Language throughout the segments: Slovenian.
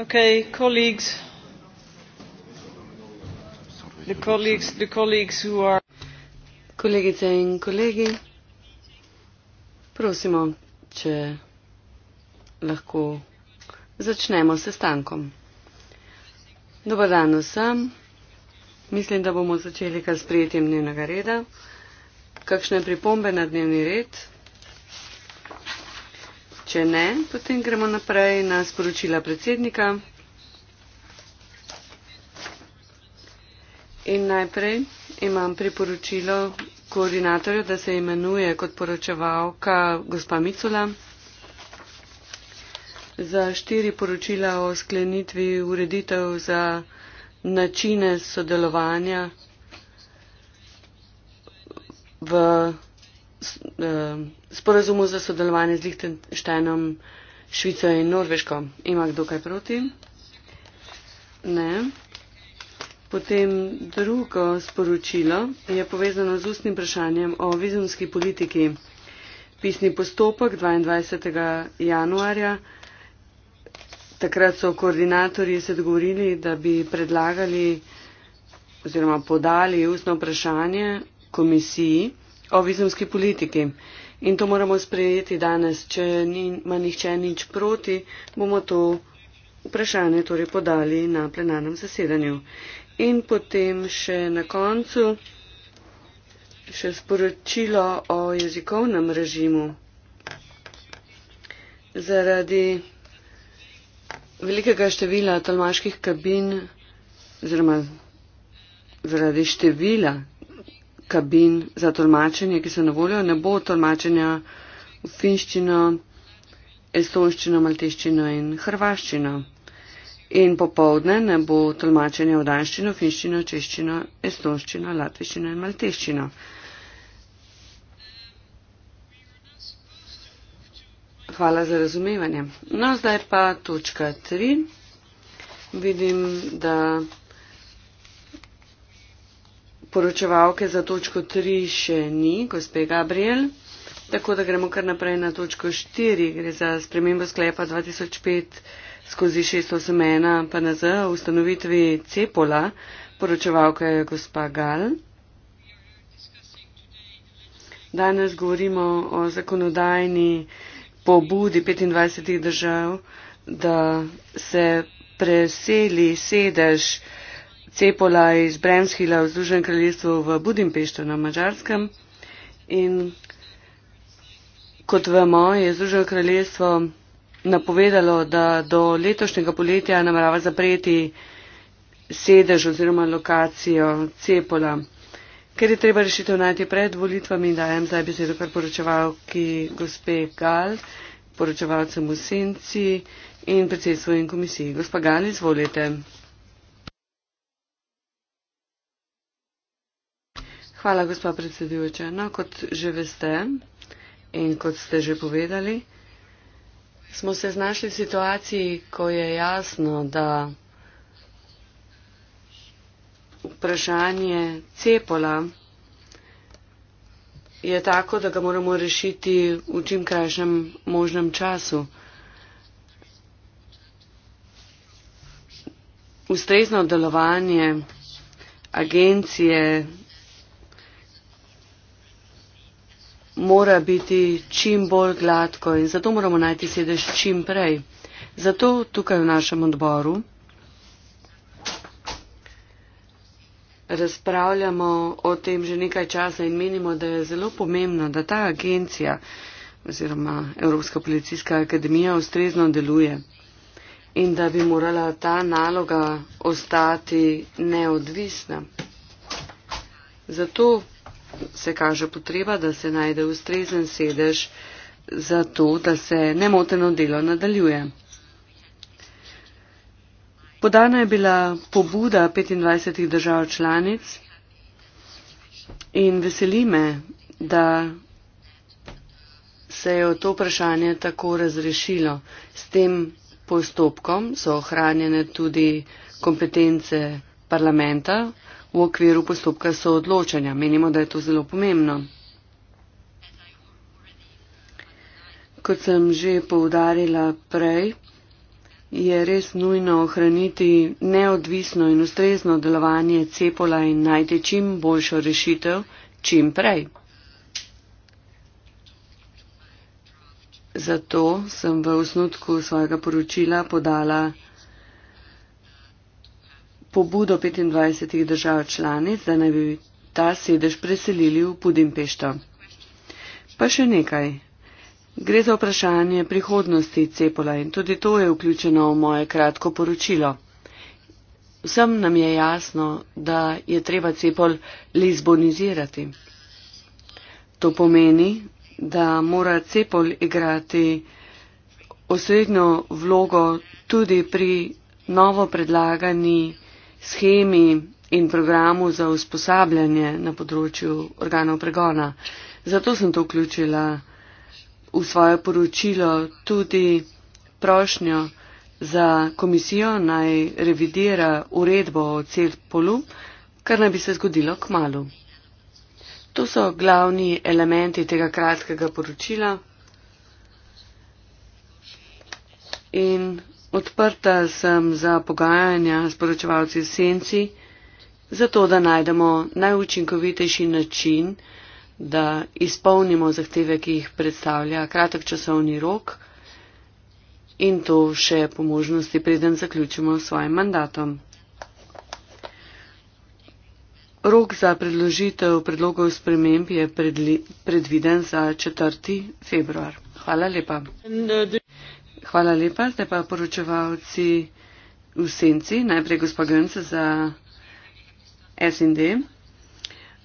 Okay, colleagues. The colleagues, the colleagues who are. Kolegice in kolegi, prosimo, če lahko začnemo s sestankom. Dobar dan vsem. Mislim, da bomo začeli kar s prijetjem dnevnega reda. Kakšne pripombe na dnevni red? Če ne, potem gremo naprej na sporočila predsednika. In najprej imam priporočilo koordinatorja, da se imenuje kot poročevalka gospa Micula za štiri poročila o sklenitvi ureditev za načine sodelovanja v Eh, sporazumu za sodelovanje z Lichtensteinom, Švico in Norveško. Ima kdo kaj proti? Ne. Potem drugo sporočilo je povezano z ustnim vprašanjem o vizumski politiki. Pisni postopek 22. januarja. Takrat so koordinatorji se dogovorili, da bi predlagali oziroma podali ustno vprašanje komisiji o vizumski politiki. In to moramo sprejeti danes. Če ima ni, nihče nič proti, bomo to vprašanje torej podali na plenarnem zasedanju. In potem še na koncu še sporočilo o jezikovnem režimu. Zaradi velikega števila tolmaških kabin, oziroma zaradi števila kabin za tolmačenje, ki so na voljo. Ne bo tolmačenja v finščino, estonščino, malteščino in hrvaščino. In popovdne ne bo tolmačenja v danščino, finščino, češčino, estonščino, latviščino in malteščino. Hvala za razumevanje. No, zdaj pa točka 3. Vidim, da poročevalke za točko 3 še ni, gospe Gabriel. Tako da gremo kar naprej na točko 4, gre za spremembo sklepa 2005 skozi 681 PNZ o ustanovitvi Cepola, poročevalka je gospa Gal. Danes govorimo o zakonodajni pobudi 25 držav, da se preseli sedež Cepola iz Brenshila v Združenem kraljestvu v Budimpešti na Mačarskem. In kot vemo, je Združeno kraljestvo napovedalo, da do letošnjega poletja namerava zapreti sedež oziroma lokacijo Cepola. Ker je treba rešitev najti pred volitvami, dajem zdaj besedo kar poročevalki gospe Gal, poročevalcem v Senci in predsedstvu in komisiji. Gospa Gal, izvolite. Hvala, gospod predsedujoča. No, kot že veste in kot ste že povedali, smo se znašli v situaciji, ko je jasno, da vprašanje cepola je tako, da ga moramo rešiti v čim krajšem možnem času. Ustrezno delovanje agencije mora biti čim bolj gladko in zato moramo najti sedež čim prej. Zato tukaj v našem odboru razpravljamo o tem že nekaj časa in menimo, da je zelo pomembno, da ta agencija oziroma Evropska policijska akademija ustrezno deluje in da bi morala ta naloga ostati neodvisna. Zato se kaže potreba, da se najde ustrezen sedež za to, da se nemoteno delo nadaljuje. Podana je bila pobuda 25 držav članic in veseli me, da se je to vprašanje tako razrešilo. S tem postopkom so ohranjene tudi kompetence parlamenta v okviru postopka soodločanja. Menimo, da je to zelo pomembno. Kot sem že poudarila prej, je res nujno ohraniti neodvisno in ustrezno delovanje cepola in najti čim boljšo rešitev čim prej. Zato sem v osnutku svojega poročila podala pobudo 25 držav članic, da naj bi ta sedež preselili v Budimpešto. Pa še nekaj. Gre za vprašanje prihodnosti Cepola in tudi to je vključeno v moje kratko poročilo. Vsem nam je jasno, da je treba Cepol lizbonizirati. To pomeni, da mora Cepol igrati osrednjo vlogo tudi pri novo predlagani schemi in programu za usposabljanje na področju organov pregona. Zato sem to vključila v svoje poročilo tudi prošnjo za komisijo naj revidira uredbo o CERPOLU, kar naj bi se zgodilo k malu. To so glavni elementi tega kratkega poročila. In Odprta sem za pogajanja s poročevalci senci, zato da najdemo najučinkovitejši način, da izpolnimo zahteve, ki jih predstavlja kratek časovni rok in to še po možnosti, preden zaključimo s svojim mandatom. Rok za predložitev predlogov sprememb je predviden za 4. februar. Hvala lepa. Hvala lepa, zdaj pa poročevalci v senci, najprej gospod Gönc za SND.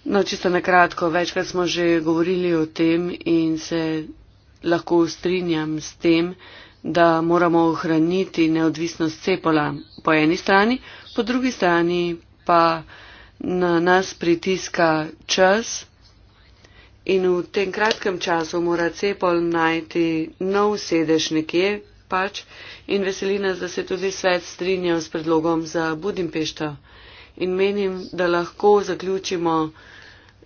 No, čisto na kratko, večkrat smo že govorili o tem in se lahko strinjam s tem, da moramo ohraniti neodvisnost cepola po eni strani, po drugi strani pa na nas pritiska čas. In v tem kratkem času mora Cepol najti nov sedež nekje pač in veseli nas, da se tudi svet strinja s predlogom za Budimpešto. In menim, da lahko zaključimo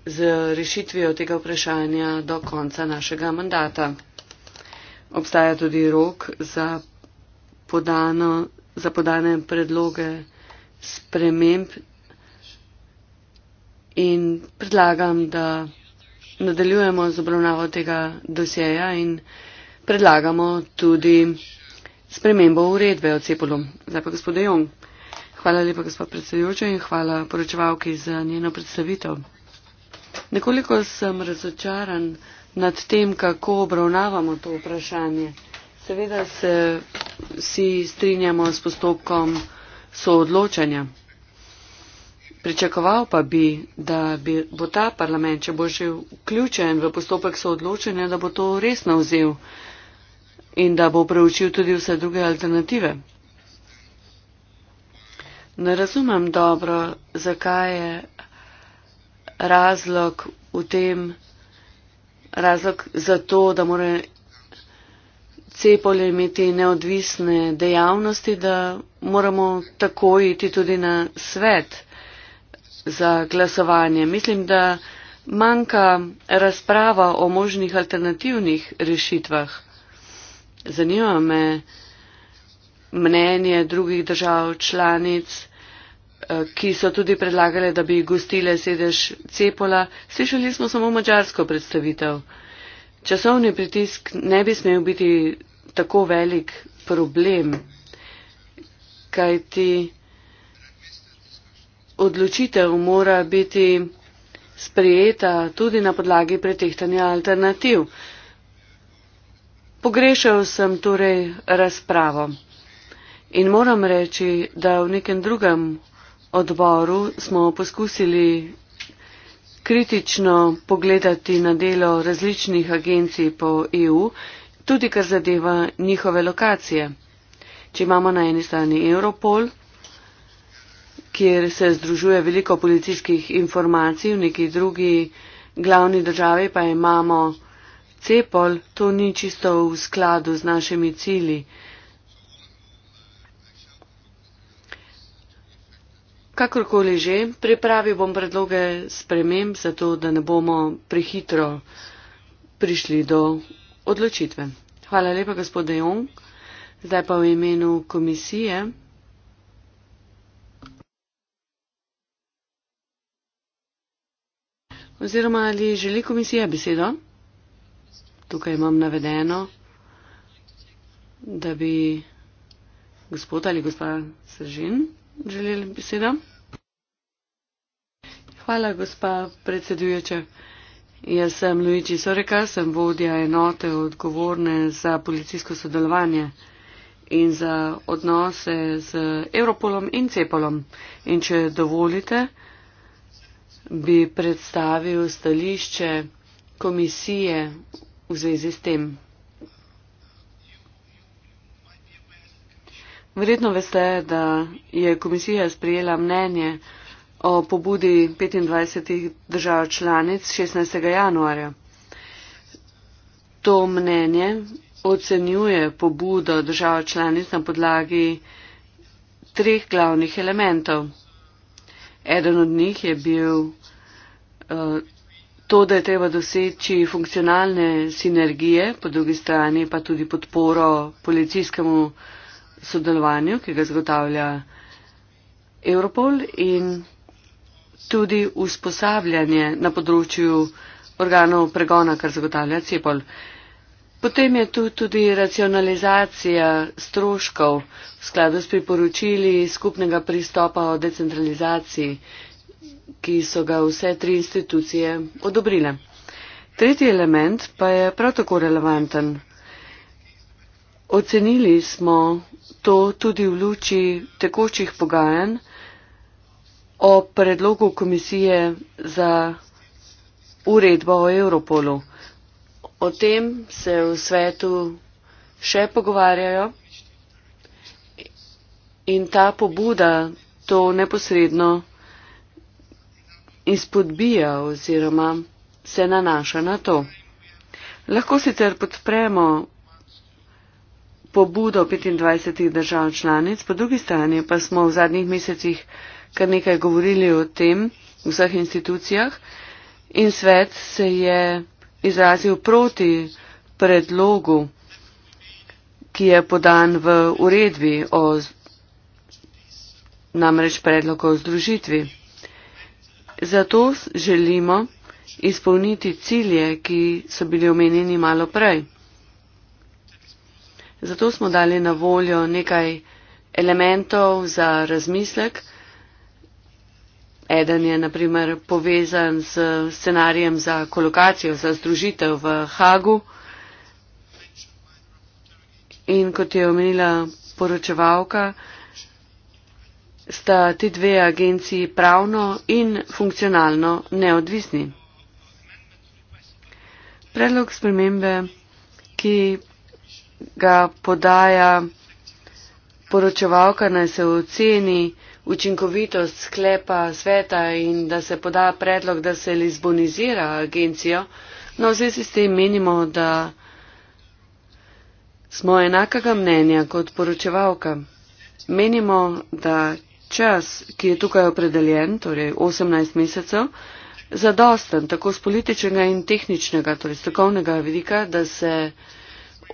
z rešitvijo tega vprašanja do konca našega mandata. Obstaja tudi rok za, podano, za podane predloge sprememb in predlagam, da nadaljujemo z obravnavo tega dosjeja in predlagamo tudi spremembo uredbe o cepolu. Zdaj pa gospod Jong. Hvala lepa, gospod predsedujoča in hvala poročevalki za njeno predstavitev. Nekoliko sem razočaran nad tem, kako obravnavamo to vprašanje. Seveda se vsi strinjamo s postopkom soodločanja. Pričakoval pa bi, da bi, bo ta parlament, če bo že vključen v postopek soodločenja, da bo to resno vzel in da bo preučil tudi vse druge alternative. Ne razumem dobro, zakaj je razlog v tem, razlog za to, da more cepolje imeti neodvisne dejavnosti, da moramo tako iti tudi na svet za glasovanje. Mislim, da manjka razprava o možnih alternativnih rešitvah. Zanima me mnenje drugih držav članic, eh, ki so tudi predlagale, da bi gostile sedež Cepola. Slišali smo samo mačarsko predstavitev. Časovni pritisk ne bi smel biti tako velik problem, kajti odločitev mora biti sprijeta tudi na podlagi pretehtanja alternativ. Pogrešal sem torej razpravo in moram reči, da v nekem drugem odboru smo poskusili kritično pogledati na delo različnih agencij po EU, tudi kar zadeva njihove lokacije. Če imamo na eni strani Europol, kjer se združuje veliko policijskih informacij, v neki drugi glavni državi pa imamo cepol, to ni čisto v skladu z našimi cili. Kakorkoli že, pripravil bom predloge sprememb, zato da ne bomo prehitro prišli do odločitve. Hvala lepa, gospod Dejong. Zdaj pa v imenu komisije. Oziroma, ali želi komisija besedo? Tukaj imam navedeno, da bi gospod ali gospa Sržin želeli besedo. Hvala, gospa predsedujoča. Jaz sem Luigi Soreka, sem vodja enote odgovorne za policijsko sodelovanje in za odnose z Europolom in Cepolom. In če dovolite, bi predstavil stališče komisije v zvezi s tem. Verjetno veste, da je komisija sprijela mnenje o pobudi 25 držav članic 16. januarja. To mnenje ocenjuje pobudo držav članic na podlagi treh glavnih elementov eden od njih je bil eh, to, da je treba doseči funkcionalne sinergije, po drugi strani pa tudi podporo policijskemu sodelovanju, ki ga zagotavlja Europol in tudi usposabljanje na področju organov pregona, kar zagotavlja CEPOL. Uh, Potem je tu tudi racionalizacija stroškov v skladu s priporočili skupnega pristopa o decentralizaciji, ki so ga vse tri institucije odobrile. Tretji element pa je prav tako relevanten. Ocenili smo to tudi v luči tekočih pogajanj o predlogu komisije za uredbo o Europolu. O tem se v svetu še pogovarjajo in ta pobuda to neposredno izpodbija oziroma se nanaša na to. Lahko sicer podpremo pobudo 25 držav članic, po drugi strani pa smo v zadnjih mesecih kar nekaj govorili o tem v vseh institucijah in svet se je izrazil proti predlogu, ki je podan v uredbi o namreč predlog o združitvi. Zato želimo izpolniti cilje, ki so bili omenjeni malo prej. Zato smo dali na voljo nekaj elementov za razmislek. Eden je naprimer povezan s scenarijem za kolokacijo, za združitev v Hagu. In kot je omenila poročevalka, sta ti dve agenciji pravno in funkcionalno neodvisni. Predlog spremembe, ki ga podaja poročevalka, naj se oceni, učinkovitost sklepa sveta in da se poda predlog, da se lizbonizira agencijo. No, vsi si s tem menimo, da smo enakega mnenja kot poročevalka. Menimo, da čas, ki je tukaj opredeljen, torej 18 mesecev, zadosten tako z političnega in tehničnega, torej strokovnega vidika, da se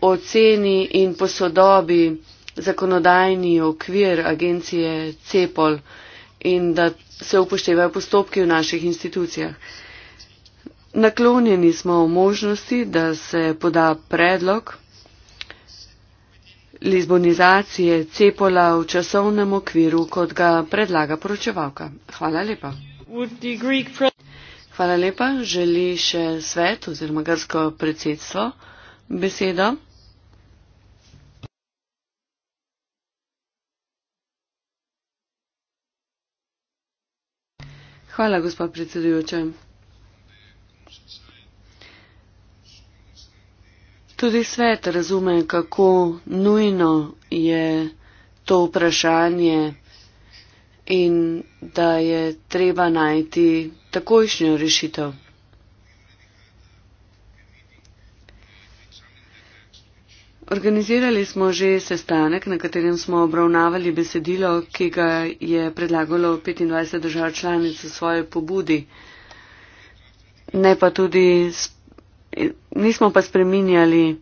oceni in posodobi zakonodajni okvir agencije CEPOL in da se upoštevajo postopki v naših institucijah. Naklonjeni smo v možnosti, da se poda predlog lizbonizacije CEPOL-a v časovnem okviru, kot ga predlaga poročevalka. Hvala lepa. Hvala lepa. Želi še svet oziroma grsko predsedstvo besedo? Hvala, gospod predsedujoča. Tudi svet razume, kako nujno je to vprašanje in da je treba najti takojšnjo rešitev. Organizirali smo že sestanek, na katerem smo obravnavali besedilo, ki ga je predlagalo 25 držav članic v svoje pobudi. Ne pa tudi, nismo pa spreminjali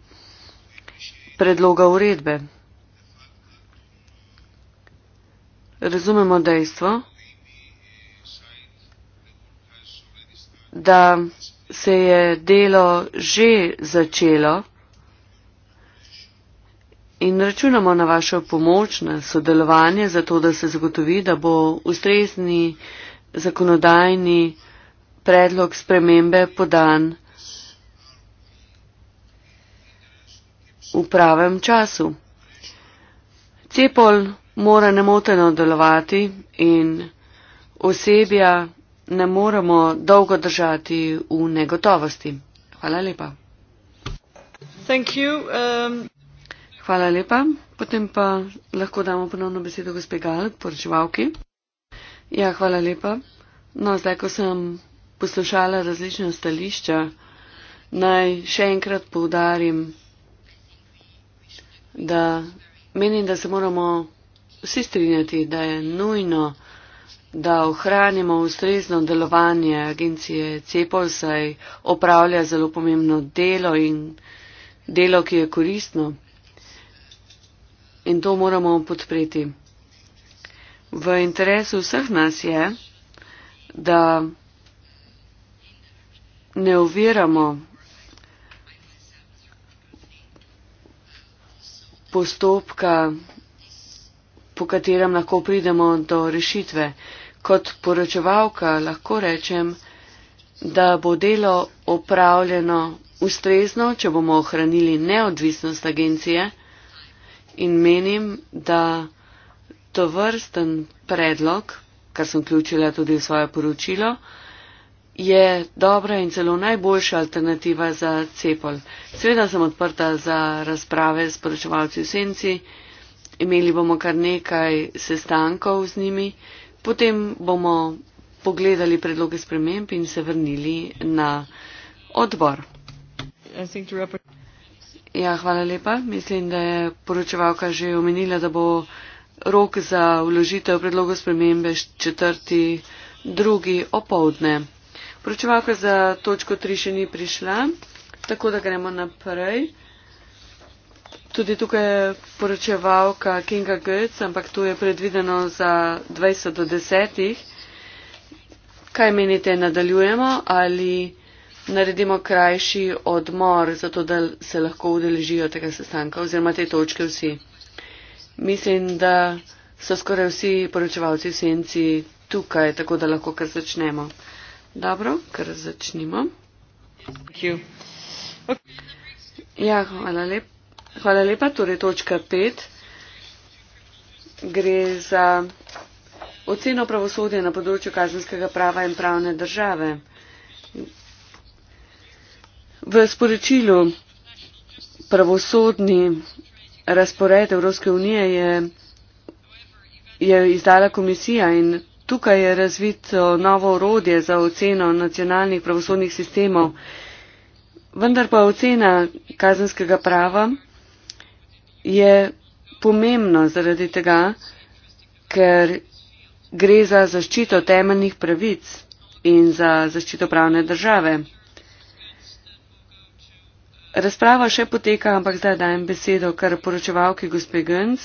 predloga uredbe. Razumemo dejstvo, da se je delo že začelo in računamo na vašo pomoč, na sodelovanje, zato da se zagotovi, da bo ustrezni zakonodajni predlog spremembe podan v pravem času. Cepol mora nemoteno delovati in osebja ne moremo dolgo držati v negotovosti. Hvala lepa. Thank you. Um... Hvala lepa. Potem pa lahko damo ponovno besedo gospe Gal, poročevalki. Ja, hvala lepa. No, zdaj, ko sem poslušala različna stališča, naj še enkrat poudarim, da menim, da se moramo vsi strinjati, da je nujno, da ohranimo ustrezno delovanje agencije CEPOL, saj opravlja zelo pomembno delo in delo, ki je koristno in to moramo podpreti. V interesu vseh nas je, da ne oviramo postopka, po katerem lahko pridemo do rešitve. Kot poročevalka lahko rečem, da bo delo opravljeno ustrezno, če bomo ohranili neodvisnost agencije in menim, da to vrsten predlog, kar sem vključila tudi v svoje poročilo, je dobra in celo najboljša alternativa za cepol. Sveda sem odprta za razprave s poročevalci v senci, imeli bomo kar nekaj sestankov z njimi, potem bomo pogledali predloge sprememb in se vrnili na odbor. I think to represent Ja, hvala lepa. Mislim, da je poročevalka že omenila, da bo rok za vložitev predlogov spremembe četrti drugi opovdne. Poročevalka za točko 3 še ni prišla, tako da gremo naprej. Tudi tukaj je poročevalka Kinga Götz, ampak tu je predvideno za 20 do 10. Kaj menite, nadaljujemo ali naredimo krajši odmor, zato da se lahko udeležijo tega sestanka oziroma te točke vsi. Mislim, da so skoraj vsi poročevalci v senci tukaj, tako da lahko kar začnemo. Dobro, kar začnimo. Okay. Ja, hvala, lep. hvala lepa. Torej, točka pet gre za oceno pravosodja na področju kazenskega prava in pravne države. V sporočilu pravosodni razpored Evropske unije je, je izdala komisija in tukaj je razvito novo orodje za oceno nacionalnih pravosodnih sistemov. Vendar pa ocena kazenskega prava je pomembna zaradi tega, ker gre za zaščito temeljnih pravic in za zaščito pravne države. Razprava še poteka, ampak zdaj dajem besedo kar poročevalki gospe Gönc,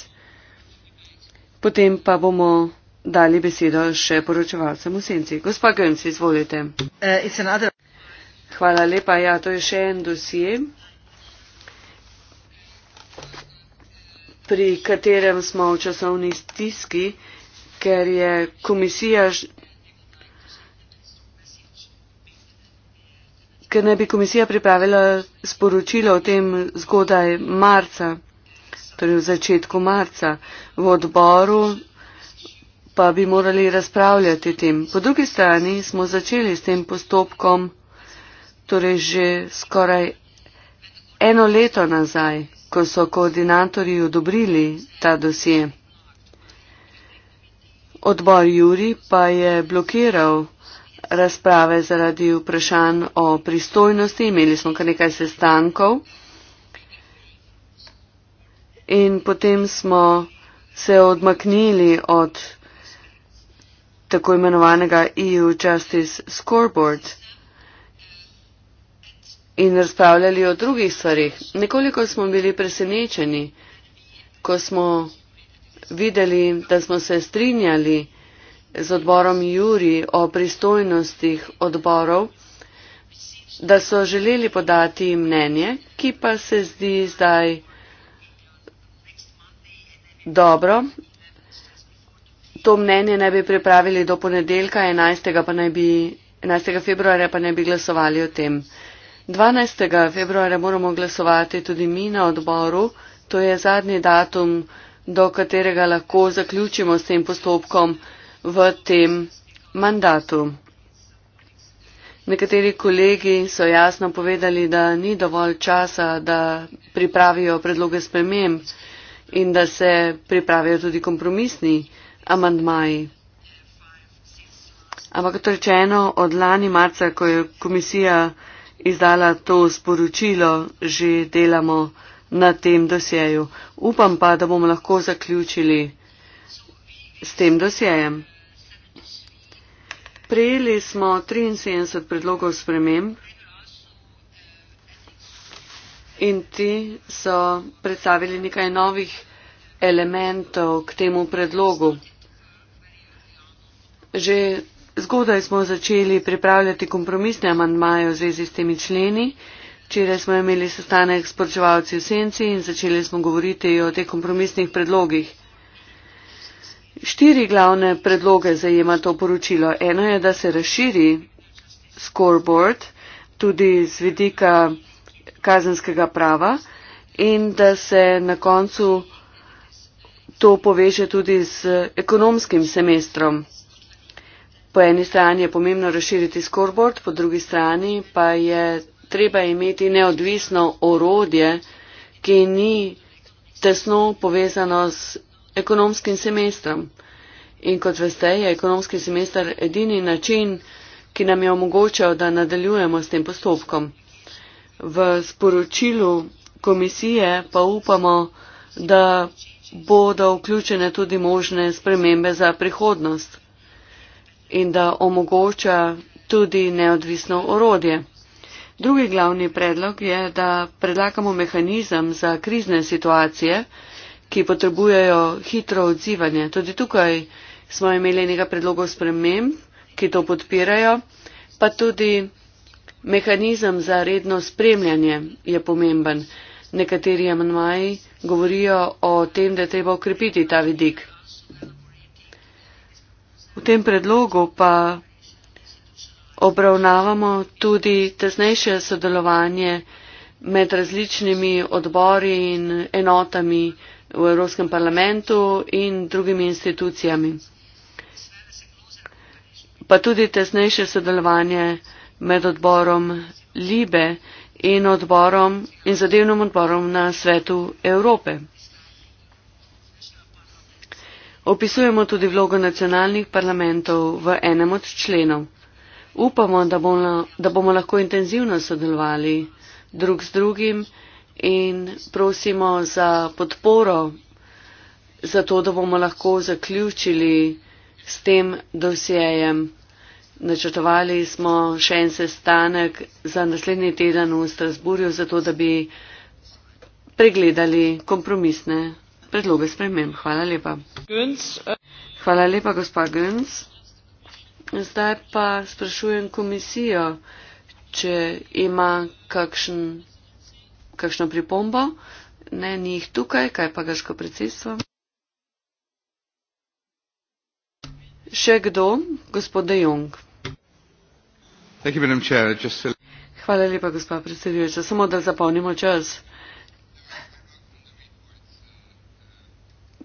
potem pa bomo dali besedo še poročevalcem v senci. Gospa Gönc, izvolite. Eh, Hvala lepa, ja, to je še en dosije, pri katerem smo v časovni stiski, ker je komisija ker naj bi komisija pripravila sporočilo o tem zgodaj marca, torej v začetku marca, v odboru pa bi morali razpravljati tem. Po drugi strani smo začeli s tem postopkom, torej že skoraj eno leto nazaj, ko so koordinatorji odobrili ta dosje. Odbor Juri pa je blokiral razprave zaradi vprašanj o pristojnosti. Imeli smo kar nekaj sestankov in potem smo se odmaknili od tako imenovanega EU Justice Scoreboard in razpravljali o drugih stvarih. Nekoliko smo bili presenečeni, ko smo videli, da smo se strinjali, z odborom Juri o pristojnostih odborov, da so želeli podati mnenje, ki pa se zdi zdaj dobro. To mnenje naj bi pripravili do ponedeljka, 11. Pa naj bi, 11. februarja pa naj bi glasovali o tem. 12. februarja moramo glasovati tudi mi na odboru, to je zadnji datum, do katerega lahko zaključimo s tem postopkom v tem mandatu. Nekateri kolegi so jasno povedali, da ni dovolj časa, da pripravijo predloge spremem in da se pripravijo tudi kompromisni amandmaji. Ampak kot rečeno, od lani marca, ko je komisija izdala to sporočilo, že delamo na tem dosjeju. Upam pa, da bomo lahko zaključili s tem dosjejem. Prejeli smo 73 predlogov sprememb in ti so predstavili nekaj novih elementov k temu predlogu. Že zgodaj smo začeli pripravljati kompromisne amandmaje v zvezi s temi členi. Včeraj smo imeli sestanek s poročevalci v Senci in začeli smo govoriti o teh kompromisnih predlogih. Štiri glavne predloge zajema to poročilo. Eno je, da se razširi scoreboard tudi z vidika kazenskega prava in da se na koncu to poveže tudi z ekonomskim semestrom. Po eni strani je pomembno razširiti scoreboard, po drugi strani pa je treba imeti neodvisno orodje, ki ni tesno povezano z ekonomskim semestrom. In kot veste, je ekonomski semester edini način, ki nam je omogočal, da nadaljujemo s tem postopkom. V sporočilu komisije pa upamo, da bodo vključene tudi možne spremembe za prihodnost in da omogoča tudi neodvisno orodje. Drugi glavni predlog je, da predlagamo mehanizem za krizne situacije, ki potrebujejo hitro odzivanje. Tudi tukaj smo imeli nekaj predlogov sprememb, ki to podpirajo, pa tudi mehanizem za redno spremljanje je pomemben. Nekateri amanmaji govorijo o tem, da je treba ukrepiti ta vidik. V tem predlogu pa obravnavamo tudi tesnejše sodelovanje med različnimi odbori in enotami, v Evropskem parlamentu in drugimi institucijami, pa tudi tesnejše sodelovanje med odborom Libe in, odborom, in zadevnim odborom na svetu Evrope. Opisujemo tudi vlogo nacionalnih parlamentov v enem od členov. Upamo, da bomo, da bomo lahko intenzivno sodelovali drug z drugim in prosimo za podporo, zato da bomo lahko zaključili s tem dosjejem. Načrtovali smo še en sestanek za naslednji teden v Strasburju, zato da bi pregledali kompromisne predloge sprememb. Hvala lepa. Eh. Hvala lepa, gospa Gönc. Zdaj pa sprašujem komisijo, če ima kakšen kakšno pripombo? Ne, ni jih tukaj, kaj pa gaško predsedstvo? Še kdo? Gospod De Jong. Hvala lepa, gospod predsedujoča. Samo da zapolnimo čas.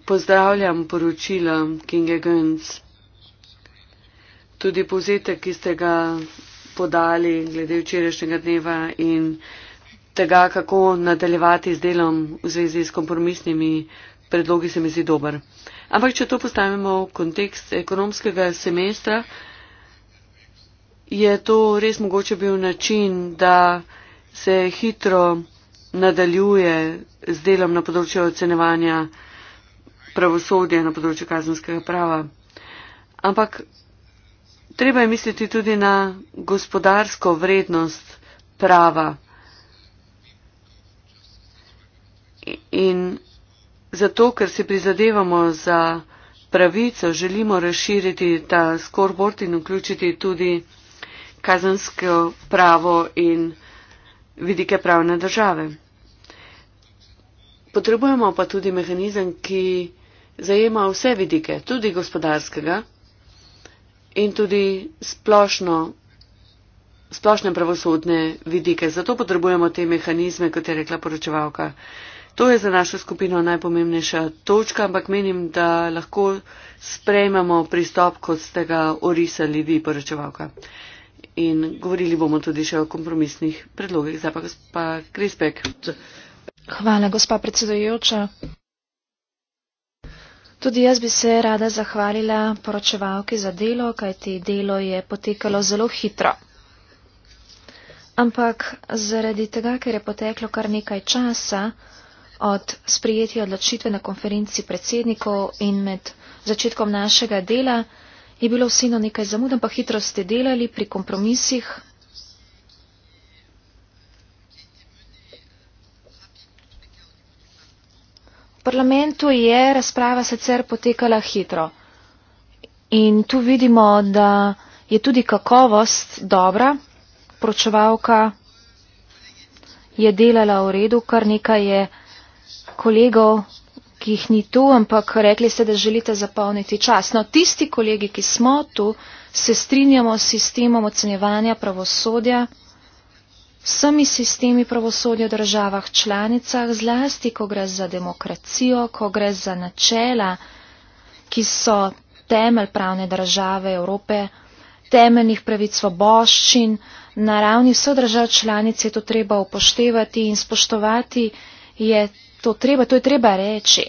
Pozdravljam poročila Kinge Gönc. Tudi povzetek, ki ste ga podali glede včerajšnjega dneva in tega, kako nadaljevati z delom v zvezi z kompromisnimi predlogi, se mi zdi dober. Ampak, če to postavimo v kontekst ekonomskega semestra, je to res mogoče bil način, da se hitro nadaljuje z delom na področju ocenevanja pravosodja, na področju kazenskega prava. Ampak treba je misliti tudi na gospodarsko vrednost prava. in zato, ker si prizadevamo za pravico, želimo razširiti ta scoreboard in vključiti tudi kazansko pravo in vidike pravne države. Potrebujemo pa tudi mehanizem, ki zajema vse vidike, tudi gospodarskega in tudi splošno, splošne pravosodne vidike. Zato potrebujemo te mehanizme, kot je rekla poročevalka. To je za našo skupino najpomembnejša točka, ampak menim, da lahko sprejmemo pristop, kot ste ga orisali vi, poročevalka. In govorili bomo tudi še o kompromisnih predlogih. Zdaj pa gospa Krispek. Hvala, gospa predsedojoča. Tudi jaz bi se rada zahvalila poročevalki za delo, kajti delo je potekalo zelo hitro. Ampak zaradi tega, ker je poteklo kar nekaj časa, od sprijetja odločitve na konferenci predsednikov in med začetkom našega dela je bilo vseeno nekaj zamud, ampak hitro ste delali pri kompromisih. V parlamentu je razprava sicer potekala hitro in tu vidimo, da je tudi kakovost dobra. Pročevalka je delala v redu, kar nekaj je kolegov, ki jih ni tu, ampak rekli ste, da želite zapolniti čas. No, tisti kolegi, ki smo tu, se strinjamo s sistemom ocenjevanja pravosodja, vsemi sistemi pravosodja v državah članicah, zlasti, ko gre za demokracijo, ko gre za načela, ki so temelj pravne države Evrope, temeljnih pravic svoboščin, na ravni vseh držav članic je to treba upoštevati in spoštovati je to treba, to je treba reči.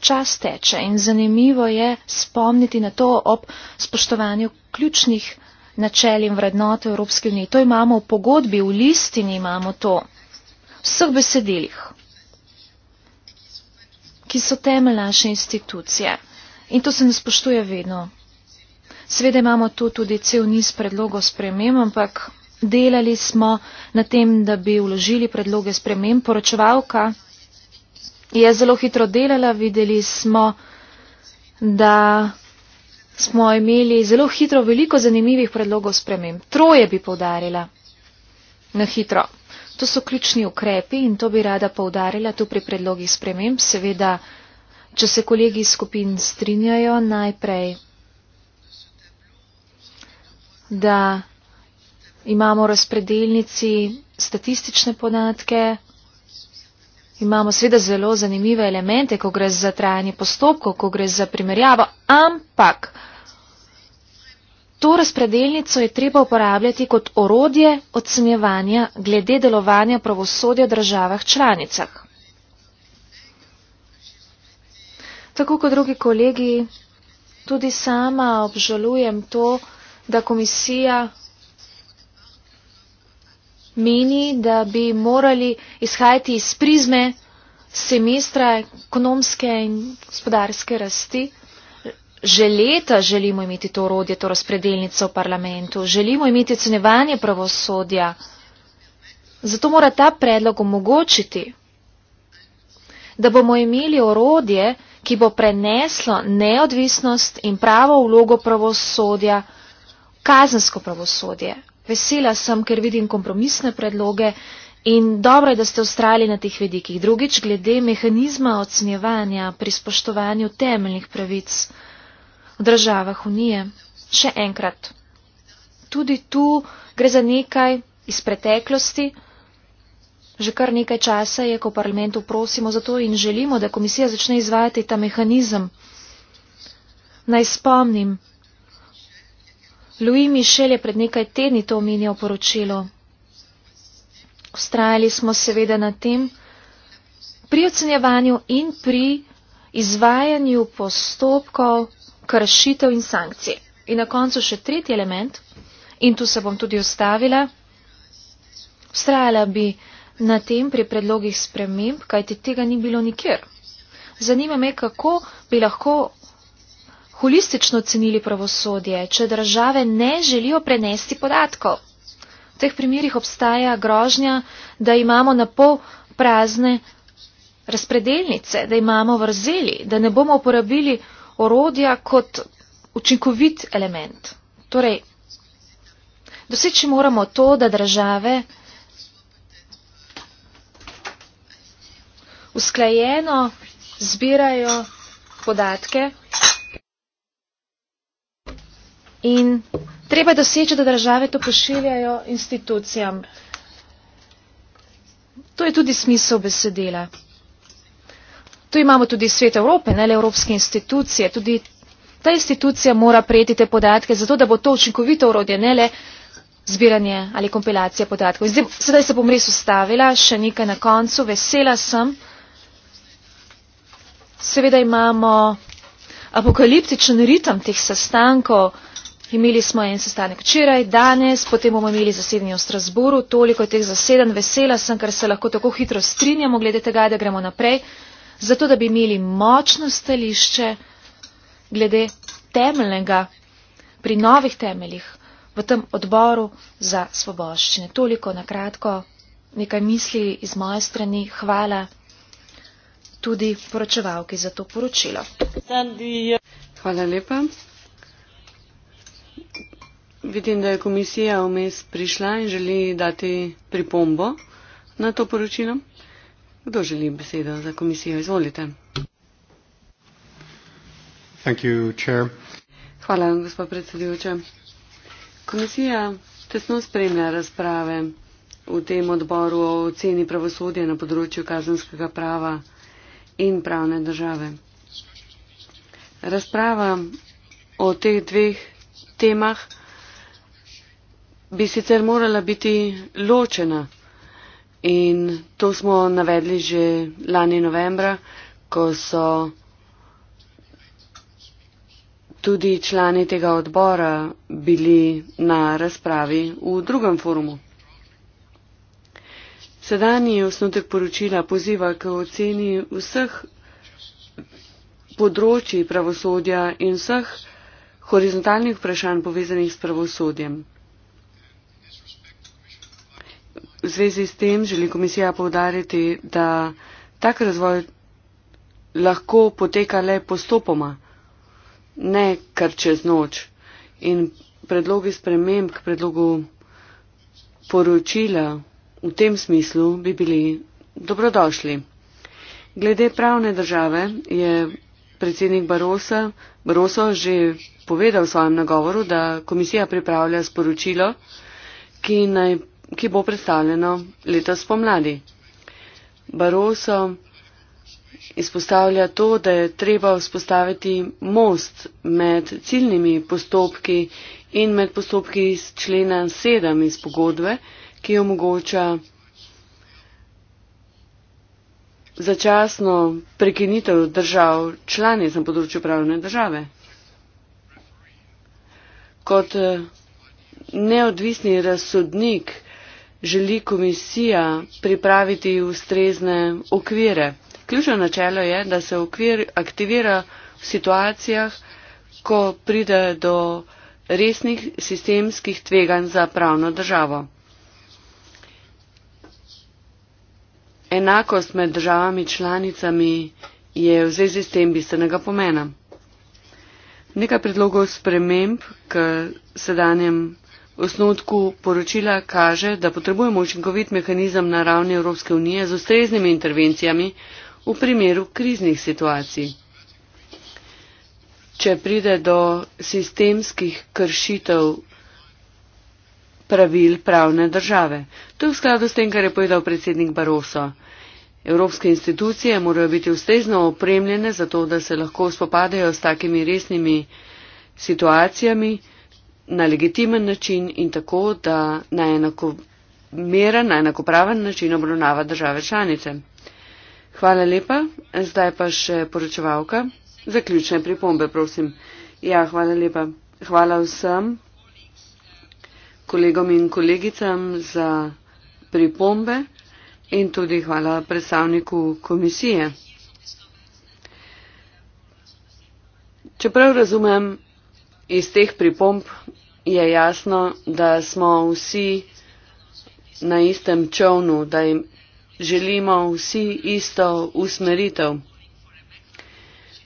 Čas teče in zanimivo je spomniti na to ob spoštovanju ključnih načel in vrednot Evropske unije. To imamo v pogodbi, v listini imamo to, v vseh besedilih, ki so temelj naše institucije. In to se ne spoštuje vedno. Sveda imamo tu tudi cel niz predlogov sprememb, ampak delali smo na tem, da bi vložili predloge sprememb poročevalka je zelo hitro delala, videli smo, da smo imeli zelo hitro veliko zanimivih predlogov sprememb. Troje bi povdarila na hitro. To so ključni ukrepi in to bi rada povdarila tu pri predlogih sprememb. Seveda, če se kolegi iz skupin strinjajo najprej, da imamo razpredelnici statistične podatke, Imamo seveda zelo zanimive elemente, ko gre za trajanje postopkov, ko gre za primerjavo, ampak to razpredeljnico je treba uporabljati kot orodje ocenjevanja glede delovanja pravosodja v državah članicah. Tako kot drugi kolegi, tudi sama obžalujem to, da komisija meni, da bi morali izhajati iz prizme semestra ekonomske in gospodarske rasti. Že leta želimo imeti to rodje, to razpredelnico v parlamentu, želimo imeti ocenevanje pravosodja. Zato mora ta predlog omogočiti, da bomo imeli orodje, ki bo preneslo neodvisnost in pravo vlogo pravosodja, kazensko pravosodje, Vesela sem, ker vidim kompromisne predloge in dobro je, da ste ustrajali na teh vedikih. Drugič, glede mehanizma ocenjevanja pri spoštovanju temeljnih pravic v državah Unije. Še enkrat, tudi tu gre za nekaj iz preteklosti. Že kar nekaj časa je, ko parlamentu prosimo za to in želimo, da komisija začne izvajati ta mehanizem. Naj spomnim, Louis Michel je pred nekaj tedni to omenjal poročilo. Ustrajali smo seveda na tem, pri ocenjevanju in pri izvajanju postopkov, kršitev in sankcij. In na koncu še tretji element, in tu se bom tudi ustavila, ustrajala bi na tem pri predlogih sprememb, kajti tega ni bilo nikjer. Zanima me, kako bi lahko holistično ocenili pravosodje, če države ne želijo prenesti podatkov. V teh primerjih obstaja grožnja, da imamo na pol prazne razpredelnice, da imamo vrzeli, da ne bomo uporabili orodja kot učinkovit element. Torej, doseči moramo to, da države usklajeno zbirajo podatke In treba je doseči, da države to pošiljajo institucijam. To je tudi smisel besedila. Tu imamo tudi svet Evrope, ne le evropske institucije. Tudi ta institucija mora prejeti te podatke, zato da bo to učinkovito urodje, ne le zbiranje ali kompilacija podatkov. Zdaj, sedaj se bom res ustavila, še nekaj na koncu. Vesela sem. Seveda imamo apokaliptičen ritem teh sestankov. Imeli smo en sestanek včeraj, danes, potem bomo imeli zasedanje v Strasburu, toliko je teh zaseden, vesela sem, ker se lahko tako hitro strinjamo glede tega, da gremo naprej, zato da bi imeli močno stališče glede temeljnega pri novih temeljih v tem odboru za svoboščine. Toliko na kratko nekaj misli iz moje strani. Hvala tudi poročevalki za to poročilo. Hvala lepa. Vidim, da je komisija vmes prišla in želi dati pripombo na to poročilo. Kdo želi besedo za komisijo? Izvolite. You, Hvala, gospod predsedujoče. Komisija tesno spremlja razprave v tem odboru o oceni pravosodja na področju kazenskega prava in pravne države. Razprava o teh dveh temah bi sicer morala biti ločena in to smo navedli že lani novembra, ko so tudi člani tega odbora bili na razpravi v drugem forumu. Sedanji osnutek poročila poziva k oceni vseh področji pravosodja in vseh horizontalnih vprašanj povezanih s pravosodjem. v zvezi s tem želi komisija povdariti, da tak razvoj lahko poteka le postopoma, ne kar čez noč. In predlogi sprememb k predlogu poročila v tem smislu bi bili dobrodošli. Glede pravne države je predsednik Barosa, Baroso že povedal v svojem nagovoru, da komisija pripravlja sporočilo, ki naj ki bo predstavljeno letos pomladi. Baroso izpostavlja to, da je treba vzpostaviti most med ciljnimi postopki in med postopki iz člena 7 iz pogodbe, ki omogoča začasno prekinitev držav članic na področju pravne države. Kot eh, neodvisni razsodnik želi komisija pripraviti ustrezne okvire. Ključno načelo je, da se okvir aktivira v situacijah, ko pride do resnih sistemskih tveganj za pravno državo. Enakost med državami članicami je v zvezi s tem bistvenega pomena. Nekaj predlogov sprememb k sedanjem osnutku poročila kaže, da potrebujemo učinkovit mehanizem na ravni Evropske unije z ustreznimi intervencijami v primeru kriznih situacij. Če pride do sistemskih kršitev pravil pravne države. To je v skladu s tem, kar je povedal predsednik Baroso. Evropske institucije morajo biti ustrezno opremljene za to, da se lahko spopadajo s takimi resnimi situacijami na legitimen način in tako, da na enakomeren, na enakopraven način obravnava države članice. Hvala lepa. Zdaj pa še poročevalka. Zaključne pripombe, prosim. Ja, hvala lepa. Hvala vsem kolegom in kolegicam za pripombe in tudi hvala predstavniku komisije. Čeprav razumem iz teh pripomb, je jasno, da smo vsi na istem čovnu, da jim želimo vsi isto usmeritev.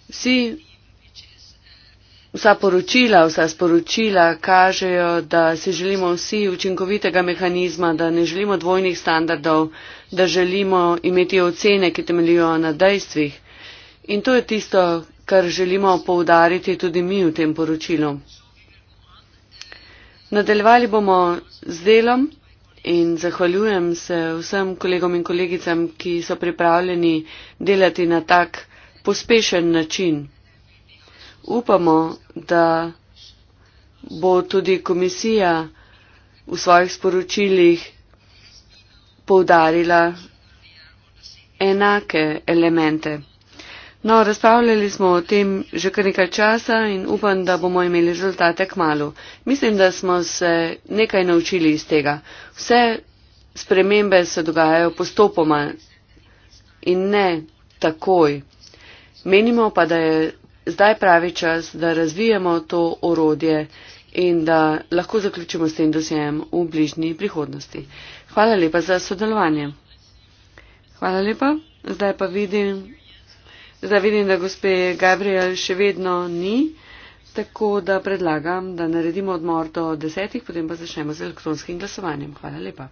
Vsi, vsa poročila, vsa sporočila kažejo, da si želimo vsi učinkovitega mehanizma, da ne želimo dvojnih standardov, da želimo imeti ocene, ki temeljijo na dejstvih. In to je tisto, kar želimo poudariti tudi mi v tem poročilu. Nadaljevali bomo z delom in zahvaljujem se vsem kolegom in kolegicam, ki so pripravljeni delati na tak pospešen način. Upamo, da bo tudi komisija v svojih sporočilih poudarila enake elemente. No, razpravljali smo o tem že kar nekaj časa in upam, da bomo imeli rezultate k malu. Mislim, da smo se nekaj naučili iz tega. Vse spremembe se dogajajo postopoma in ne takoj. Menimo pa, da je zdaj pravi čas, da razvijemo to orodje in da lahko zaključimo s tem dosjem v bližnji prihodnosti. Hvala lepa za sodelovanje. Hvala lepa. Zdaj pa vidim. Zdaj vidim, da gospe Gabriel še vedno ni, tako da predlagam, da naredimo odmor do desetih, potem pa začnemo z elektronskim glasovanjem. Hvala lepa.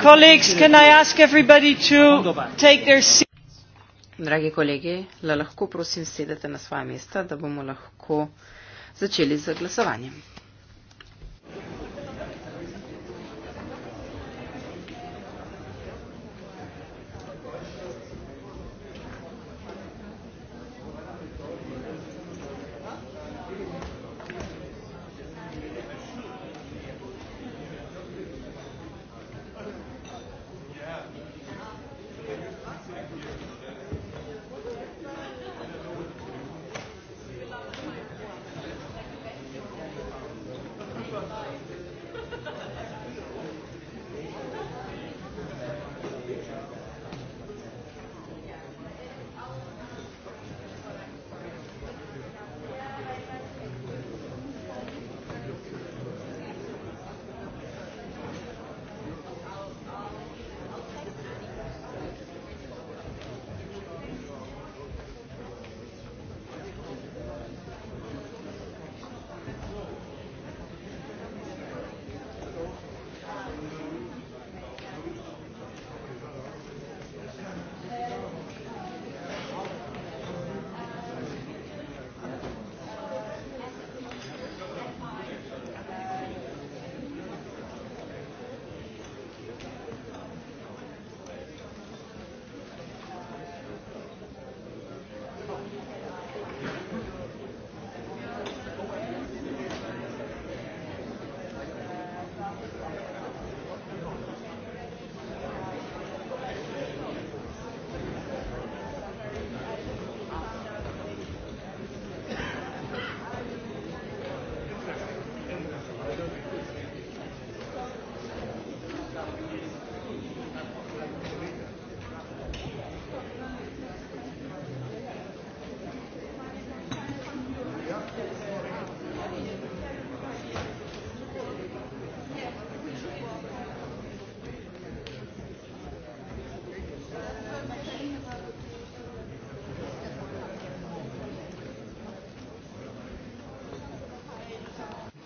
Colleagues, can I ask everybody to take their seats? Dragi kolegi, lahko prosim sedete na svoje mesta, da bomo lahko začeli z glasovanjem.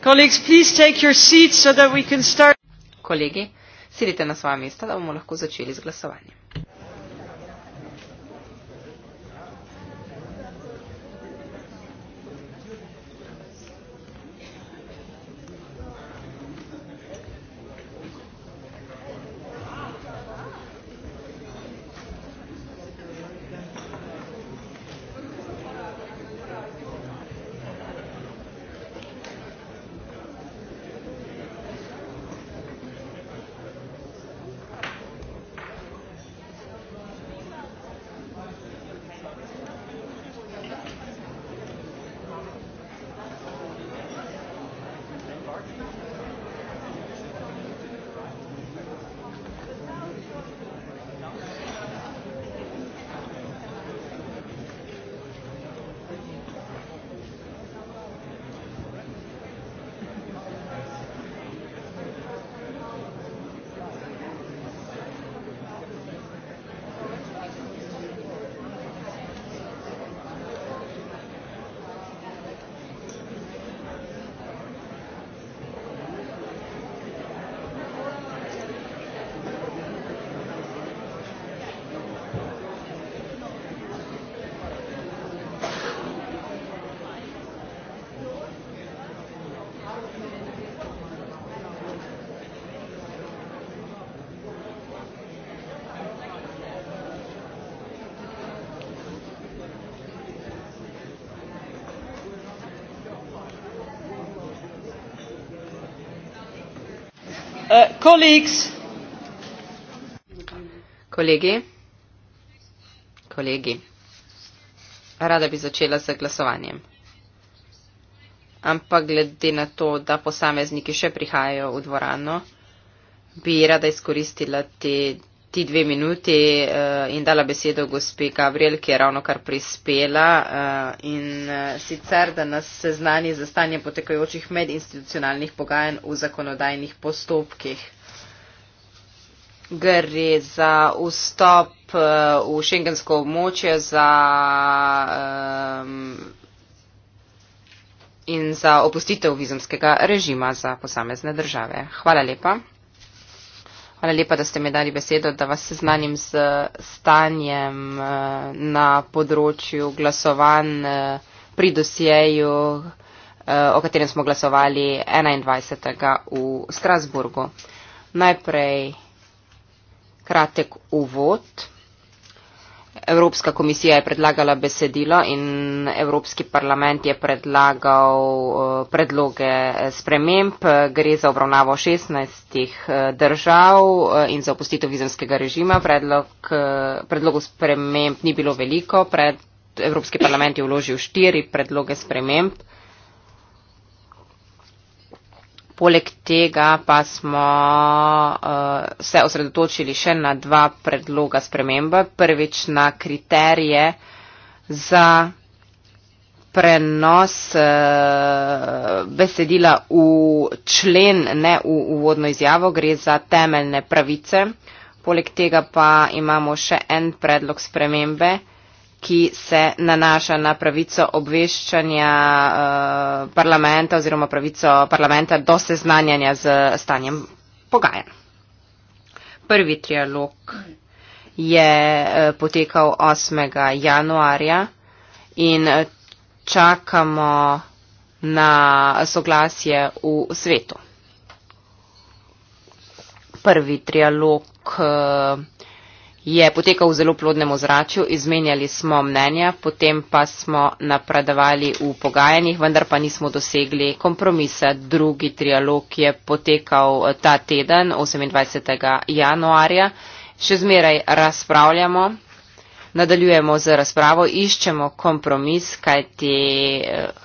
Colleagues, please take your seats so that we can start. Kolegi, sedite na svoje mesta, da bomo lahko začeli z glasovanjem. kolegi, kolegi, rada bi začela z glasovanjem. Ampak glede na to, da posamezniki še prihajajo v dvorano, bi rada izkoristila te, ti dve minuti. Eh, in dala besedo gospe Gabriel, ki je ravno kar prispela eh, in eh, sicer, da nas seznani za stanje potekajočih medinstitucionalnih pogajanj v zakonodajnih postopkih. Gre za vstop eh, v šengensko območje za, um, in za opustitev vizumskega režima za posamezne države. Hvala lepa. Hvala lepa, da ste mi dali besedo, da vas seznanim z stanjem eh, na področju glasovanj eh, pri dosjeju, eh, o katerem smo glasovali 21. v Strasburgu. Najprej kratek uvod. Evropska komisija je predlagala besedilo in Evropski parlament je predlagal eh, predloge eh, sprememb. Gre za obravnavo 16 eh, držav in za opustitev vizemskega režima. Predlog, predlogov sprememb ni bilo veliko. Pred Evropski parlament je vložil štiri predloge sprememb. Poleg tega pa smo uh, se osredotočili še na dva predloga spremembe. Prvič na kriterije za prenos uh, besedila v člen, ne v uvodno izjavo, gre za temeljne pravice. Poleg tega pa imamo še en predlog spremembe ki se nanaša na pravico obveščanja eh, parlamenta oziroma pravico parlamenta do seznanjanja z stanjem pogajanj. Prvi trialog je eh, potekal 8. januarja in eh, čakamo na soglasje v svetu. Prvi trialog je potekal v zelo plodnem ozračju, izmenjali smo mnenja, potem pa smo napredovali v pogajanjih, vendar pa nismo dosegli kompromisa. Drugi trialog je potekal eh, ta teden, 28. januarja. Še zmeraj razpravljamo, nadaljujemo z razpravo, iščemo kompromis, kajti eh,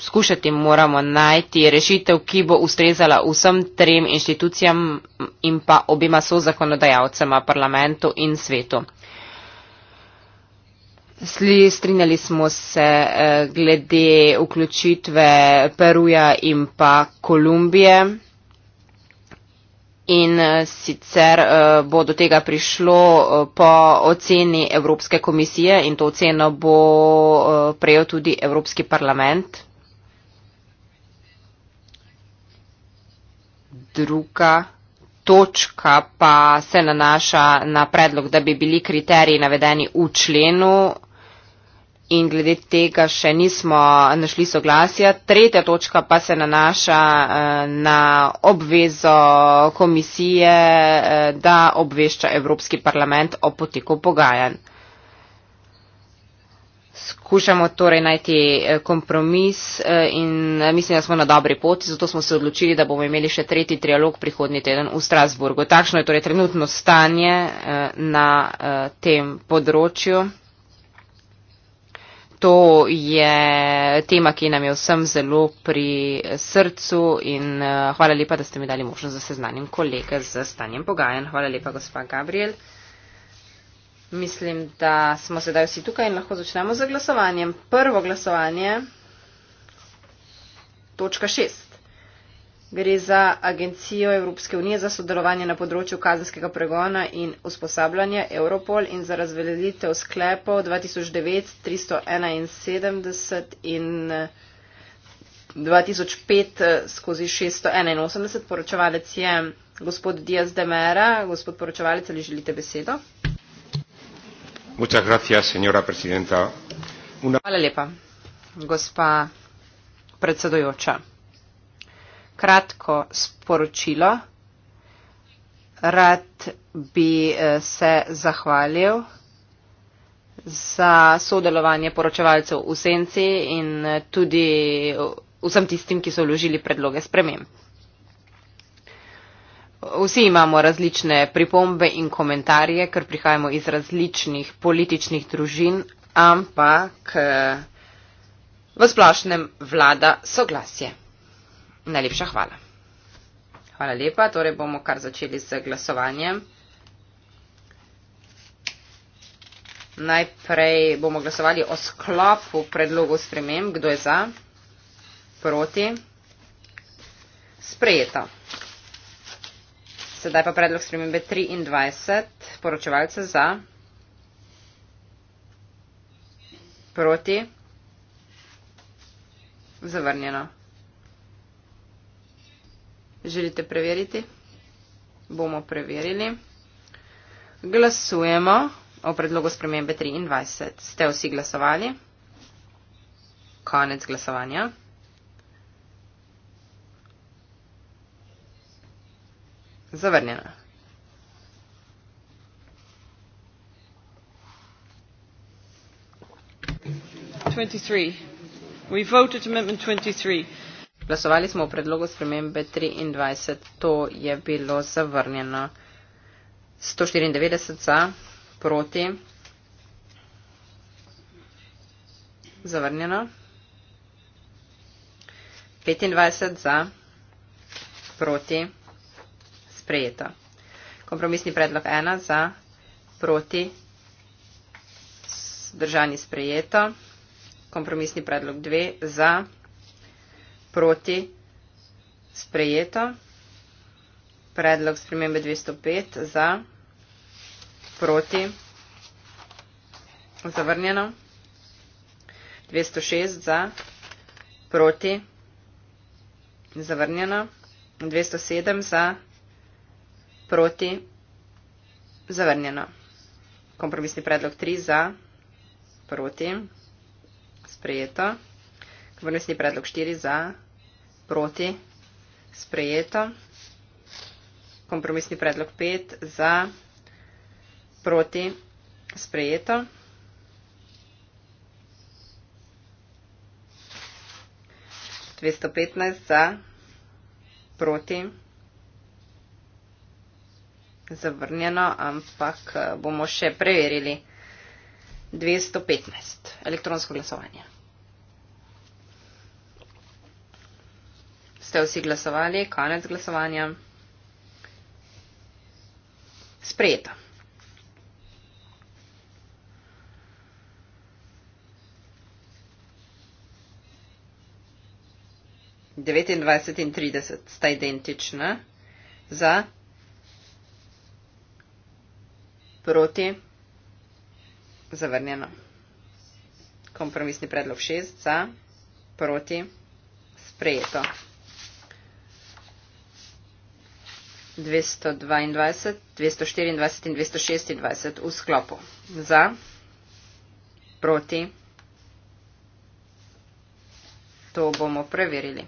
skušati moramo najti rešitev, ki bo ustrezala vsem trem inštitucijam in pa obima so zakonodajalcema, parlamentu in svetu. Strinjali smo se eh, glede vključitve Peruja in pa Kolumbije. In eh, sicer eh, bo do tega prišlo po oceni Evropske komisije in to oceno bo prejel tudi Evropski parlament. druga točka pa se nanaša na predlog, da bi bili kriteriji navedeni v členu in glede tega še nismo našli soglasja. Tretja točka pa se nanaša eh, na obvezo komisije, eh, da obvešča Evropski parlament o poteku pogajanj skušamo torej najti eh, kompromis eh, in eh, mislim, da smo na dobri poti, zato smo se odločili, da bomo imeli še tretji trialog prihodnji teden v Strasburgu. Takšno je torej trenutno stanje na tem področju. To je tema, ki nam je vsem zelo pri srcu in hvala lepa, da ste mi dali možnost, da seznanim kolege z stanjem pogajanj. Hvala lepa, gospod Gabriel. Mislim, da smo sedaj vsi tukaj in lahko začnemo z glasovanjem. Prvo glasovanje, točka šest. Gre za Agencijo Evropske unije za sodelovanje na področju kazenskega pregona in usposabljanja Europol in za razveljavitev sklepov 2009-371 in 2005-681. Eh, eh, poročevalec je gospod Diaz Demera. Gospod poročevalec, ali želite besedo? gospa predsedujoča kratko sporočilo rad bi eh, se zahvalil za sodelovanje poročevalcev v senci in eh, tudi eh, vsem tistim ki so vložili predloge sprememb Vsi imamo različne pripombe in komentarje, ker prihajamo iz različnih političnih družin, ampak v splošnem vlada soglasje. Najlepša hvala. Hvala lepa, torej bomo kar začeli z glasovanjem. Najprej bomo glasovali o sklopu predlogu sprememb, kdo je za, proti, sprejeto. Sedaj pa predlog spremembe 23, poročevalce za, proti, zavrnjeno. Želite preveriti? Bomo preverili. Glasujemo o predlogu spremembe 23. Ste vsi glasovali? Konec glasovanja. Zavrnjena. Glasovali smo v predlogu spremembe 23, to je bilo zavrnjeno. 194 za, proti, zavrnjeno. 25 za, proti sprejeto. Kompromisni predlog 1 za proti zdržani sprejeto. Kompromisni predlog 2 za proti sprejeto. Predlog spremembe 205 za proti zavrnjeno. 206 za proti zavrnjeno. 207 za proti proti, zavrnjeno. Kompromisni predlog 3 za, proti, sprejeto. Kompromisni predlog 4 za, proti, sprejeto. Kompromisni predlog 5 za, proti, sprejeto. Dvesto petnajst za, proti, sprejeto zavrnjeno, ampak eh, bomo še preverili 215 elektronsko glasovanje. Ste vsi glasovali? Konec glasovanja. Sprejeto. Devetindvajset in trideset sta identična za Proti. Zavrnjeno. Kompromisni predlog 6 za. Proti. Sprejeto. 222, 224 in 226 v sklopu. Za, proti. To bomo preverili.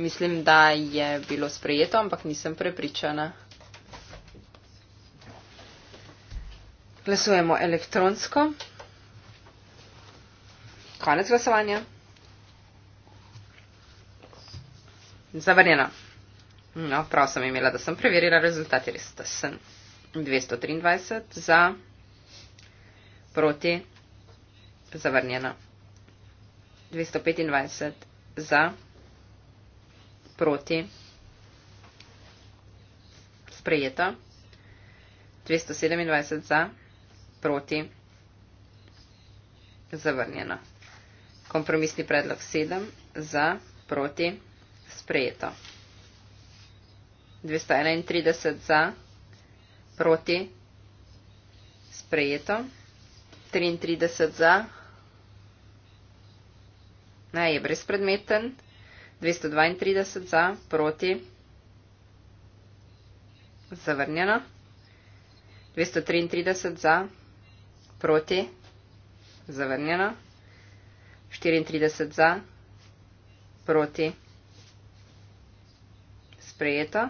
Mislim, da je bilo sprejeto, ampak nisem prepričana. Glasujemo elektronsko. Konec glasovanja. Zavrnjeno. No, prav sem imela, da sem preverila rezultati. Res, da sem 223 za, proti, zavrnjeno. 225 za, proti, sprejeto. 227 za proti zavrnjeno. Kompromisni predlog 7 za proti sprejeto. 231 za proti sprejeto. 33 za. Ne, je brezpredmeten. 232 za proti zavrnjeno. 233 za proti, zavrnjeno, 34 za, proti, sprejeto,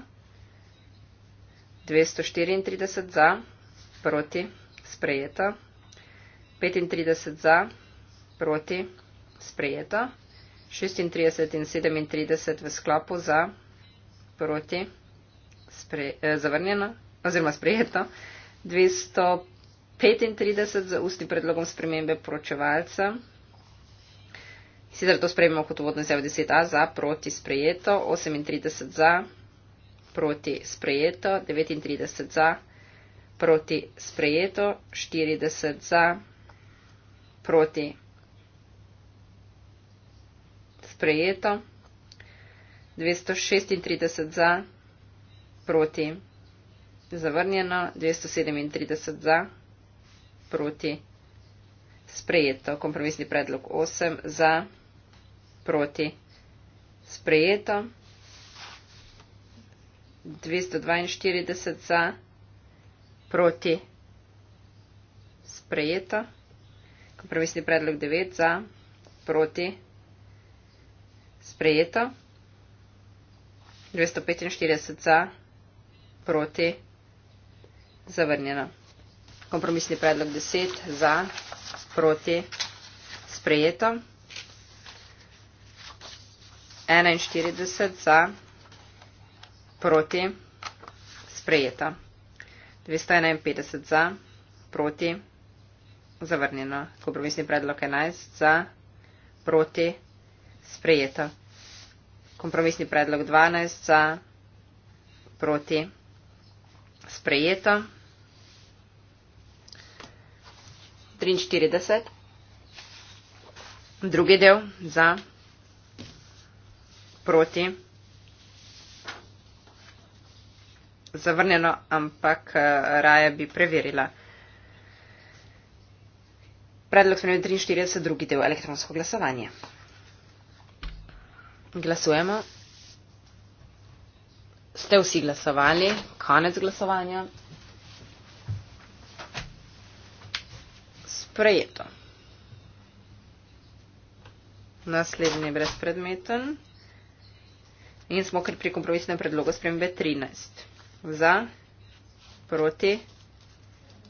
234 za, proti, sprejeto, 35 za, proti, sprejeto, 36 in 37 v sklopu za, proti, spre, eh, zavrnjeno, oziroma sprejeto, 200 35 z ustnim predlogom spremembe poročevalca. Sicer to sprejemamo kot uvodno izjavo 10a za, proti sprejeto, 38 za, proti sprejeto, 39 za, proti sprejeto, 40 za, proti sprejeto, 236 za, proti zavrnjeno, 237 za proti sprejeto. Kompromisni predlog 8 za proti sprejeto. 242 za proti sprejeto. Kompromisni predlog 9 za proti sprejeto. 245 za proti zavrnjeno kompromisni predlog 10 za, proti, sprejeto. 41 za, proti, sprejeto. 251 za, proti, zavrnjeno. Kompromisni predlog 11 za, proti, sprejeto. Kompromisni predlog 12 za, proti, sprejeto. 43, drugi del za proti zavrnjeno, ampak eh, raje bi preverila. Predlog spremenil 43, drugi del elektronsko glasovanje. Glasujemo. Ste vsi glasovali? Konec glasovanja. sprejeto. Naslednji brezpredmeten. In smo kar pri kompromisnem predlogu spremembe 13. Za, proti,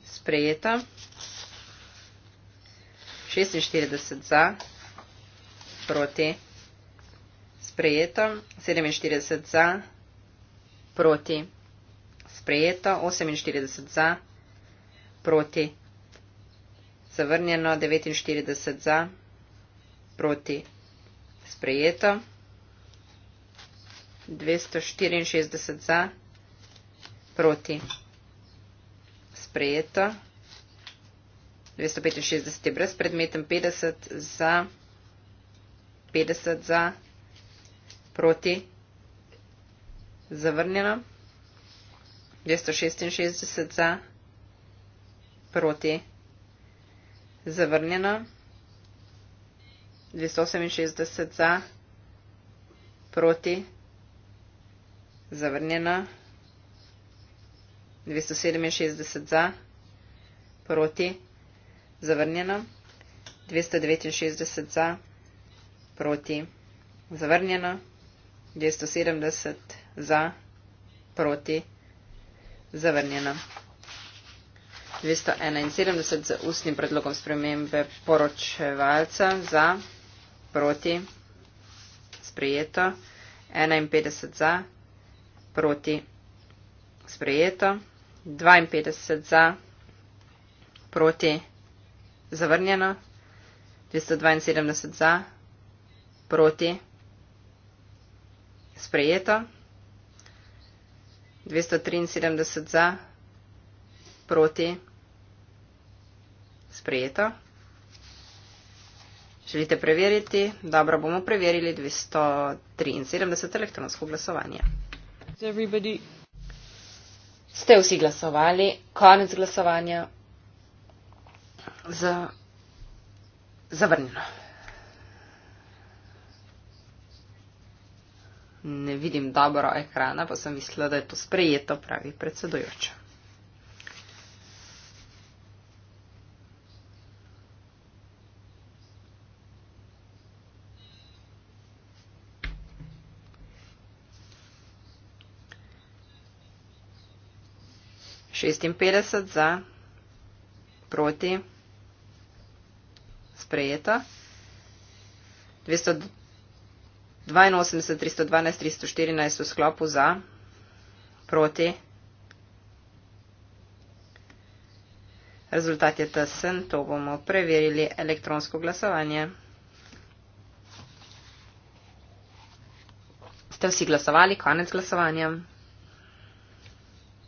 sprejeta. 46 za, proti, sprejeta. 47 za, proti, sprejeta. 48 za, proti, zavrnjeno, 49 za, proti sprejeto, 264 za, proti sprejeto, 265 je brez predmetem, 50 za, 50 za, proti zavrnjeno, 266 za, proti sprejeto. Zavrnjeno. 268 za. Proti. Zavrnjeno. 267 za. Proti. Zavrnjeno. 269 za. Proti. Zavrnjeno. 270 za. Proti. Zavrnjeno. 271 z ustnim predlogom spremembe poročevalca za, proti, sprejeto, 51 za, proti, sprejeto, 52 za, proti, zavrnjeno, 272 za, proti, sprejeto, 273 za, proti, sprejeta. Želite preveriti? Dobro, bomo preverili 273 elektronsko glasovanje. Everybody... Ste vsi glasovali? Konec glasovanja. Z... Zavrnjeno. Ne vidim dobro ekrana, pa sem mislila, da je to sprejeto, pravi predsedujoča. 56 za, proti, sprejeta. 282, 312, 314 v sklopu za, proti. Rezultat je tesen, to bomo preverili elektronsko glasovanje. Ste vsi glasovali, konec glasovanja.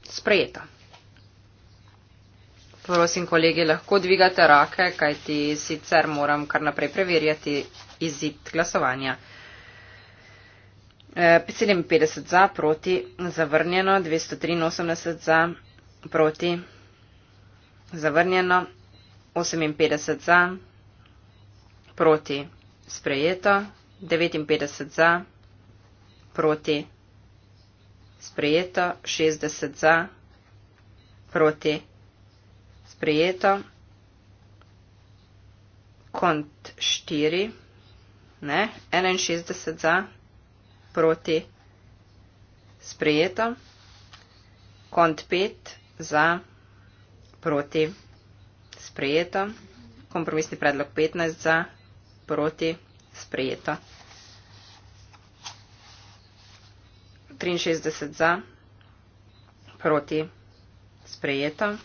Sprejeto. Prosim, kolegi, lahko dvigate rake, kajti sicer moram kar naprej preverjati izid glasovanja. 57 eh, za, proti, zavrnjeno, 283 za, proti, zavrnjeno, 58 za, proti, sprejeto, 59 za, proti, sprejeto, 60 za, proti, sprejeto sprejeto kont 4, ne, 61 za, proti sprejeto, kont 5 za, proti sprejeto, kompromisni predlog 15 za, proti sprejeto, 63 za, proti sprejeto.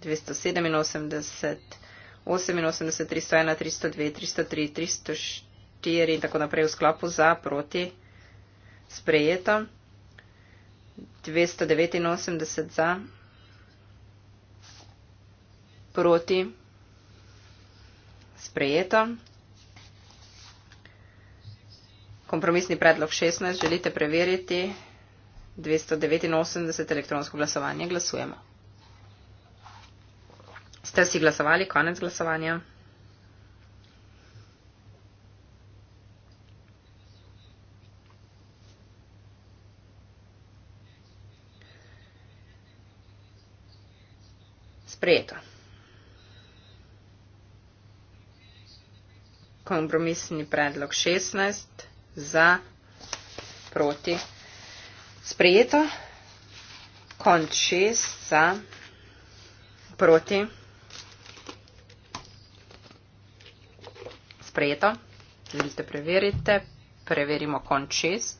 287, 88, 301, 302, 303, 304 in tako naprej v sklopu za, proti, sprejeto. 289 za, proti, sprejeto. Kompromisni predlog 16 želite preveriti. 289 elektronsko glasovanje glasujemo. Ste vsi glasovali, konec glasovanja? Sprejeto. Kompromisni predlog 16 za proti. Sprejeto. Konč 6 za proti. sprejeto. Želite preverite. Preverimo konč 6.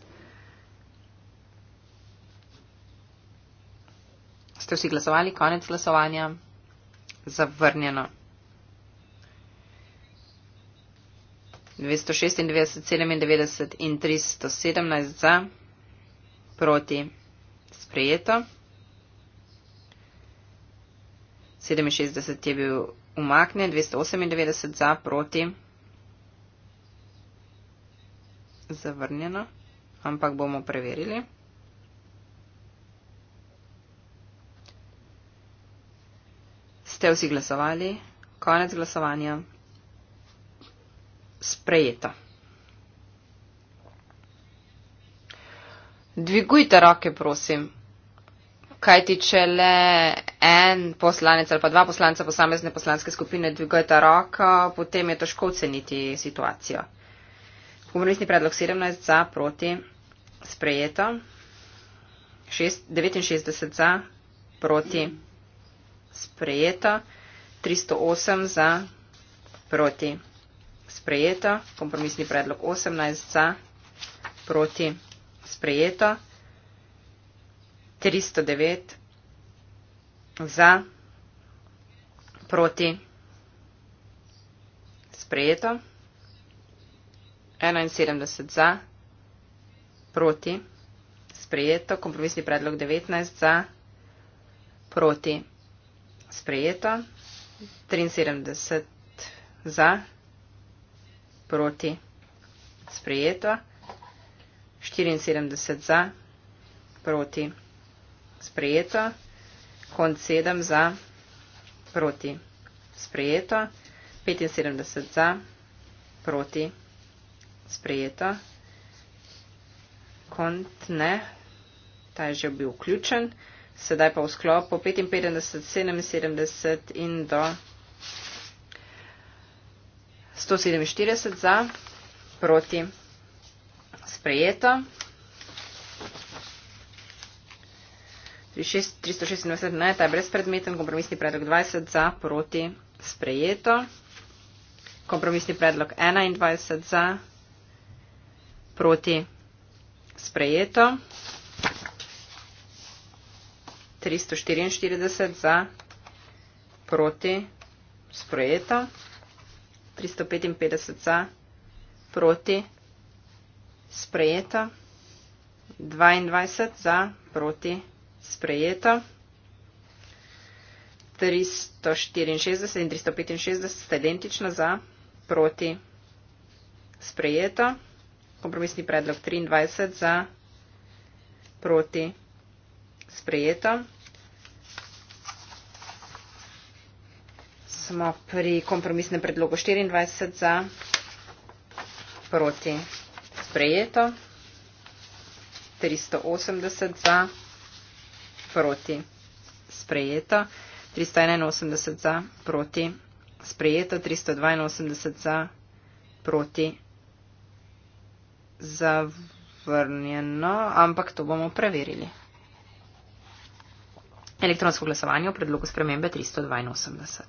Ste vsi glasovali? Konec glasovanja. Zavrnjeno. 296, 97 in 317 za, proti, sprejeto. 67 je bil umaknjen, 298 za, proti zavrnjeno, ampak bomo preverili. Ste vsi glasovali? Konec glasovanja. Sprejeto. Dvigujte roke, prosim. Kaj ti, če le en poslanec ali pa dva poslanca posamezne poslanske skupine dvigujete roko, potem je težko oceniti situacijo kompromisni predlog 17 za proti sprejeto, 6, 69 za proti sprejeto, 308 za proti sprejeto, kompromisni predlog 18 za proti sprejeto, 309 za proti sprejeto. 71 za, proti, sprejeto, kompromisni predlog 19 za, proti, sprejeto, 73 za, proti, sprejeto, 74 za, proti, sprejeto, konc 7 za, proti, sprejeto, 75 za, proti, sprejeto sprejeta. Kont ne, ta je že bil vključen. Sedaj pa v sklopu 55, 77 in do 147 za, proti sprejeta. 326 ne, ta je brezpredmeten, kompromisni predlog 20 za, proti sprejeto. Kompromisni predlog 21 za, proti sprejeto. 344 za proti sprejeto. 355 za proti sprejeto. 22 za proti sprejeto. 364 in 365 sta identična za proti sprejeto kompromisni predlog 23 za proti sprejeto. Smo pri kompromisnem predlogu 24 za proti sprejeto. 380 za proti sprejeto. 381 za proti sprejeto. 382 za proti sprejeto zavrnjeno, ampak to bomo preverili. Elektronsko glasovanje v predlogu spremembe 382.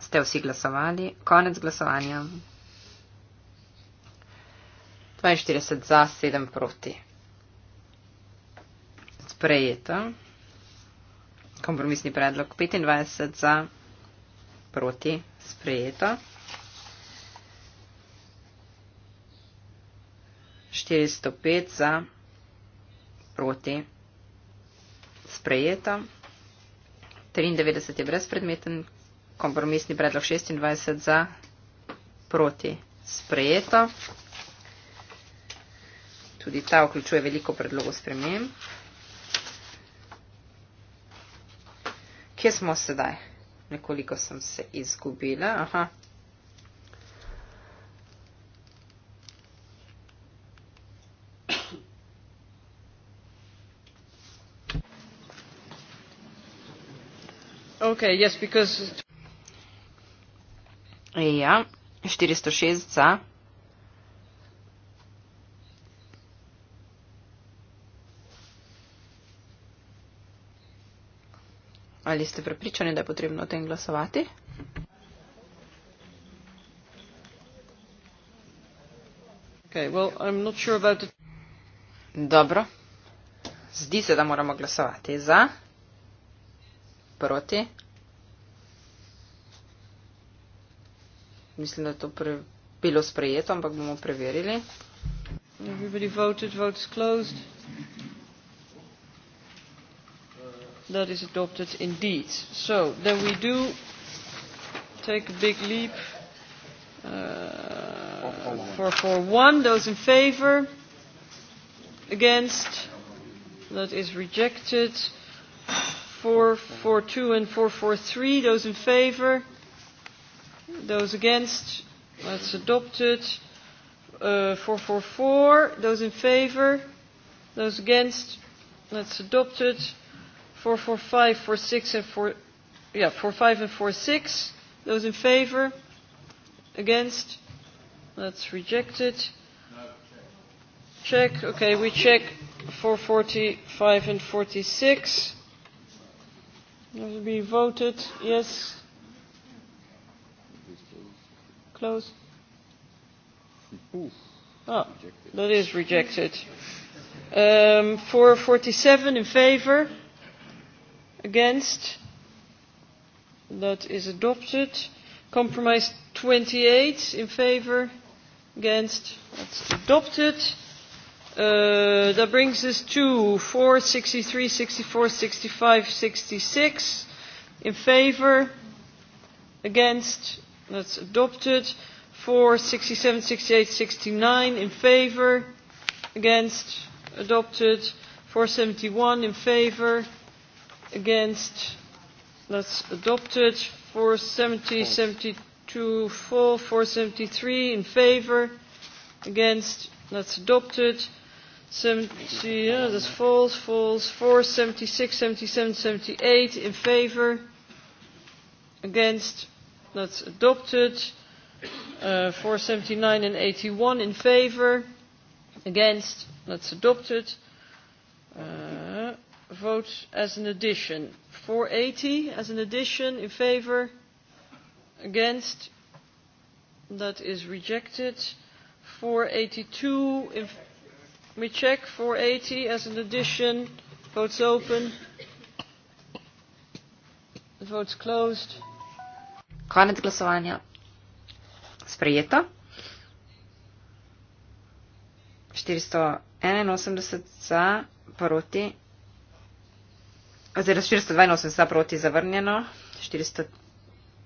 Ste vsi glasovali? Konec glasovanja. 42 za, 7 proti. Sprejeto. Kompromisni predlog 25 za, proti. Sprejeto. 405 za, proti, sprejeto. 93 je brezpredmeten, kompromisni predlog 26 za, proti, sprejeto. Tudi ta vključuje veliko predlogov spremem. Kje smo sedaj? Nekoliko sem se izgubila. Aha, Okay, yes, because... Ja, 460. Za. Ali ste prepričani, da je potrebno o tem glasovati? Okay, well, sure the... Dobro. Zdi se, da moramo glasovati za, proti mislim, da je to pre, bilo sprejeto, ampak bomo preverili. Everybody voted, votes closed. That is adopted indeed. So then we do take a big leap uh, for, for one. Those in favor? Against? That is rejected. 442 and 443, those in favor? Those against, that's adopted. Uh, 444, those in favor, those against, that's adopted. 445, 46, and 4, yeah, 45 and 46, those in favor, against, that's rejected. No, check. check, okay, we check 445 and 46. That will be voted, yes close? Ooh. Ah, rejected. that is rejected. Um, 447 in favor? Against? That is adopted. Compromise 28 in favor? Against? That's adopted. Uh, that brings us to 463, 64, 65, 66 in favor, against, That's adopted. For 67, 68, 69 in favour. Against. Adopted. For 71 in favour. Against. That's adopted. For 70, 72 full. For 73 in favour. Against. That's adopted. 70, yeah, that's false, false. 4, 76, 77, 78 in favour. Against, That's adopted. Uh, 479 and 81 in favour. Against. That's adopted. Uh, vote as an addition. 480 as an addition in favour. Against. That is rejected. 482 in. We check 480 as an addition. Votes open. The vote's closed. Konec glasovanja. Sprejeto. 481 za proti. Oziroma 482 za proti zavrnjeno.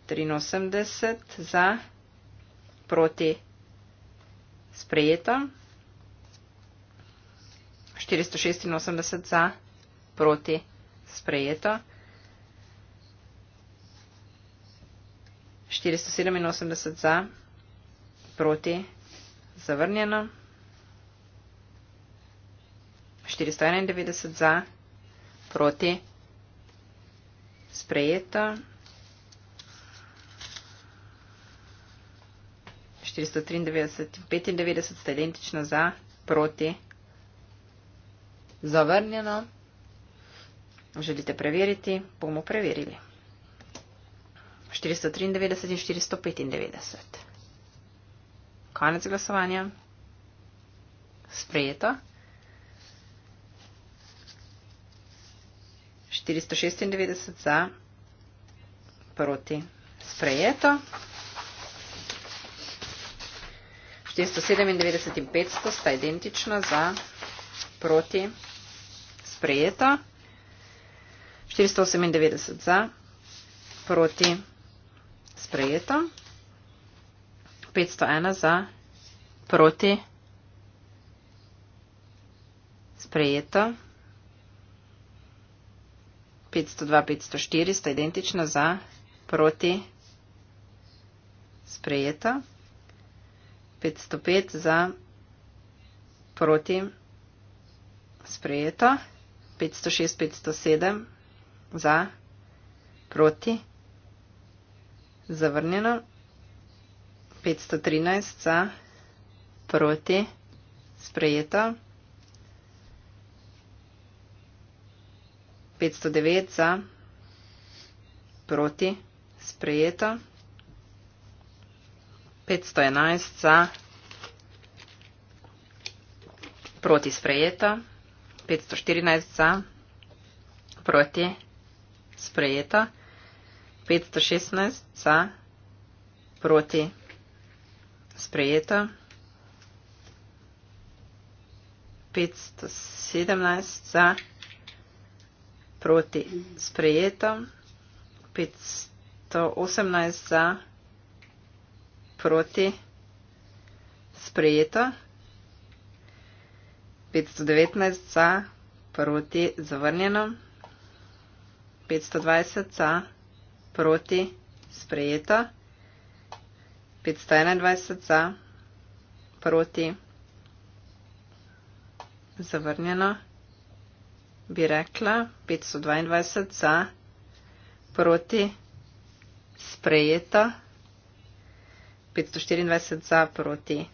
483 za proti sprejeto. 486 za proti sprejeto. 487 za, proti, zavrnjeno. 491 za, proti, sprejeto. 493 in 95 identično za, proti, zavrnjeno. Želite preveriti? Bomo preverili. 493 in 495. Konec glasovanja. Sprejeto. 496 za, proti sprejeto. 497 in 500 sta identična za, proti sprejeto. 498 za, proti sprejeto sprejeto. 501 za, proti, sprejeto. 502, 504 sta identična za, proti, sprejeto. 505 za, proti, sprejeto. 506, 507 za, proti, sprejeto zavrnjeno. 513 za, proti, sprejeto. 509 za, proti, sprejeto. 511 za, proti, sprejeto. 514 za, proti, sprejeto. 516 za, proti sprejeto. 517 za, proti sprejeto. 518 za, proti sprejeto. 519 za, proti zavrnjeno. 520 za proti sprejeta, 521 za, proti zavrnjeno, bi rekla, 522 za, proti sprejeta, 524 za, proti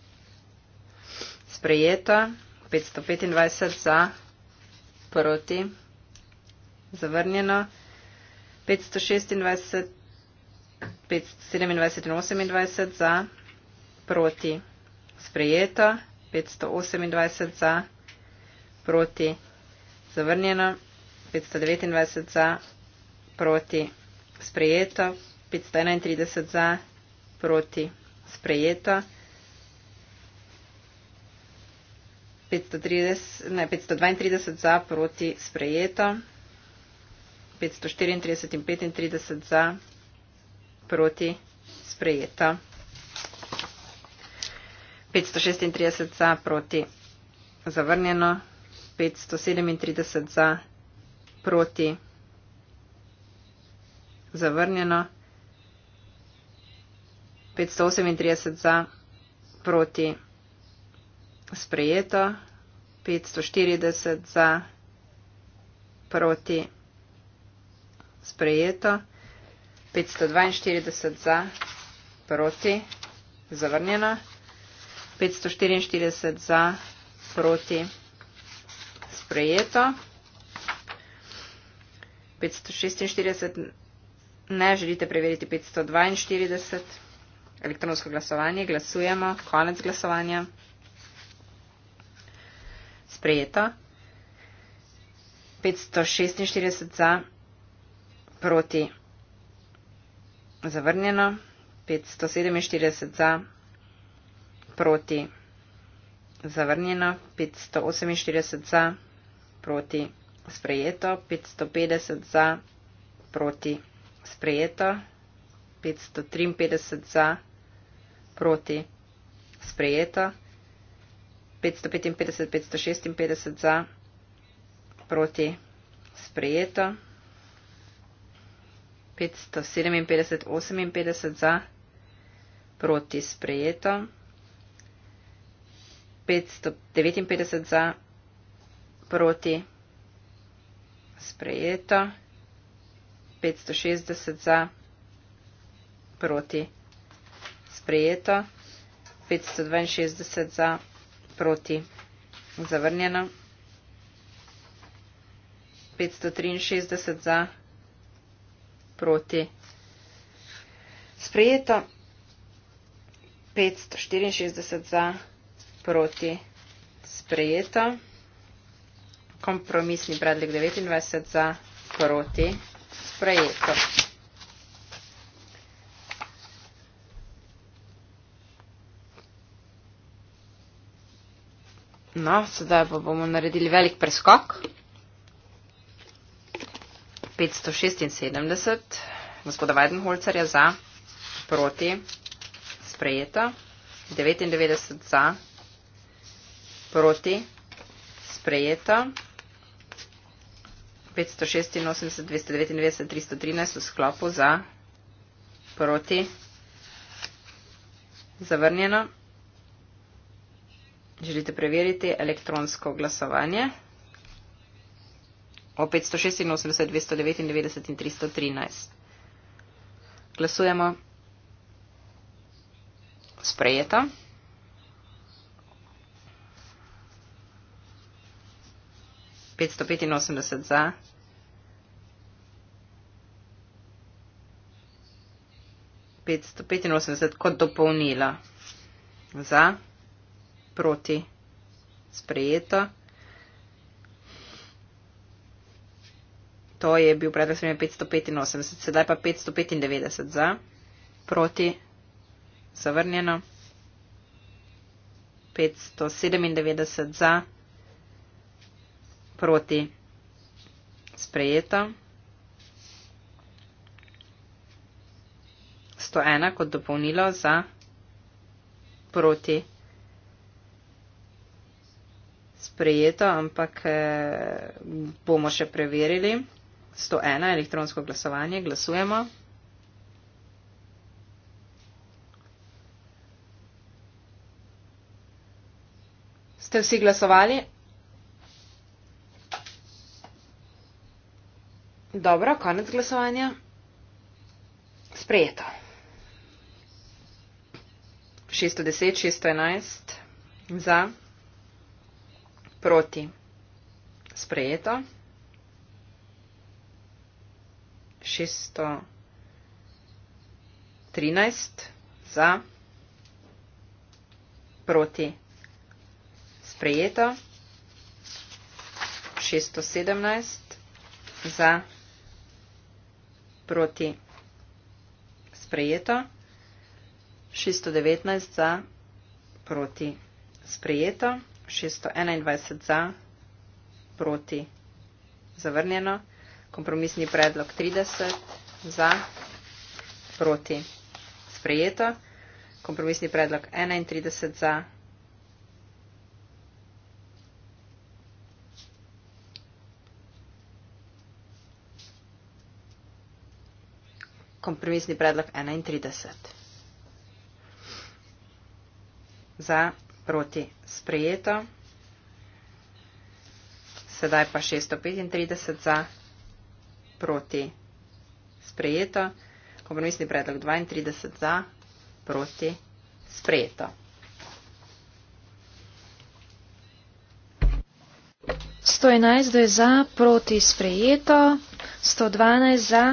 sprejeta, 525 za, proti zavrnjeno. 527, 527 in 28 za, proti sprejeto, 528 za, proti zavrnjeno, 529 za, proti sprejeto, 531 za, proti sprejeto, 530, ne, 532 za, proti sprejeto petintrideset za proti sprejeta petsto šestintrideset za proti zavrnjeno petsto sedemintrideset za proti zavrnjeno petsto osemintrideset za proti sprejeto petsto štirideset za proti sprejeto. 542 za, proti, zavrnjeno. 544 za, proti, sprejeto. 546 ne, želite preveriti 542. Elektronsko glasovanje, glasujemo, konec glasovanja. Sprejeto. 546 za proti. Zavrnjeno. 547 za. Proti. Zavrnjeno. 548 za. Proti. Sprejeto. 550 za. Proti. Sprejeto. 553 za. Proti. Sprejeto. 555, 556 za. Proti. Sprejeto. 557, 58 za, proti sprejeto. 559 za, proti sprejeto. 560 za, proti sprejeto. 562 za, proti zavrnjeno. 563 za, proti zavrnjeno proti. Sprejeto 564 za, proti sprejeto. Kompromisni predlog 29 za, proti sprejeto. No, sedaj pa bomo naredili velik preskok. 576, gospoda Weidenholzerja za, proti, sprejeta, 99 za, proti, sprejeta, 586, 299, 313 v sklopu za, proti, zavrnjeno. Želite preveriti elektronsko glasovanje? O 586, 299 in 313. Glasujemo. Sprejeta. Petsto petinosemdeset za. Petsto petinosemdeset kot dopolnila. Za. Proti. Sprejeto. To je bil predlog sprejem 585, sedaj pa 595 za, proti, zavrnjeno, 597 za, proti, sprejeto, 101 kot dopolnilo za, proti, sprejeto, ampak eh, bomo še preverili. 101, elektronsko glasovanje, glasujemo. Ste vsi glasovali? Dobro, konec glasovanja. Sprejeto. 610, 611 za, proti, sprejeto. 613 za, proti sprejeto, 617 za, proti sprejeto, 619 za, proti sprejeto, 621 za, proti zavrnjeno kompromisni predlog 30 za, proti sprejeto, kompromisni predlog 31 za, kompromisni predlog 31 za, proti sprejeto, sedaj pa 635 za, proti. Sprejeto. Kompromisni predlog 32 za, proti. Sprejeto. Sto enajst je za, proti sprejeto, sto dvanajst za,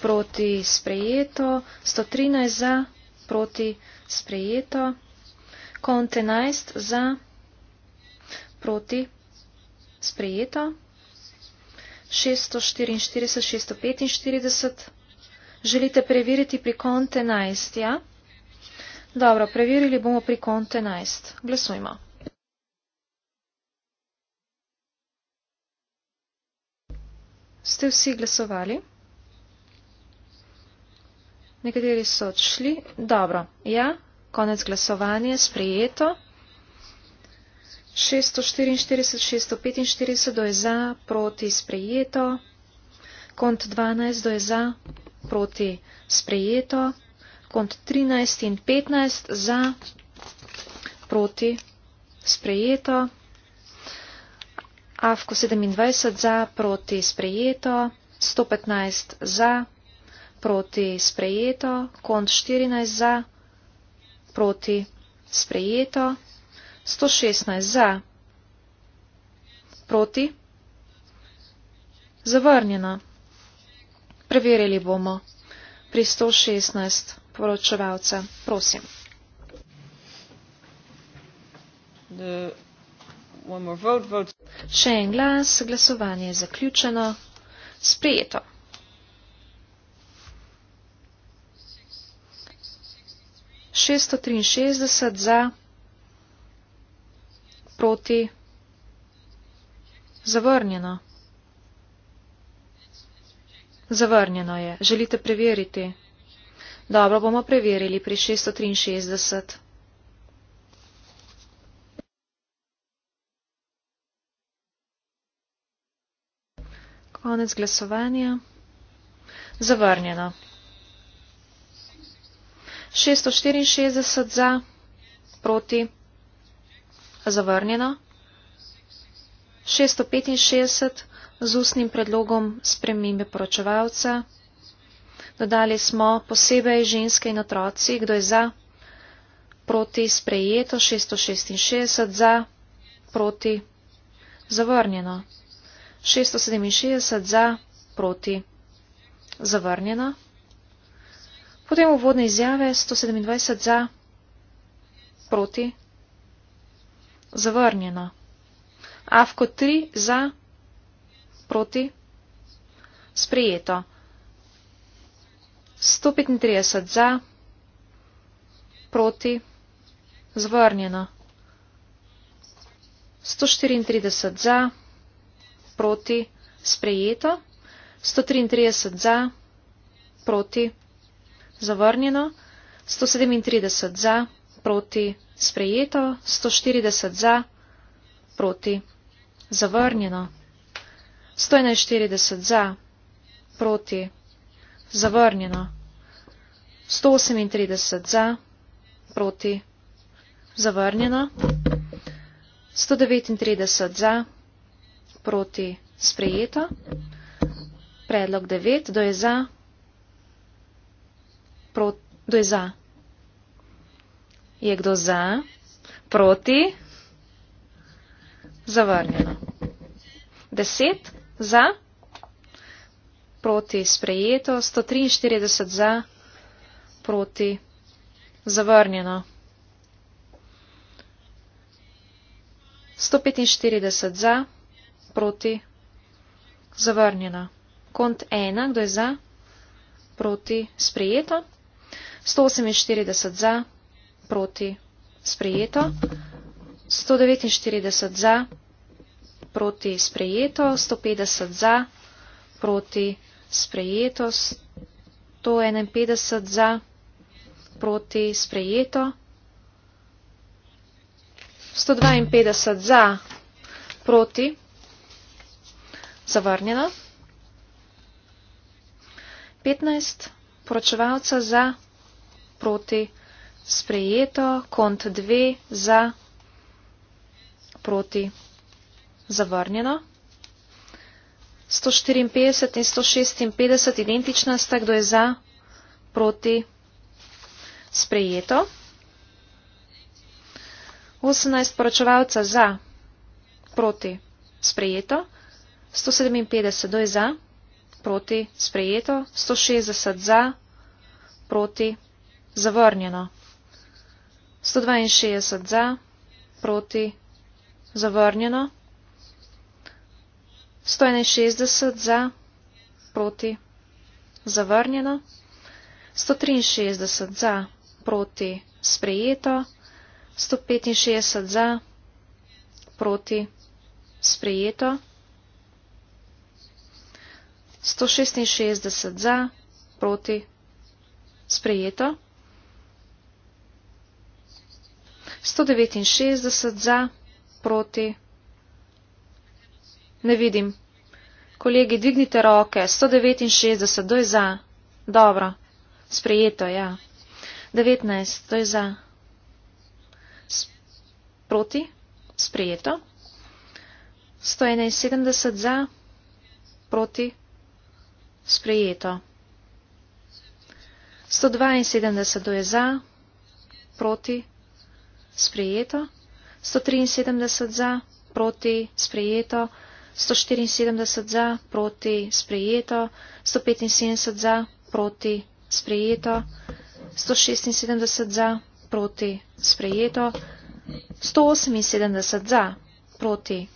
proti sprejeto, sto trinajst za, proti sprejeto, konte enajst za, proti sprejeto. 645. Želite preveriti pri kont 11, ja? Dobro, preverili bomo pri kont 11. Glasujmo. Ste vsi glasovali? Nekateri so odšli. Dobro, ja, konec glasovanja, sprijeto. 645, 645 do je za, proti sprejeto. Kont 12 do je za, proti sprejeto. Kont 13 in 15 za, proti sprejeto. Avko 27 za, proti sprejeto. 115 za, proti sprejeto. Kont 14 za, proti sprejeto. 116 za, proti, zavrnjeno. Preverili bomo pri 116 poročevalca. Prosim. Še en glas, glasovanje je zaključeno. Sprijeto. Šesto trinšestdeset za nasproti, zavrnjeno. Zavrnjeno je. Želite preveriti? Dobro, bomo preverili pri 663. Konec glasovanja. Zavrnjeno. 664 za, proti zavrnjena, 665 z ustnim predlogom spremembe poročevalca. Dodali smo posebej ženske in otroci, kdo je za, proti sprejeto, 666 za, proti zavrnjeno, 667 za, proti zavrnjeno. Potem uvodne izjave 127 za, proti zavrnjeno. Avko 3 za, proti, sprejeto. 135 za, proti, zavrnjeno. 134 za, proti, sprejeto. 133 za, proti, zavrnjeno. 137 za, proti, zavrnjeno sprejeto, 140 za, proti, zavrnjeno, 141 za, proti, zavrnjeno, 138 za, proti, zavrnjeno, 139 za, proti, sprejeto, predlog 9, do je za, proti, do je za. Je kdo za? Proti? Zavrnjeno. Deset za? Proti sprejeto. 143 za? Proti zavrnjeno. 145 za? Proti zavrnjeno. Kont ena, kdo je za? Proti sprejeto. 148 za? Proti zavrnjeno proti. Sprejeto. 149 za, proti sprejeto. 150 za, proti sprejeto. 151 za, proti sprejeto. 152 za, proti. Zavrnjeno. 15 poročevalca za, proti sprejeto sprejeto, kont dve za, proti, zavrnjeno. 154 in 156 identična sta, kdo je za, proti, sprejeto. 18 poročevalca za, proti, sprejeto. 157 do je za, proti, sprejeto. 160 za, proti, zavrnjeno. 162 za, proti, zavrnjeno. 161 za, proti, zavrnjeno. 163 za, proti, sprejeto. 165 za, proti, sprejeto. 166 za, proti, sprejeto. 169 za, proti. Ne vidim. Kolegi, dvignite roke. 169, to je za. Dobro. Sprejeto, ja. 19, to je za. S proti. Sprejeto. 171 za. Proti. Sprejeto. 172 je za. Proti sprejeto, 173 za, proti, sprejeto, 174 za, proti, sprejeto, 175 za, proti, sprejeto, 176 za, proti, sprejeto, 178 za, proti,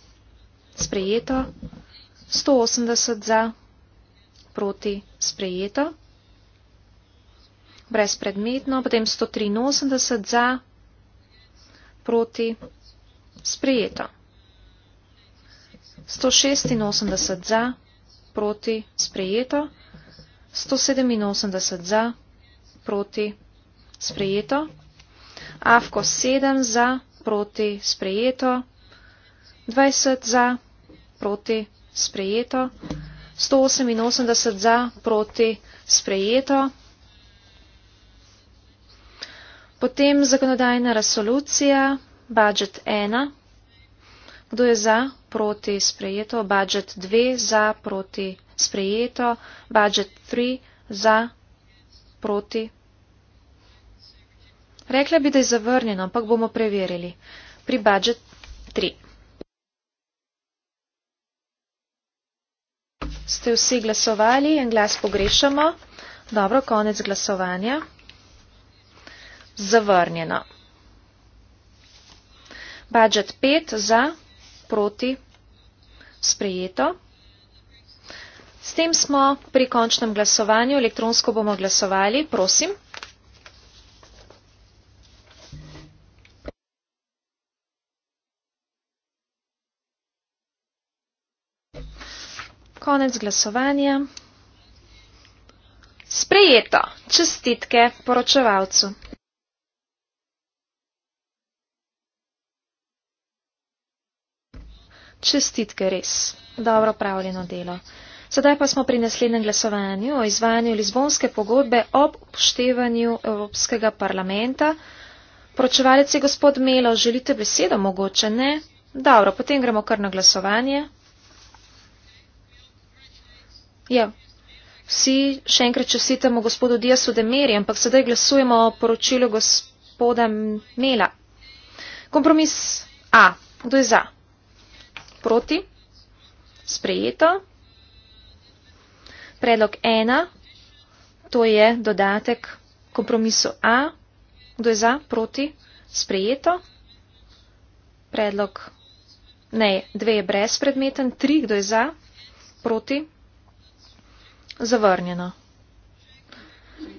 sprejeto, 180 za, proti, sprejeto, brezpredmetno, potem 183 za, proti, sprejeto, proti, sprejeto. 186 za, proti, sprejeto. 187 za, proti, sprejeto. AFKO 7 za, proti, sprejeto. 20 za, proti, sprejeto. 188 za, proti, sprejeto. Potem zakonodajna resolucija, budžet 1. Kdo je za, proti sprejeto? Budžet 2 za, proti sprejeto. Budžet 3 za, proti. Rekla bi, da je zavrnjeno, ampak bomo preverili. Pri budžet 3. Ste vsi glasovali in glas pogrešamo. Dobro, konec glasovanja zavrnjena. Budžet 5 za proti sprejeto. S tem smo pri končnem glasovanju. Elektronsko bomo glasovali. Prosim. Konec glasovanja. Sprejeto. Čestitke poročevalcu. Čestitke, res. Dobro pravljeno delo. Sedaj pa smo pri naslednjem glasovanju o izvajanju Lizbonske pogodbe ob upoštevanju Evropskega parlamenta. Pročevalec je gospod Melo, želite besedo, mogoče ne? Dobro, potem gremo kar na glasovanje. Ja. Vsi še enkrat čestitamo gospodu Diasu Demeri, ampak sedaj glasujemo o poročilu gospoda Mela. Kompromis A. Kdo je za? proti, sprejeto. Predlog ena, to je dodatek kompromisu A, kdo je za, proti, sprejeto. Predlog, ne, dve je brezpredmeten, tri, kdo je za, proti, zavrnjeno.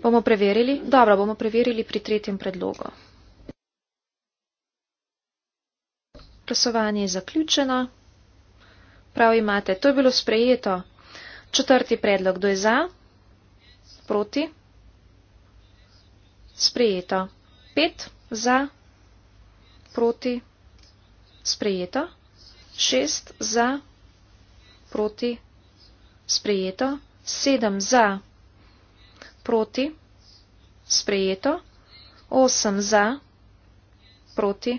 Bomo preverili, dobro, bomo preverili pri tretjem predlogu. Glasovanje je zaključeno. Prav imate, to je bilo sprejeto. Četrti predlog, kdo je za? Proti? Sprejeto. Pet za? Proti? Sprejeto. Šest za? Proti? Sprejeto. Sedem za? Proti? Sprejeto. Osem za? Proti?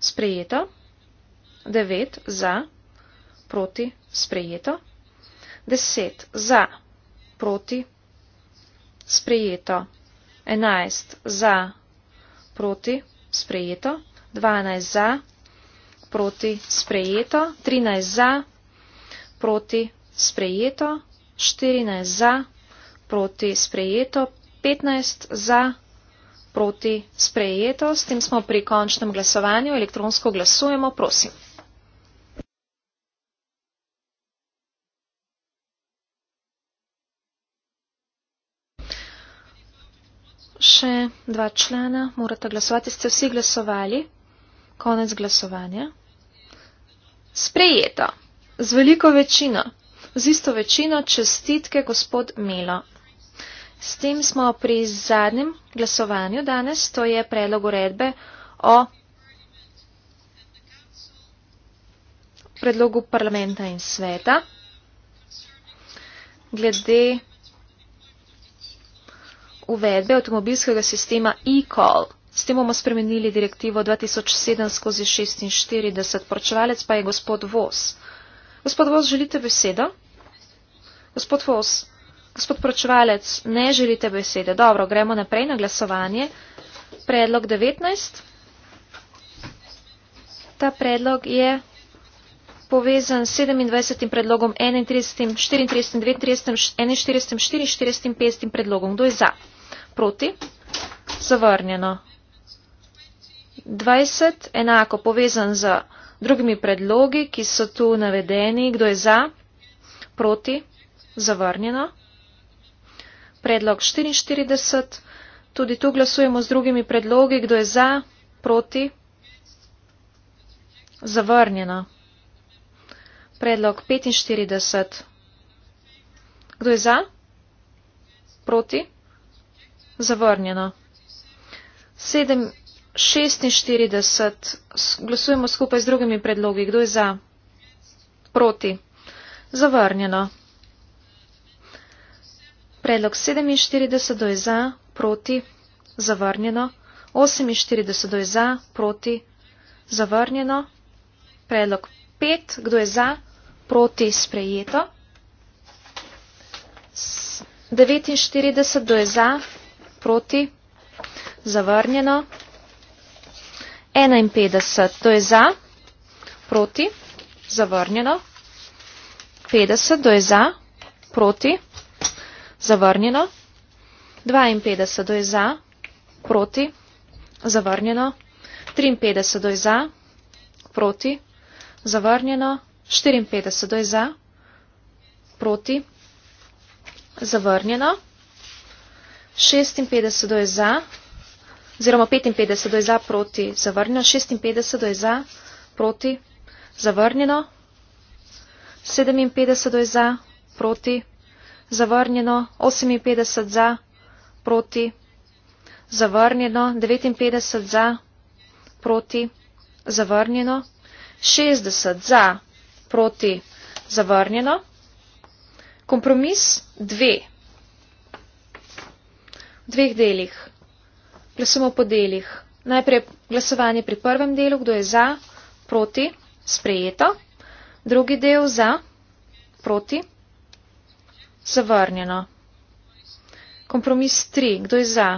Sprejeto devet za, proti, sprejeto, deset za, proti, sprejeto, enajst za, proti, sprejeto, dvanajst za, proti, sprejeto, trinajst za, proti, sprejeto, štirinajst za, proti, sprejeto, petnajst za, proti, sprejeto. S tem smo pri končnem glasovanju. Elektronsko glasujemo, prosim. dva člana morata glasovati. Ste vsi glasovali? Konec glasovanja. Sprejeto. Z veliko večino. Z isto večino čestitke, gospod Melo. S tem smo pri zadnjem glasovanju danes, to je predlog uredbe o predlogu parlamenta in sveta glede uvedbe avtomobilskega sistema e-call. S tem bomo spremenili direktivo 2007-46, poročevalec pa je gospod Vos. Gospod Vos, želite besedo? Gospod Vos, gospod poročevalec, ne želite besede. Dobro, gremo naprej na glasovanje. Predlog 19. Ta predlog je povezan s 27. predlogom, 31., 34., 32., 41., 44. predlogom. Kdo je za? proti, zavrnjeno. 20 enako povezan z drugimi predlogi, ki so tu navedeni, kdo je za, proti, zavrnjeno. Predlog 44, tudi tu glasujemo z drugimi predlogi, kdo je za, proti, zavrnjeno. Predlog 45, kdo je za, proti, zavrnjeno zavrnjeno. 7, 46. Glasujemo skupaj z drugimi predlogi. Kdo je za? Proti. Zavrnjeno. Predlog 47 do je za, proti, zavrnjeno. 48 do je za, proti, zavrnjeno. Predlog 5, kdo je za, proti, sprejeto. 49 do je za, proti? Zavrnjeno. 51, to je za, proti, zavrnjeno. 50, to je za, proti, zavrnjeno. 52, to je za, proti, zavrnjeno. 53, to je za, proti, zavrnjeno. 54, to je za, proti, zavrnjeno. 56 je za, oziroma 55 je za proti zavrnjeno, 56 je za proti zavrnjeno, 57 je za proti zavrnjeno, 58 za proti zavrnjeno, 59 za proti zavrnjeno, 60 za proti zavrnjeno. Kompromis 2 dveh delih. Glasujemo po delih. Najprej glasovanje pri prvem delu, kdo je za, proti, sprejeto. Drugi del za, proti, zavrnjeno. Kompromis 3. Kdo je za?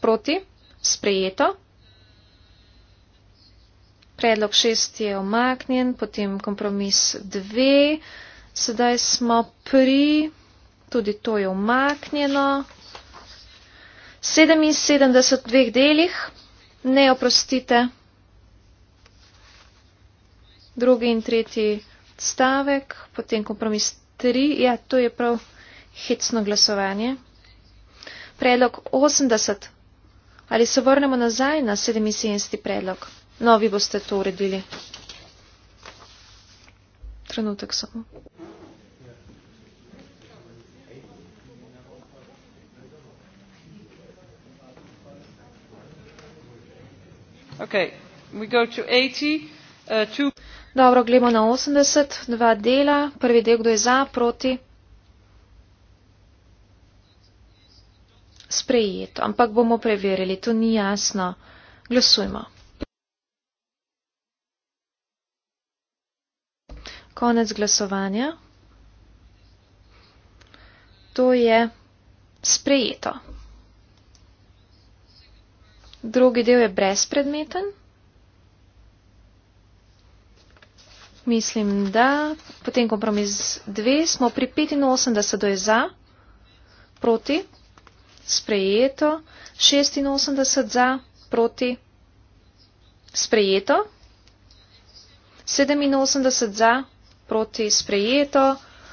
Proti? Sprejeto. Predlog 6 je omaknjen, potem kompromis 2. Sedaj smo pri tudi to je umaknjeno. 77 v dveh delih, ne oprostite. Drugi in tretji stavek, potem kompromis 3, ja, to je prav hecno glasovanje. Predlog 80, ali se vrnemo nazaj na 77 predlog. No, vi boste to uredili. Trenutek samo. Uh, Dobro, gledamo na 80, dva dela, prvi del, kdo je za, proti. Sprejeto, ampak bomo preverili, to ni jasno. Glasujmo. Konec glasovanja. To je sprejeto drugi del je brezpredmeten. Mislim, da potem kompromis 2 smo pri 85, da je za, proti, sprejeto, 86 za, proti, sprejeto, 87 za, proti, sprejeto,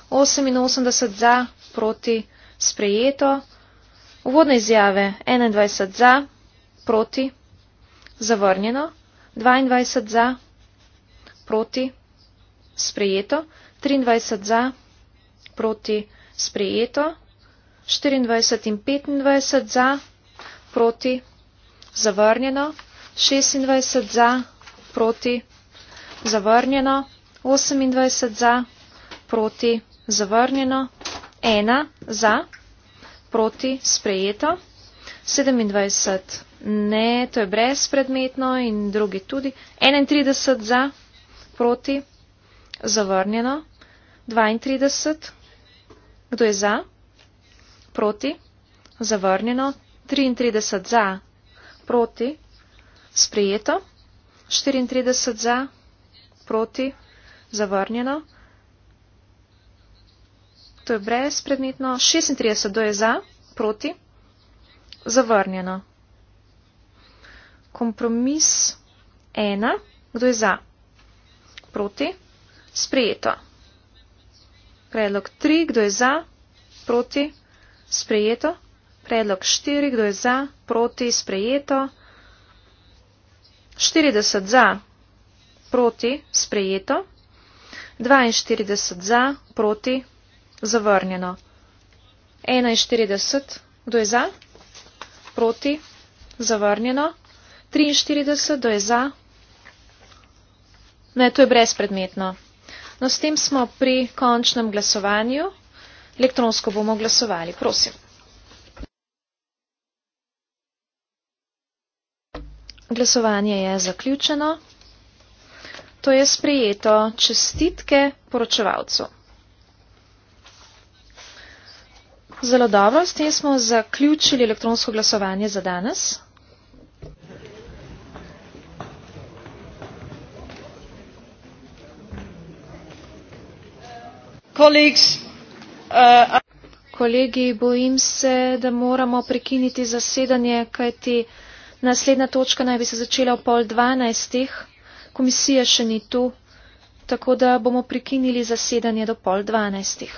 88 za, proti, sprejeto, uvodne izjave 21 za, proti, zavrnjeno, 22 za, proti, sprejeto, 23 za, proti, sprejeto, 24 in 25 za, proti, zavrnjeno, 26 za, proti, zavrnjeno, 28 za, proti, zavrnjeno, 1 za, proti, sprejeto, 27 za. Ne, to je brezpredmetno in drugi tudi. 31 za, proti, zavrnjeno. 32, kdo je za, proti, zavrnjeno. 33 za, proti, sprijeto. 34 za, proti, zavrnjeno. To je brezpredmetno. 36, kdo je za, proti, zavrnjeno kompromis ena. Kdo je za? Proti. Sprejeto. Predlog tri. Kdo je za? Proti. Sprejeto. Predlog štiri. Kdo je za? Proti. Sprejeto. 40 za, proti, sprejeto. 42 za, proti, zavrnjeno. 41, kdo je za? Proti, zavrnjeno. 43, kdo je za? Ne, to je brezpredmetno. No, s tem smo pri končnem glasovanju. Elektronsko bomo glasovali. Prosim. Glasovanje je zaključeno. To je sprejeto. Čestitke poročevalcu. Zelo dobro, s tem smo zaključili elektronsko glasovanje za danes. Uh, Kolegi, bojim se, da moramo prekiniti zasedanje, kajti naslednja točka naj bi se začela v pol dvanajstih. Komisija še ni tu, tako da bomo prekinili zasedanje do pol dvanajstih.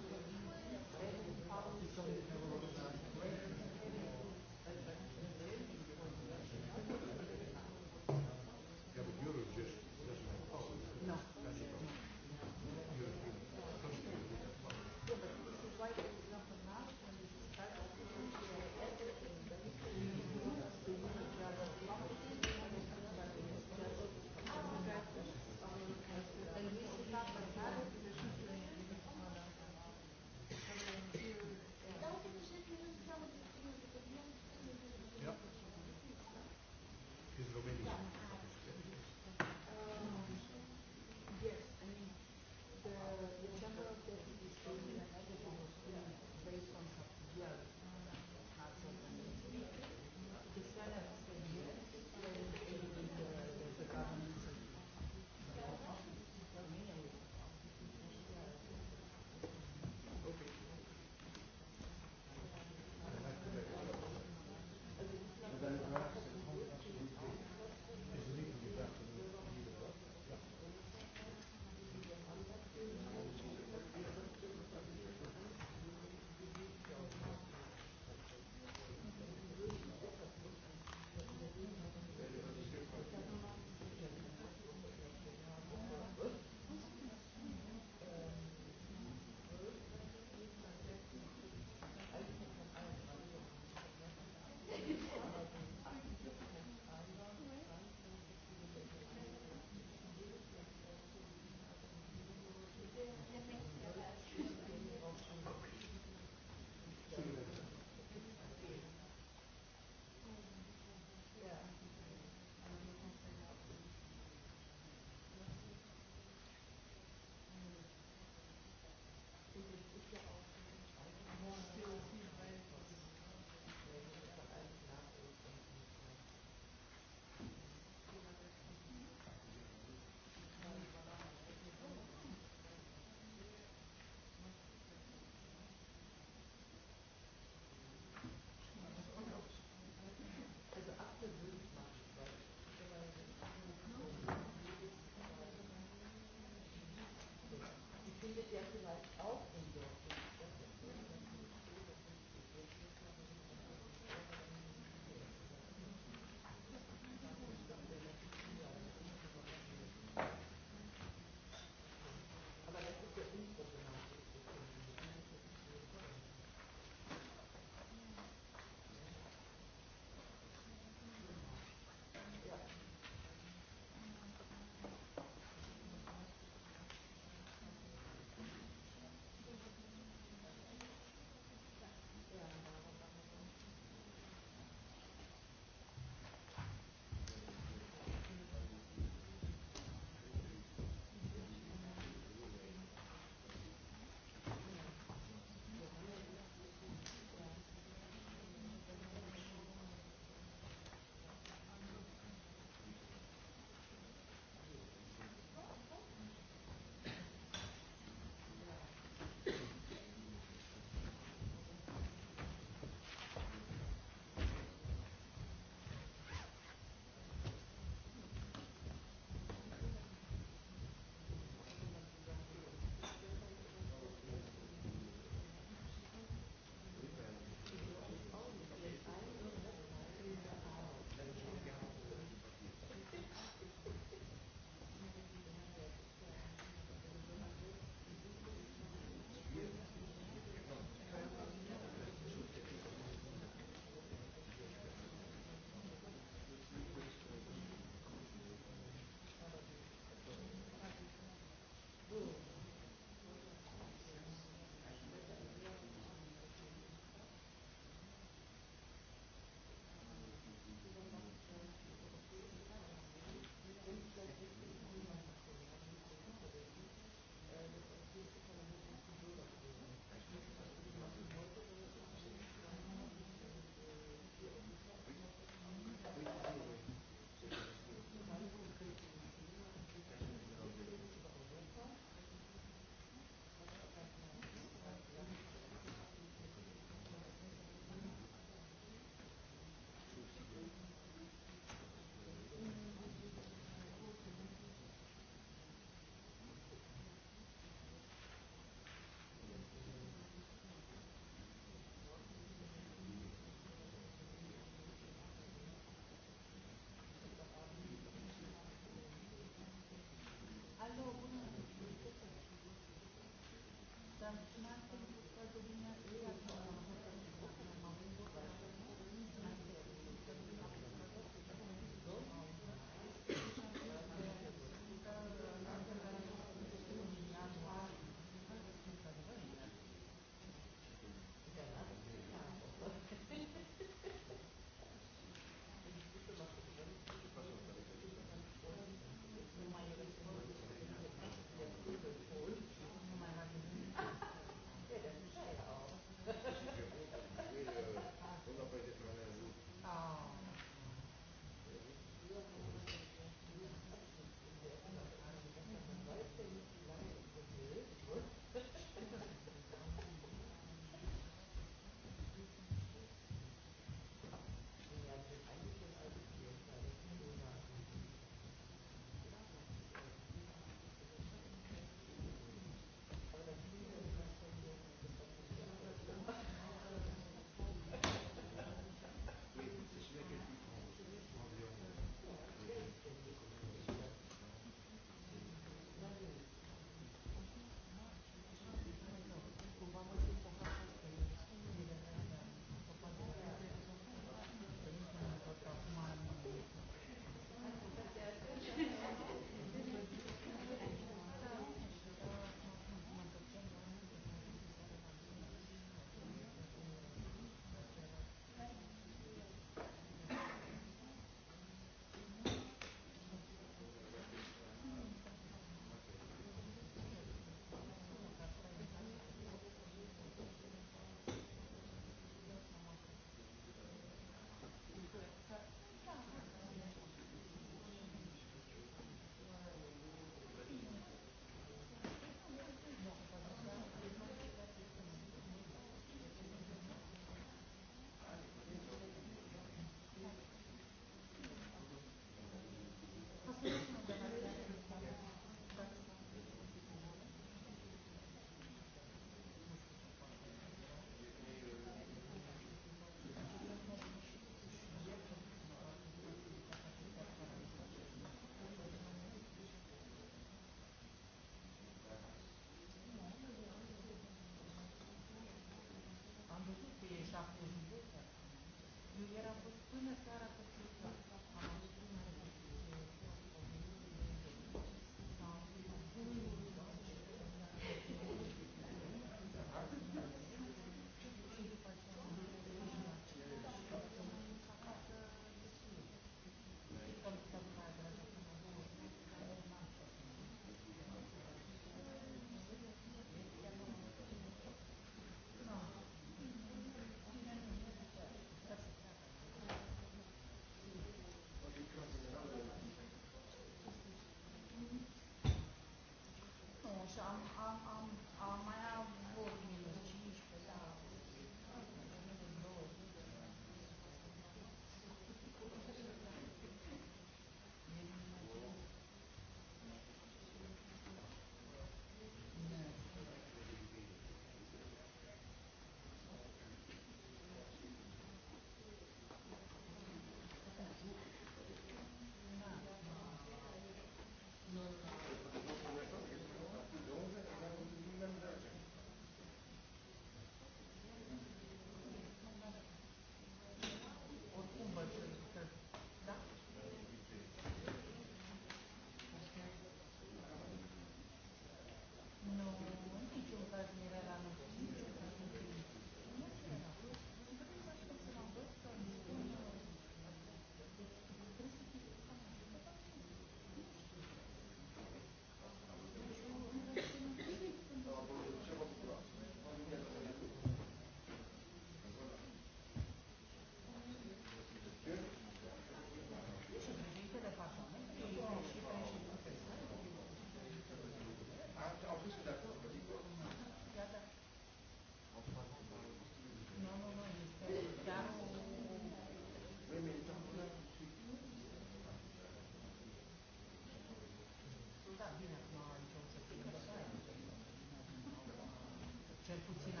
Gracias.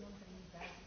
notranjih zdravstvenih.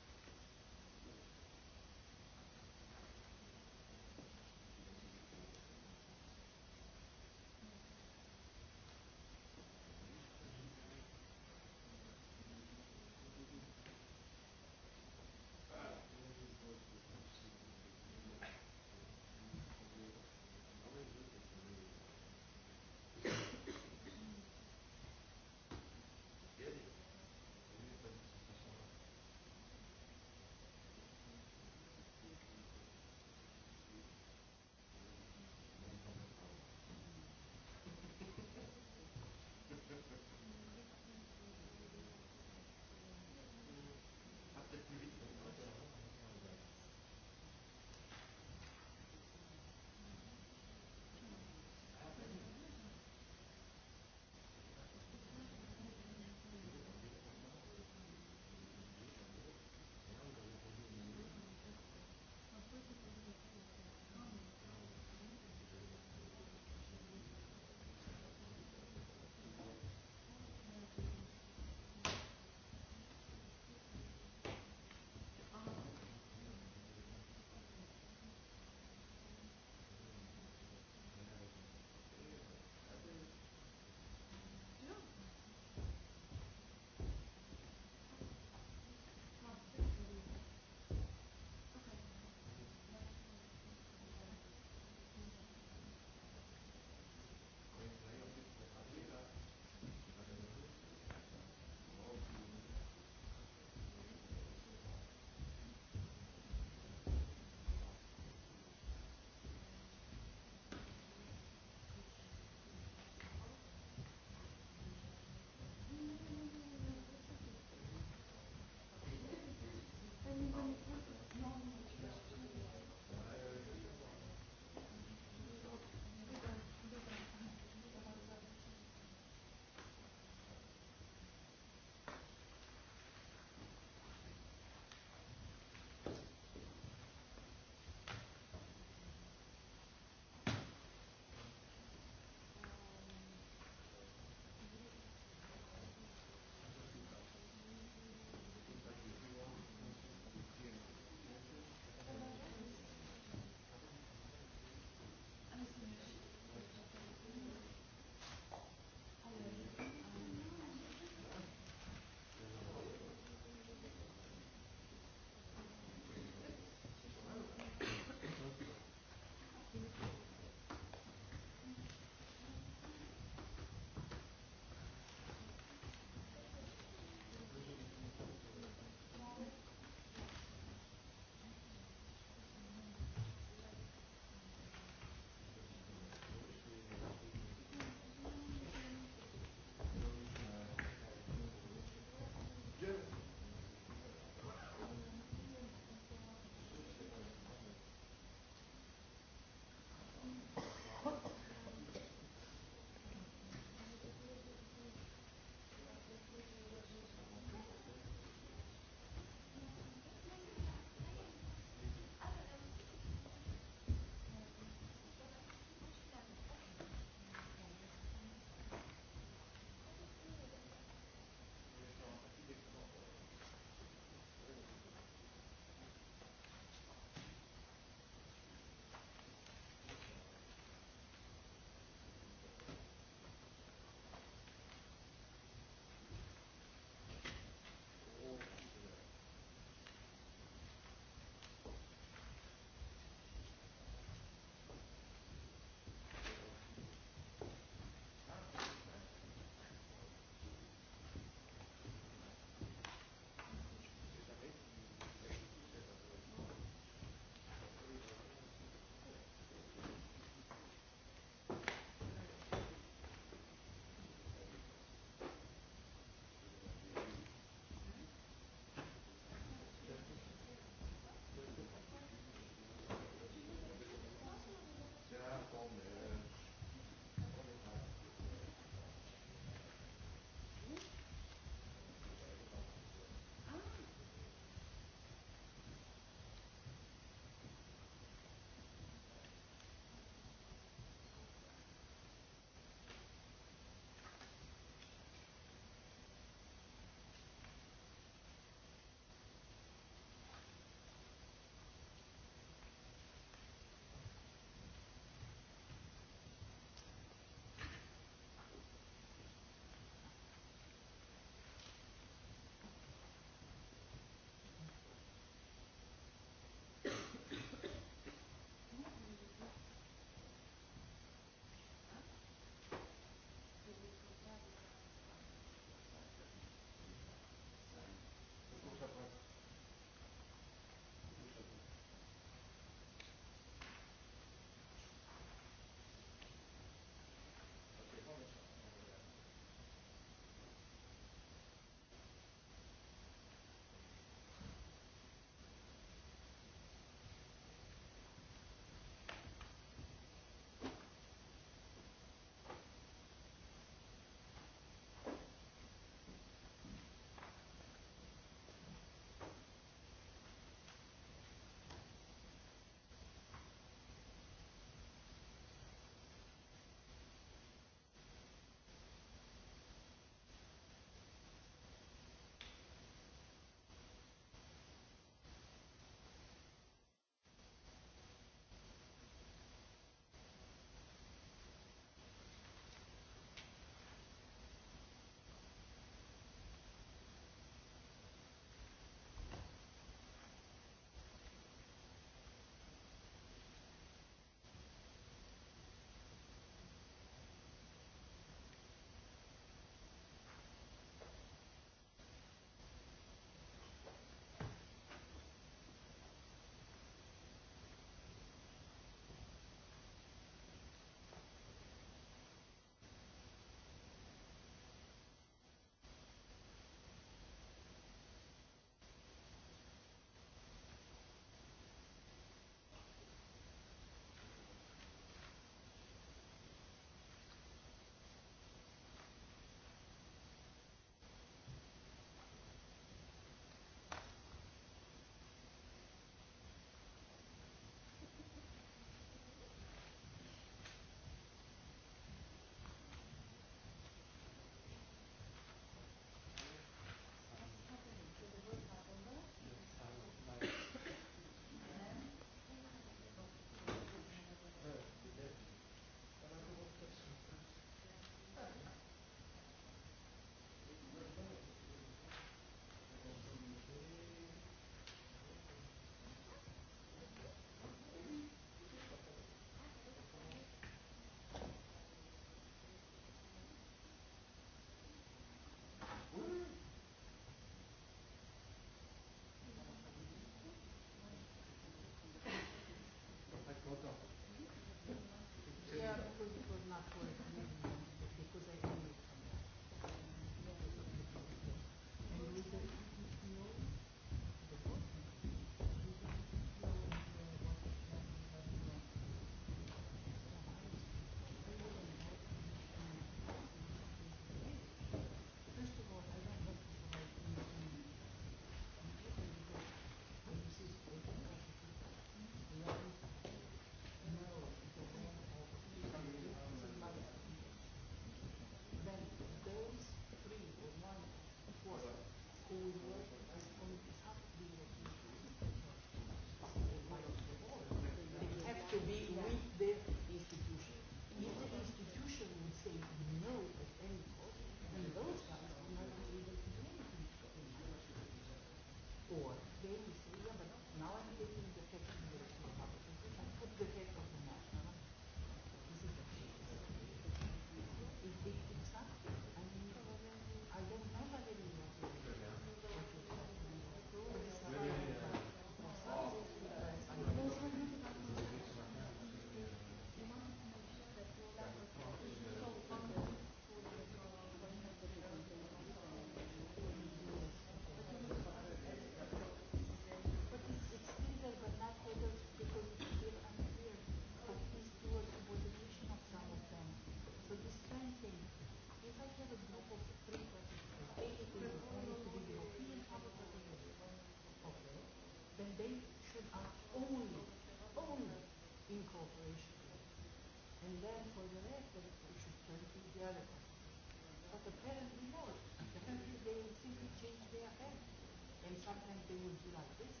这个问题来，这是。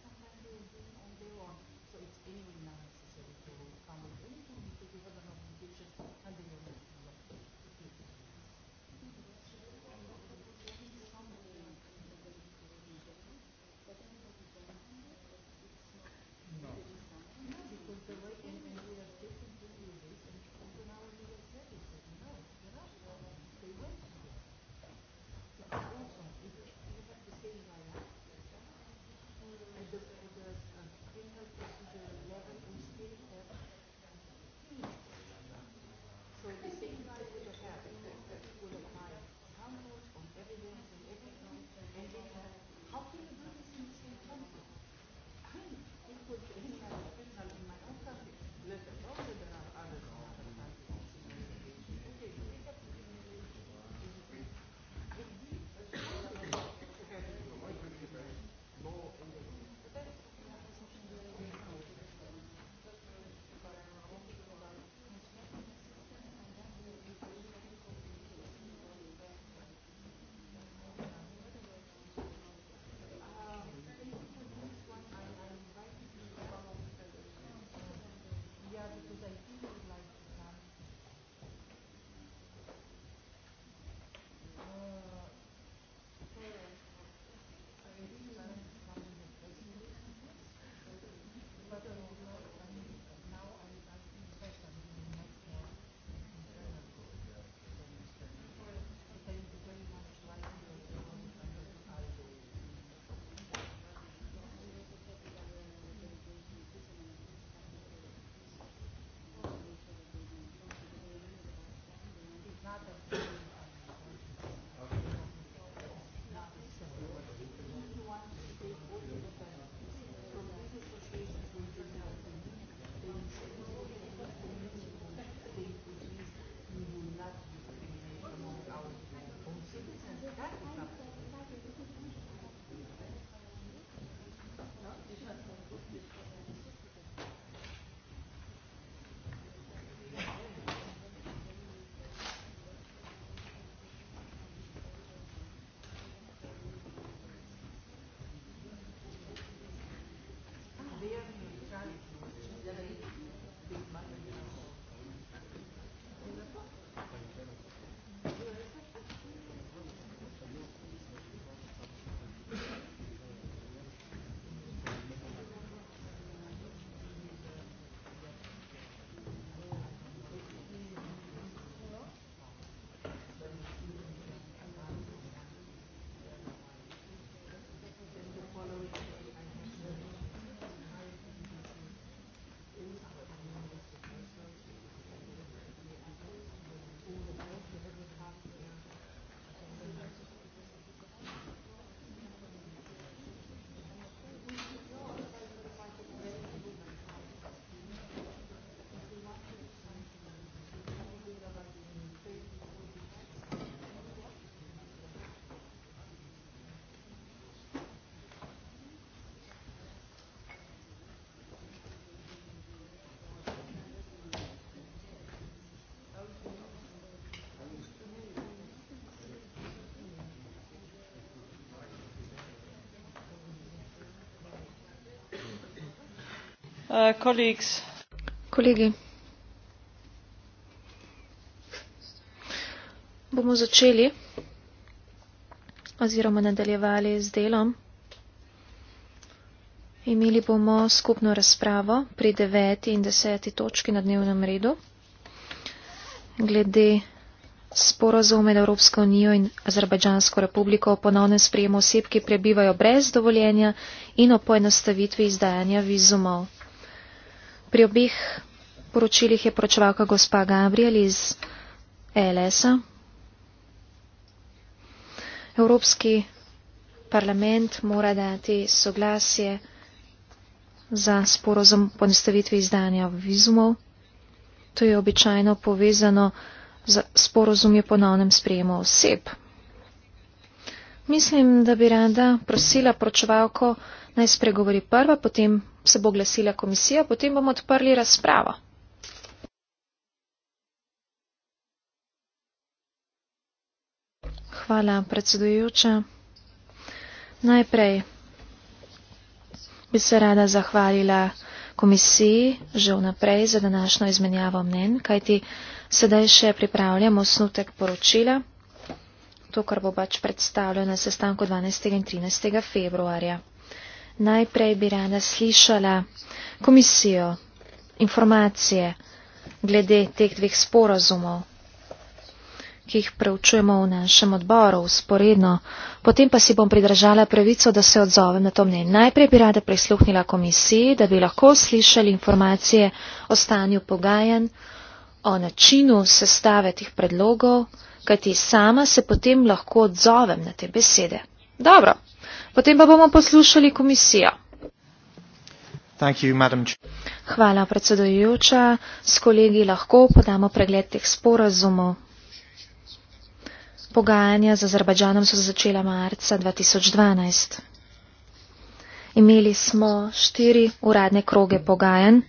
Uh, colleagues. Kolegi. Bomo začeli oziroma nadaljevali z delom. Imeli bomo skupno razpravo pri deveti in deseti točki na dnevnem redu glede sporozum med Evropsko unijo in Azerbajdžansko republiko o ponovnem sprejemu oseb, ki prebivajo brez dovoljenja in o poenostavitvi izdajanja vizumov. Pri obih poročilih je poročevalka gospa Gabriel iz ELS-a. Evropski parlament mora dati soglasje za sporozum ponestavitvi izdanja vizumov. To je običajno povezano z sporozum je ponovnem sprejemu oseb. Mislim, da bi rada prosila poročevalko, naj spregovori prva, potem se bo glasila komisija, potem bomo odprli razpravo. Hvala, predsedujoča. Najprej bi se rada zahvalila komisiji že vnaprej za današnjo izmenjavo mnen, kajti sedaj še pripravljamo osnutek poročila, to, kar bo pač predstavljeno na sestanku 12. in 13. februarja. Najprej bi rada slišala komisijo informacije glede teh dveh sporazumov, ki jih preučujemo v našem odboru usporedno. Potem pa si bom pridržala pravico, da se odzovem na to mnenje. Najprej bi rada prisluhnila komisiji, da bi lahko slišali informacije o stanju pogajanj, o načinu sestave teh predlogov, kajti sama se potem lahko odzovem na te besede. Dobro. Potem pa bomo poslušali komisijo. Hvala, predsedojoča. S kolegi lahko podamo pregled teh sporazumov. Pogajanja z Azerbajdžanom so začela marca 2012. Imeli smo štiri uradne kroge pogajanj.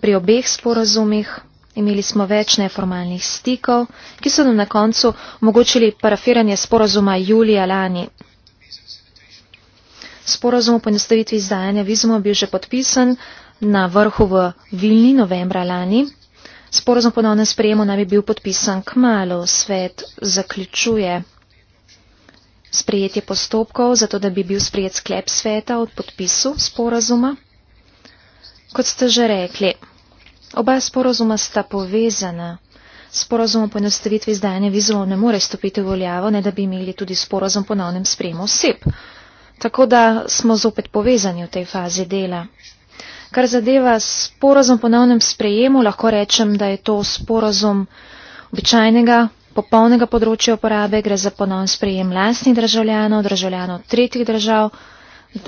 Pri obeh sporazumih imeli smo več neformalnih stikov, ki so nam na koncu omogočili parafiranje sporazuma julija lani Sporazum o ponestavitvi izdajanja vizumov bil že podpisan na vrhu v Vilni novembra lani. Sporazum o ponovnem sprejemu naj bi bil podpisan k malu. Svet zaključuje sprejetje postopkov, zato da bi bil sprejet sklep sveta od podpisu sporazuma. Kot ste že rekli, oba sporazuma sta povezana. Sporazum o ponestavitvi izdajanja vizumov ne more stopiti v veljavo, ne da bi imeli tudi sporazum o ponovnem sprejemu oseb. Tako da smo zopet povezani v tej fazi dela. Kar zadeva sporozum ponovnem sprejemu, lahko rečem, da je to sporozum običajnega, popolnega področja uporabe, gre za ponovn sprejem lastnih državljanov, državljanov tretjih držav,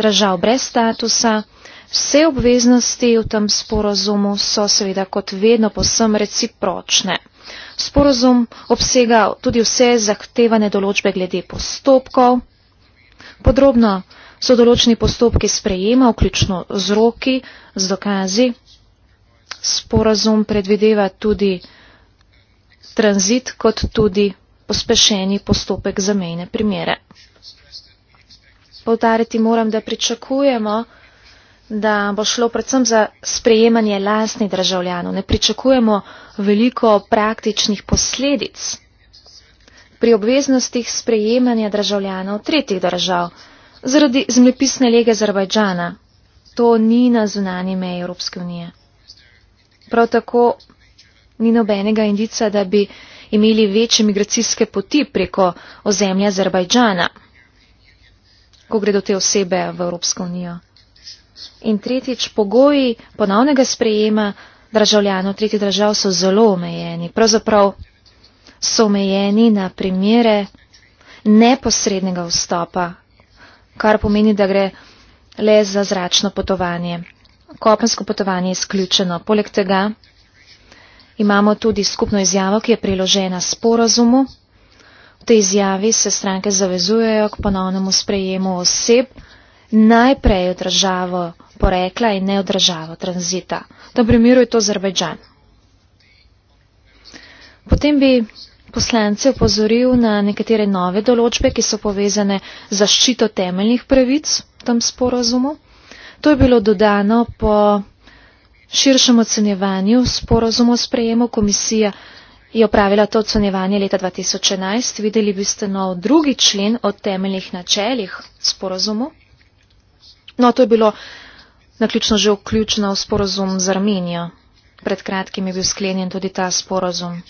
držav brez statusa. Vse obveznosti v tem sporozumu so seveda kot vedno posem recipročne. Sporozum obsega tudi vse zahtevane določbe glede postopkov, Podrobno so določeni postopki sprejema, vključno z roki, z dokazi. Sporazum predvideva tudi tranzit, kot tudi pospešeni postopek za mejne primere. Povdariti moram, da pričakujemo, da bo šlo predvsem za sprejemanje lastnih državljanov. Ne pričakujemo veliko praktičnih posledic pri obveznostih sprejemanja državljanov tretjih držav zaradi zemljepisne lege Azerbajdžana. To ni na zunanji meji Evropske unije. Prav tako ni nobenega indica, da bi imeli večje migracijske poti preko ozemlja Azerbajdžana, ko gredo te osebe v Evropsko unijo. In tretjič, pogoji ponovnega sprejema državljanov tretjih držav so zelo omejeni. Pravzaprav so omejeni na primere neposrednega vstopa, kar pomeni, da gre le za zračno potovanje. Kopensko potovanje je izključeno. Poleg tega imamo tudi skupno izjavo, ki je priložena sporazumu. V tej izjavi se stranke zavezujejo k ponovnemu sprejemu oseb najprej v državo porekla in ne v državo tranzita. V tem primeru je to Azerbajdžan. Potem bi poslance upozoril na nekatere nove določbe, ki so povezane z zaščito temeljnih pravic v tem sporozumu. To je bilo dodano po širšem ocenjevanju sporozumu o sprejemu. Komisija je opravila to ocenjevanje leta 2011. Videli biste nov drugi člen o temeljnih načeljih sporozumu. No, to je bilo naključno že vključeno v sporozum z Armenijo. Pred kratkim je bil sklenjen tudi ta sporozum.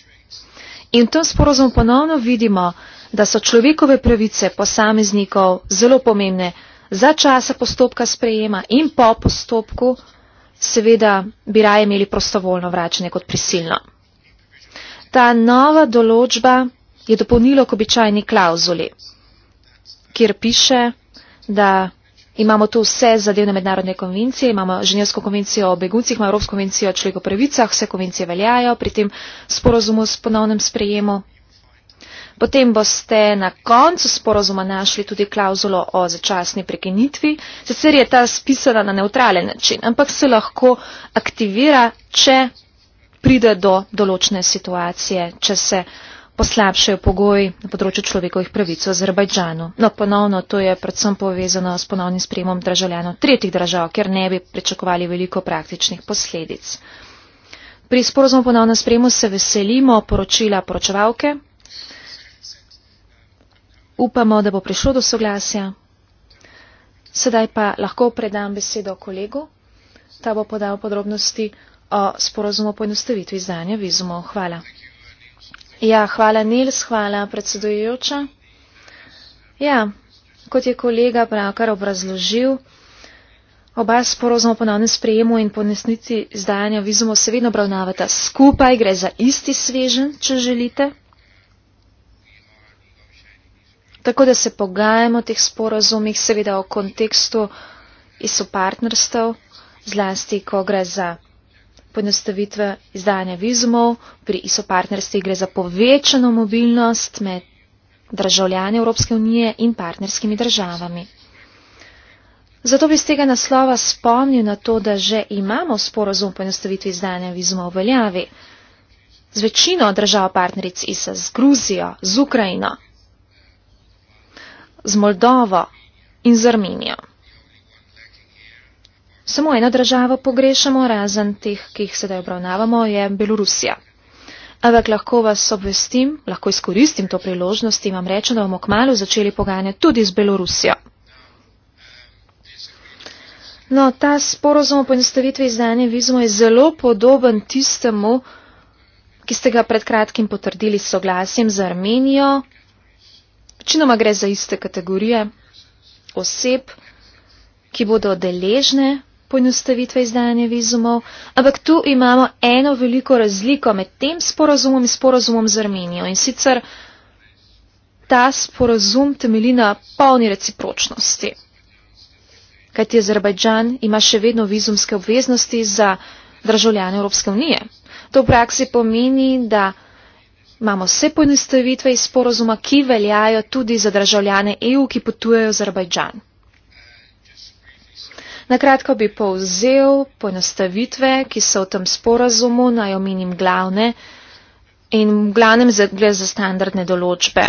In v tem sporozumu ponovno vidimo, da so človekove pravice posameznikov zelo pomembne za časa postopka sprejema in po postopku, seveda bi raje imeli prostovoljno vračanje kot prisilno. Ta nova določba je dopolnilo k običajni klauzuli, kjer piše, da Imamo tu vse zadevne mednarodne konvencije, imamo Ženevsko konvencijo o beguncih, imamo Evropsko konvencijo o človekovih pravicah, vse konvencije veljajo pri tem sporozumu s ponovnem sprejemu. Potem boste na koncu sporozuma našli tudi klauzulo o začasni prekinitvi. Sicer je ta spisana na neutralen način, ampak se lahko aktivira, če pride do določene situacije, če se poslabšajo pogoji na področju človekovih pravic v Azerbajdžanu. No, ponovno to je predvsem povezano s ponovnim sprejemom državljanov tretjih držav, ker ne bi pričakovali veliko praktičnih posledic. Pri sporozumu ponovnem sprejemu se veselimo poročila poročevalke. Upamo, da bo prišlo do soglasja. Sedaj pa lahko predam besedo kolegu. Ta bo podal podrobnosti o sporozumu poenostavitvi izdanja vizumov. Hvala. Ja, hvala Nils, hvala predsedujoča. Ja, kot je kolega pravkar obrazložil, oba sporozuma o ponovnem sprejemu in ponesniti izdajanja vizumo se vedno obravnavata skupaj, gre za isti svežen, če želite. Tako da se pogajamo o teh sporozumih, seveda o kontekstu ISO partnerstv, zlasti, ko gre za poenostavitve izdajanja vizumov, pri ISO partnerstvih gre za povečano mobilnost med državljani Evropske unije in partnerskimi državami. Zato bi z tega naslova spomnil na to, da že imamo sporozum poenostavitvi izdajanja vizumov v veljavi. Z večino držav partneric ISA, z Gruzijo, z Ukrajino, z Moldovo in z Armenijo. Samo eno državo pogrešamo, razen teh, ki jih sedaj obravnavamo, je Belorusija. Ampak lahko vas obvestim, lahko izkoristim to priložnost in vam rečem, da bomo kmalo začeli pogajanje tudi z Belorusijo. No, ta sporozum o poenostavitvi izdanja vizumov je zelo podoben tistemu, ki ste ga pred kratkim potrdili s soglasjem za Armenijo. Večinoma gre za iste kategorije oseb, ki bodo deležne poenostavitve izdajanja vizumov, ampak tu imamo eno veliko razliko med tem sporazumom in sporazumom z Armenijo. In sicer ta sporazum temelji na polni recipročnosti. Kajti Azerbajdžan ima še vedno vizumske obveznosti za državljane Evropske unije. To v praksi pomeni, da imamo vse poenostavitve iz sporazuma, ki veljajo tudi za državljane EU, ki potujejo v Azerbajdžan. Nakratko bi povzel ponastavitve, ki so v tem sporazumu, naj omenim glavne in v glavnem gre za standardne določbe.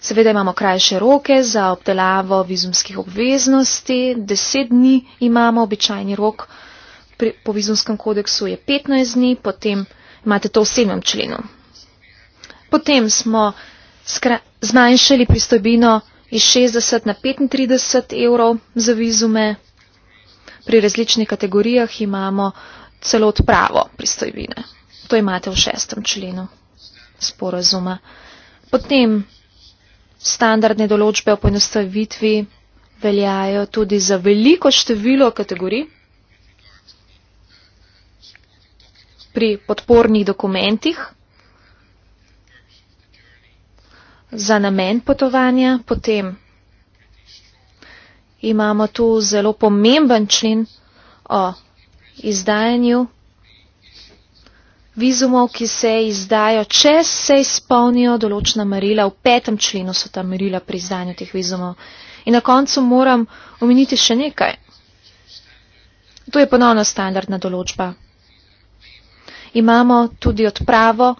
Seveda imamo krajše roke za obdelavo vizumskih obveznosti, 10 dni imamo običajni rok, pri, po vizumskem kodeksu je 15 dni, potem imate to v 7. členu. Potem smo skra, zmanjšali pristojbino iz 60 na 35 evrov za vizume. Pri različnih kategorijah imamo celo odpravo pristojbine. To imate v šestem členu sporozuma. Potem standardne določbe o poenostavitvi veljajo tudi za veliko število kategorij. Pri podpornih dokumentih za namen potovanja, potem imamo tu zelo pomemben člen o izdajanju vizumov, ki se izdajo, če se izpolnijo določena merila. V petem členu so ta merila pri izdajanju teh vizumov. In na koncu moram omeniti še nekaj. To je ponovno standardna določba. Imamo tudi odpravo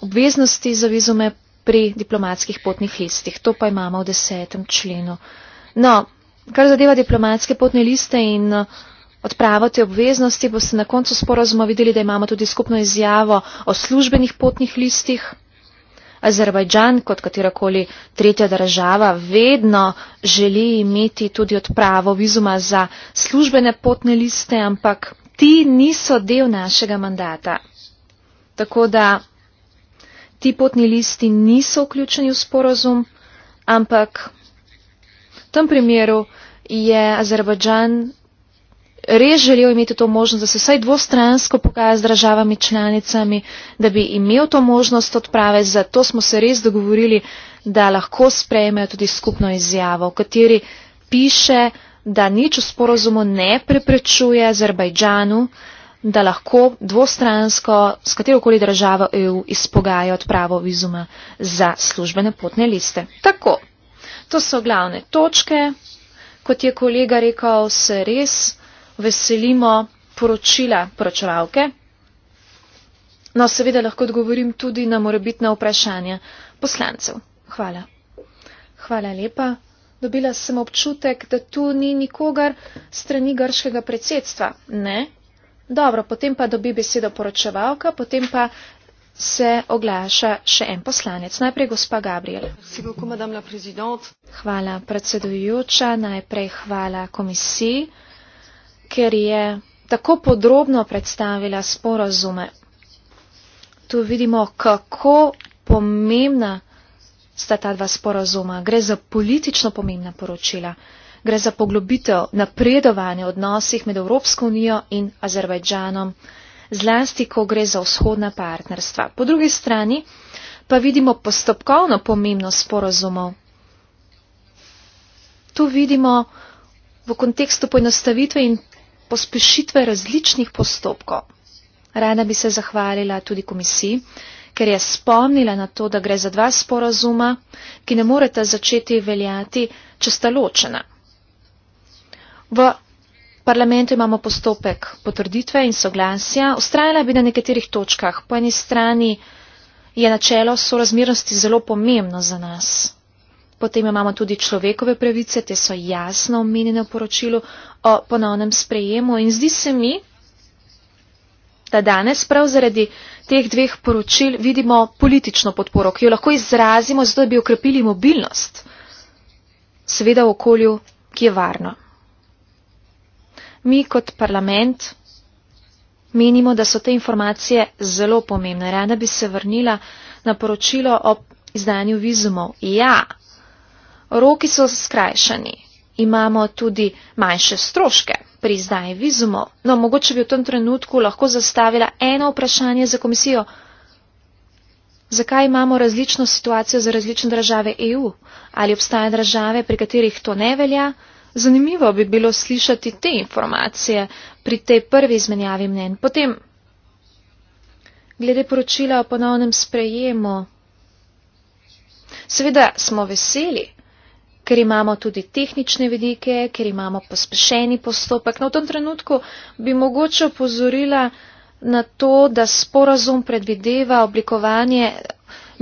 obveznosti za vizume pri diplomatskih potnih listih. To pa imamo v desetem členu. No, kar zadeva diplomatske potne liste in uh, odpravo te obveznosti, boste na koncu sporozuma videli, da imamo tudi skupno izjavo o službenih potnih listih. Azerbajdžan, kot katerakoli tretja država, vedno želi imeti tudi odpravo vizuma za službene potne liste, ampak ti niso del našega mandata. Tako da ti potni listi niso vključeni v sporozum, ampak v tem primeru je Azerbajdžan res želel imeti to možnost, da se vsaj dvostransko pogaja z državami članicami, da bi imel to možnost odprave. Zato smo se res dogovorili, da lahko sprejmejo tudi skupno izjavo, v kateri piše, da nič v sporozumu ne preprečuje Azerbajdžanu, da lahko dvostransko s katerokoli državo EU izpogajajo odpravo vizuma za službene potne liste. Tako, to so glavne točke. Kot je kolega rekel, se res veselimo poročila poročevalke. No, seveda lahko odgovorim tudi na morebitna vprašanja poslancev. Hvala. Hvala lepa. Dobila sem občutek, da tu ni nikogar strani grškega predsedstva. Ne, Dobro, potem pa dobi besedo poročevalka, potem pa se oglaša še en poslanec. Najprej gospa Gabriel. Hvala predsedujoča, najprej hvala komisiji, ker je tako podrobno predstavila sporozume. Tu vidimo, kako pomembna sta ta dva sporozuma. Gre za politično pomembna poročila gre za poglobitev napredovanja odnosih med Evropsko unijo in Azerbajdžanom, zlasti, ko gre za vzhodna partnerstva. Po drugi strani pa vidimo postopkovno pomembnost sporozumov. Tu vidimo v kontekstu poenostavitve in pospešitve različnih postopkov. Rada bi se zahvalila tudi komisiji, ker je spomnila na to, da gre za dva sporazuma, ki ne moreta začeti veljati, če sta ločena. V parlamentu imamo postopek potrditve in soglasja. Ustrajala bi na nekaterih točkah. Po eni strani je načelo sorazmernosti zelo pomembno za nas. Potem imamo tudi človekove pravice, te so jasno omenjene v poročilu o ponovnem sprejemu. In zdi se mi, da danes prav zaradi teh dveh poročil vidimo politično podporo, ki jo lahko izrazimo, zato da bi okrepili mobilnost. Seveda v okolju, ki je varno. Mi kot parlament menimo, da so te informacije zelo pomembne. Rada bi se vrnila na poročilo o izdanju vizumov. Ja, roki so skrajšani, imamo tudi manjše stroške pri izdaji vizumov. No, mogoče bi v tem trenutku lahko zastavila eno vprašanje za komisijo. Zakaj imamo različno situacijo za različne države EU? Ali obstajajo države, pri katerih to ne velja? Zanimivo bi bilo slišati te informacije pri tej prvi izmenjavi mnen. Potem, glede poročila o ponovnem sprejemu, seveda smo veseli, ker imamo tudi tehnične vidike, ker imamo pospešeni postopek. No, v tem trenutku bi mogoče upozorila na to, da sporazum predvideva oblikovanje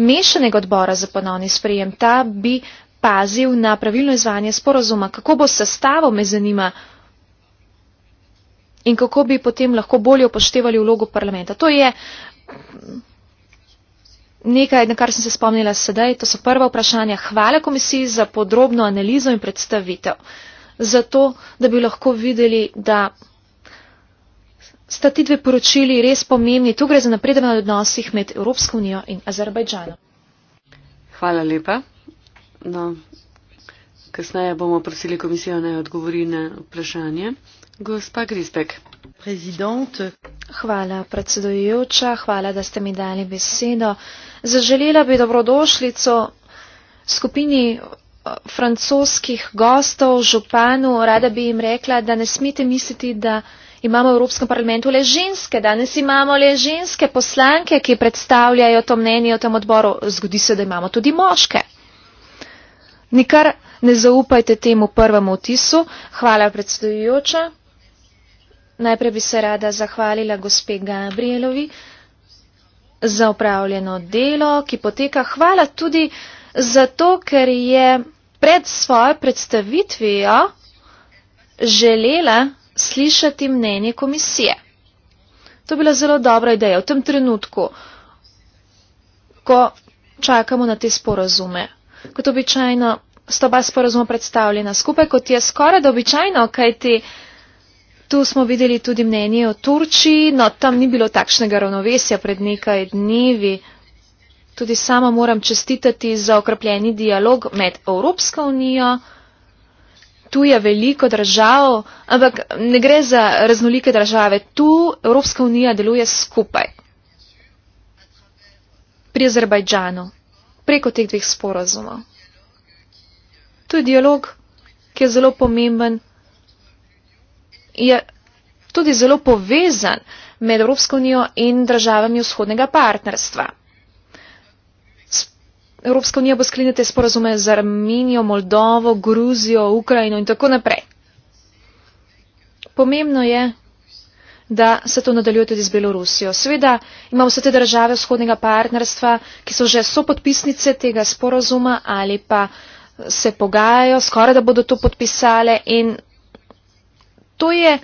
mešanega odbora za ponovni sprejem. Ta bi pazil na pravilno izvanje sporozuma, kako bo sestavo me zanima in kako bi potem lahko bolje upoštevali vlogo parlamenta. To je nekaj, na kar sem se spomnila sedaj. To so prva vprašanja. Hvala komisiji za podrobno analizo in predstavitev. Zato, da bi lahko videli, da sta ti dve poročili res pomembni. Tu gre za napredek v odnosih med Evropsko unijo in Azerbajdžanom. Hvala lepa. No, kasneje bomo prosili komisijo naj odgovori na vprašanje. Gospa Grisbek. Hvala, predsedujoča. Hvala, da ste mi dali besedo. Zaželela bi dobrodošlico skupini eh, francoskih gostov, županu. Rada bi jim rekla, da ne smete misliti, da imamo v Evropskem parlamentu le ženske. Danes imamo le ženske poslanke, ki predstavljajo to mnenje o tem odboru. Zgodi se, da imamo tudi moške. Nikar ne zaupajte temu prvemu vtisu. Hvala predstavujoča. Najprej bi se rada zahvalila gospe Gabrielovi za upravljeno delo, ki poteka. Hvala tudi zato, ker je pred svojo predstavitvijo želela slišati mnenje komisije. To je bila zelo dobra ideja v tem trenutku, ko čakamo na te sporozume kot običajno sta oba sporazuma predstavljena skupaj, kot je skoraj da običajno, kajti tu smo videli tudi mnenje o Turčiji, no tam ni bilo takšnega ravnovesja pred nekaj dnevi. Tudi sama moram čestitati za okrepljeni dialog med Evropsko unijo. Tu je veliko držav, ampak ne gre za raznolike države. Tu Evropska unija deluje skupaj. Pri Azerbajdžanu preko teh dveh sporazuma. To je dialog, ki je zelo pomemben, je tudi zelo povezan med Evropsko unijo in državami vzhodnega partnerstva. Evropska unija bo sklenila te sporazume z Armenijo, Moldovo, Gruzijo, Ukrajino in tako naprej. Pomembno je, da se to nadaljuje tudi z Belorusijo. Seveda imamo vse te države vzhodnega partnerstva, ki so že sopodpisnice tega sporozuma ali pa se pogajajo, skoraj da bodo to podpisale in to je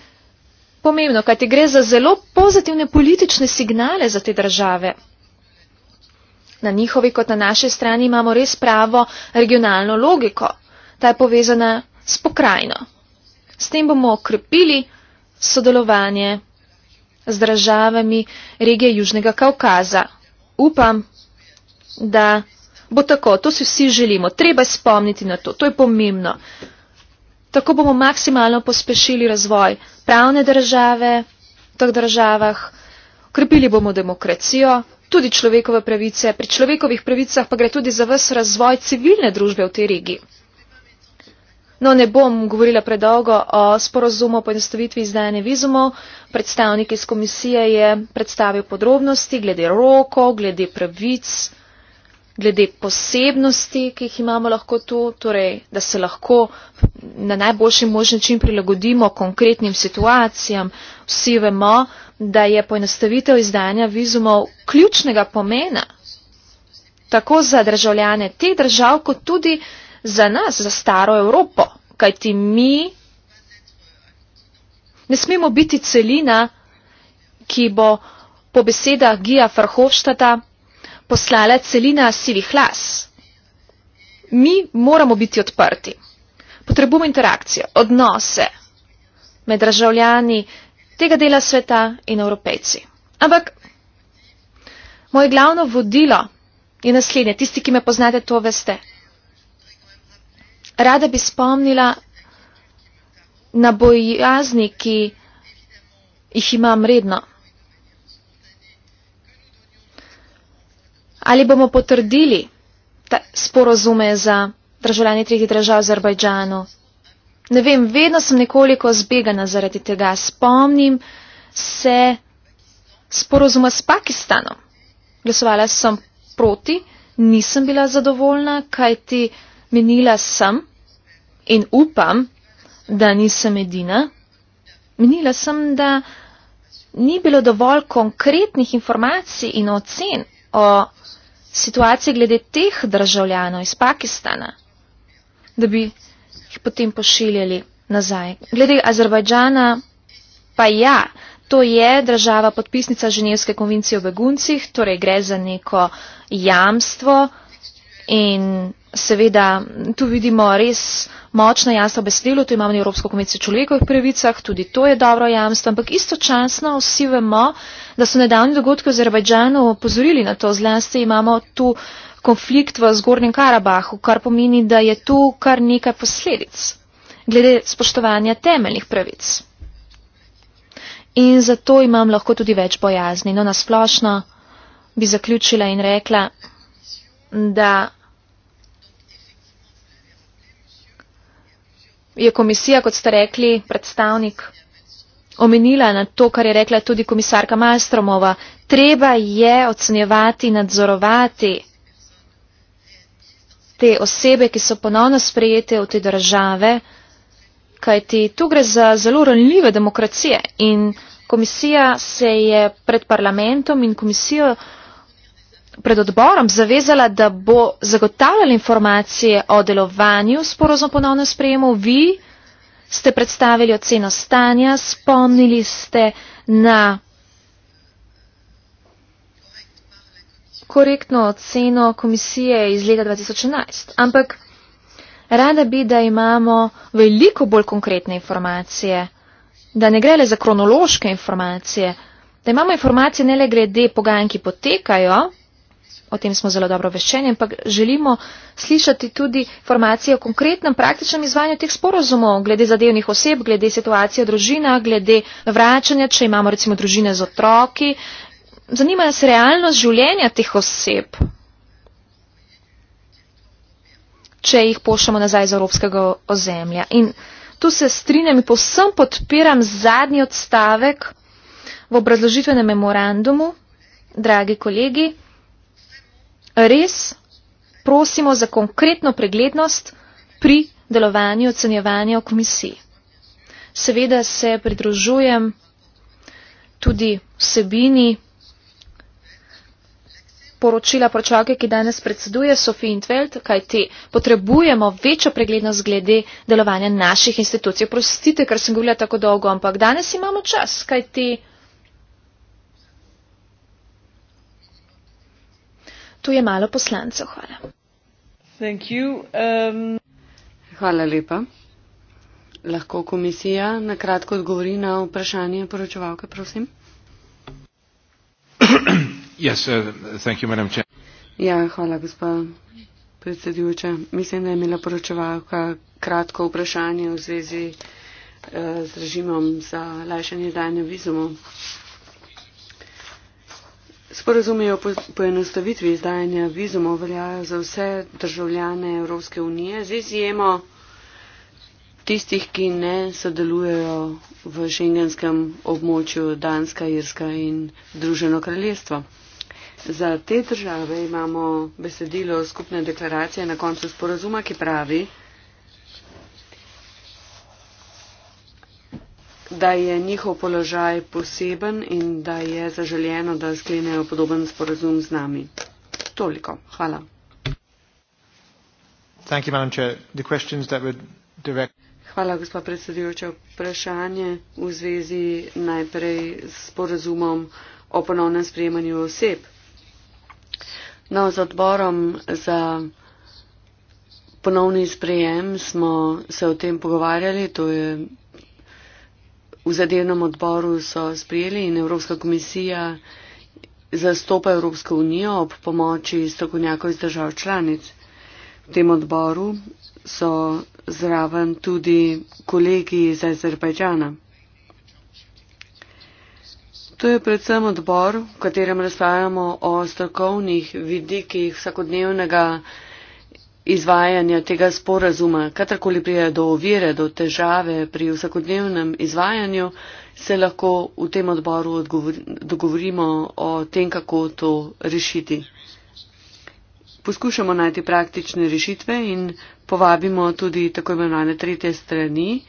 pomembno, kajti gre za zelo pozitivne politične signale za te države. Na njihovi kot na naši strani imamo res pravo regionalno logiko. Ta je povezana s pokrajino. S tem bomo okrepili sodelovanje z državami regije Južnega Kaukaza. Upam, da bo tako. To si vsi želimo. Treba je spomniti na to. To je pomembno. Tako bomo maksimalno pospešili razvoj pravne države v teh državah. Krepili bomo demokracijo, tudi človekove pravice. Pri človekovih pravicah pa gre tudi za vse razvoj civilne družbe v tej regiji. No, ne bom govorila predolgo o sporozumu o poenostavitvi izdajanja vizumov. Predstavnik iz komisije je predstavil podrobnosti glede rokov, glede pravic, glede posebnosti, ki jih imamo lahko tu, torej, da se lahko na najboljši možen način prilagodimo konkretnim situacijam. Vsi vemo, da je poenostavitev izdajanja vizumov ključnega pomena tako za državljane teh držav, kot tudi za za nas, za staro Evropo, kajti mi ne smemo biti celina, ki bo po besedah Gija Farhovštata poslala celina sivih las. Mi moramo biti odprti. Potrebujemo interakcije, odnose med državljani tega dela sveta in evropejci. Ampak moje glavno vodilo je naslednje. Tisti, ki me poznate, to veste. Rada bi spomnila na bojazni, ki jih imam redno. Ali bomo potrdili sporozume za državljani tretjih držav v Azerbajdžanu? Ne vem, vedno sem nekoliko zbegana zaradi tega. Spomnim se sporozuma s Pakistanom. Glasovala sem proti, nisem bila zadovoljna, kajti Menila sem in upam, da nisem edina. Menila sem, da ni bilo dovolj konkretnih informacij in ocen o situaciji glede teh državljanov iz Pakistana, da bi jih potem pošiljali nazaj. Glede Azerbajdžana pa ja, to je država podpisnica Ženevske konvencije o beguncih, torej gre za neko jamstvo in seveda tu vidimo res močno jasno besedilo, tu imamo Evropsko komisijo o človekovih pravicah, tudi to je dobro jamstvo, ampak istočasno vsi vemo, da so nedavni dogodki v Azerbajdžanu opozorili na to, zlasti imamo tu konflikt v Zgornjem Karabahu, kar pomeni, da je tu kar nekaj posledic glede spoštovanja temeljnih pravic. In zato imam lahko tudi več bojazni. No, nasplošno bi zaključila in rekla, da je komisija, kot ste rekli, predstavnik omenila na to, kar je rekla tudi komisarka Malstromova. Treba je ocenjevati, nadzorovati te osebe, ki so ponovno sprejete v te države, kajti tu gre za zelo ranljive demokracije in komisija se je pred parlamentom in komisijo pred odborom zavezala, da bo zagotavljala informacije o delovanju sporozum ponovnem sprejemu. Vi ste predstavili oceno stanja, spomnili ste na korektno oceno komisije iz leta 2011. Ampak rada bi, da imamo veliko bolj konkretne informacije, da ne gre le za kronološke informacije, da imamo informacije ne le glede pogajanj, ki potekajo, o tem smo zelo dobro veščeni, ampak želimo slišati tudi informacije o konkretnem praktičnem izvajanju teh sporozumov glede zadevnih oseb, glede situacije družina, glede vračanja, če imamo recimo družine z otroki. Zanima nas realnost življenja teh oseb, če jih pošljemo nazaj iz evropskega ozemlja. In tu se strinjam in posem podpiram zadnji odstavek v obrazložitvenem memorandumu, dragi kolegi res prosimo za konkretno preglednost pri delovanju ocenjevanja v komisiji. Seveda se pridružujem tudi vsebini poročila pročake, ki danes predseduje Sofie Intveld, kaj te potrebujemo večjo preglednost glede delovanja naših institucij. Prostite, ker sem govorila tako dolgo, ampak danes imamo čas, kaj te. Tu je malo poslancev. Hvala. Um... Hvala lepa. Lahko komisija na kratko odgovori na vprašanje poročevalke, prosim. Yes, uh, you, ja, hvala, gospa predsedujoča. Mislim, da je imela poročevalka kratko vprašanje v zvezi uh, z režimom za lajšanje dajanja vizumov. Sporazumi o poenostavitvi izdajanja vizumov veljajo za vse državljane Evropske unije, z izjemo tistih, ki ne sodelujejo v šengenskem območju Danska, Irska in Združeno kraljestvo. Za te države imamo besedilo skupne deklaracije na koncu sporazuma, ki pravi, da je njihov položaj poseben in da je zaželjeno, da sklenejo podoben sporazum z nami. Toliko. Hvala. Hvala, gospod predsedujoča. Vprašanje v zvezi najprej s sporazumom o ponovnem sprejemanju oseb. No, z odborom za ponovni sprejem smo se o tem pogovarjali, to je V zadevnem odboru so sprijeli in Evropska komisija zastopa Evropsko unijo ob pomoči strokovnjakov iz držav članic. V tem odboru so zraven tudi kolegi iz Azerbajdžana. To je predvsem odbor, v katerem razpravljamo o strokovnih vidikih vsakodnevnega izvajanja tega sporazuma, katerkoli prije do ovire, do težave pri vsakodnevnem izvajanju, se lahko v tem odboru dogovorimo o tem, kako to rešiti. Poskušamo najti praktične rešitve in povabimo tudi tako imenovane tretje strani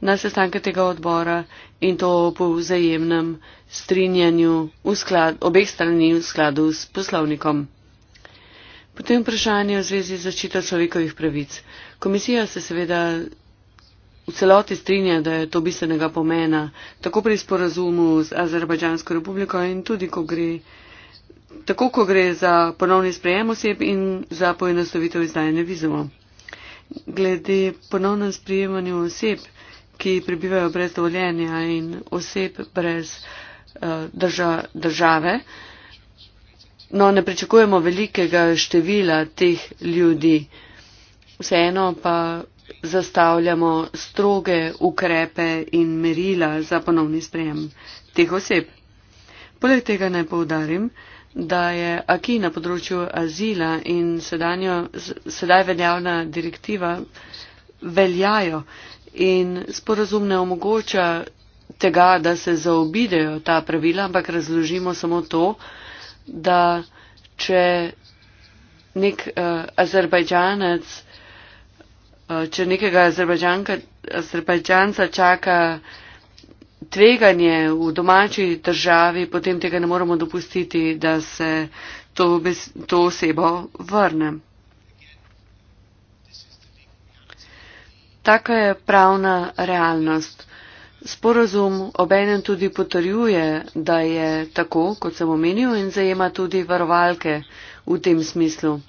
na sestanke tega odbora in to po vzajemnem strinjanju v sklad, obeh strani v skladu s poslovnikom. Potem vprašanje v zvezi z zaščito človekovih pravic. Komisija se seveda v celoti strinja, da je to bistvenega pomena, tako pri sporazumu z Azerbajdžansko republiko in tudi, ko gre, tako, ko gre za ponovni sprejem oseb in za poenostavitev izdajanja vizuma. Glede ponovnem sprejemanju oseb, ki prebivajo brez dovoljenja in oseb brez uh, drža, države, uh, No, ne pričakujemo velikega števila teh ljudi. Vseeno pa zastavljamo stroge ukrepe in merila za ponovni sprejem teh oseb. Poleg tega naj povdarim, da je aki na področju azila in sedanjo, sedaj veljavna direktiva veljajo in sporazum ne omogoča tega, da se zaobidejo ta pravila, ampak razložimo samo to, da če nek uh, azerbajdžanec, uh, če nekega azerbajdžanca čaka tveganje v domači državi, potem tega ne moramo dopustiti, da se to, bes, to osebo vrne. Taka je pravna realnost. Sporazum obenem tudi potrjuje, da je tako, kot sem omenil, in zajema tudi varovalke v tem smislu.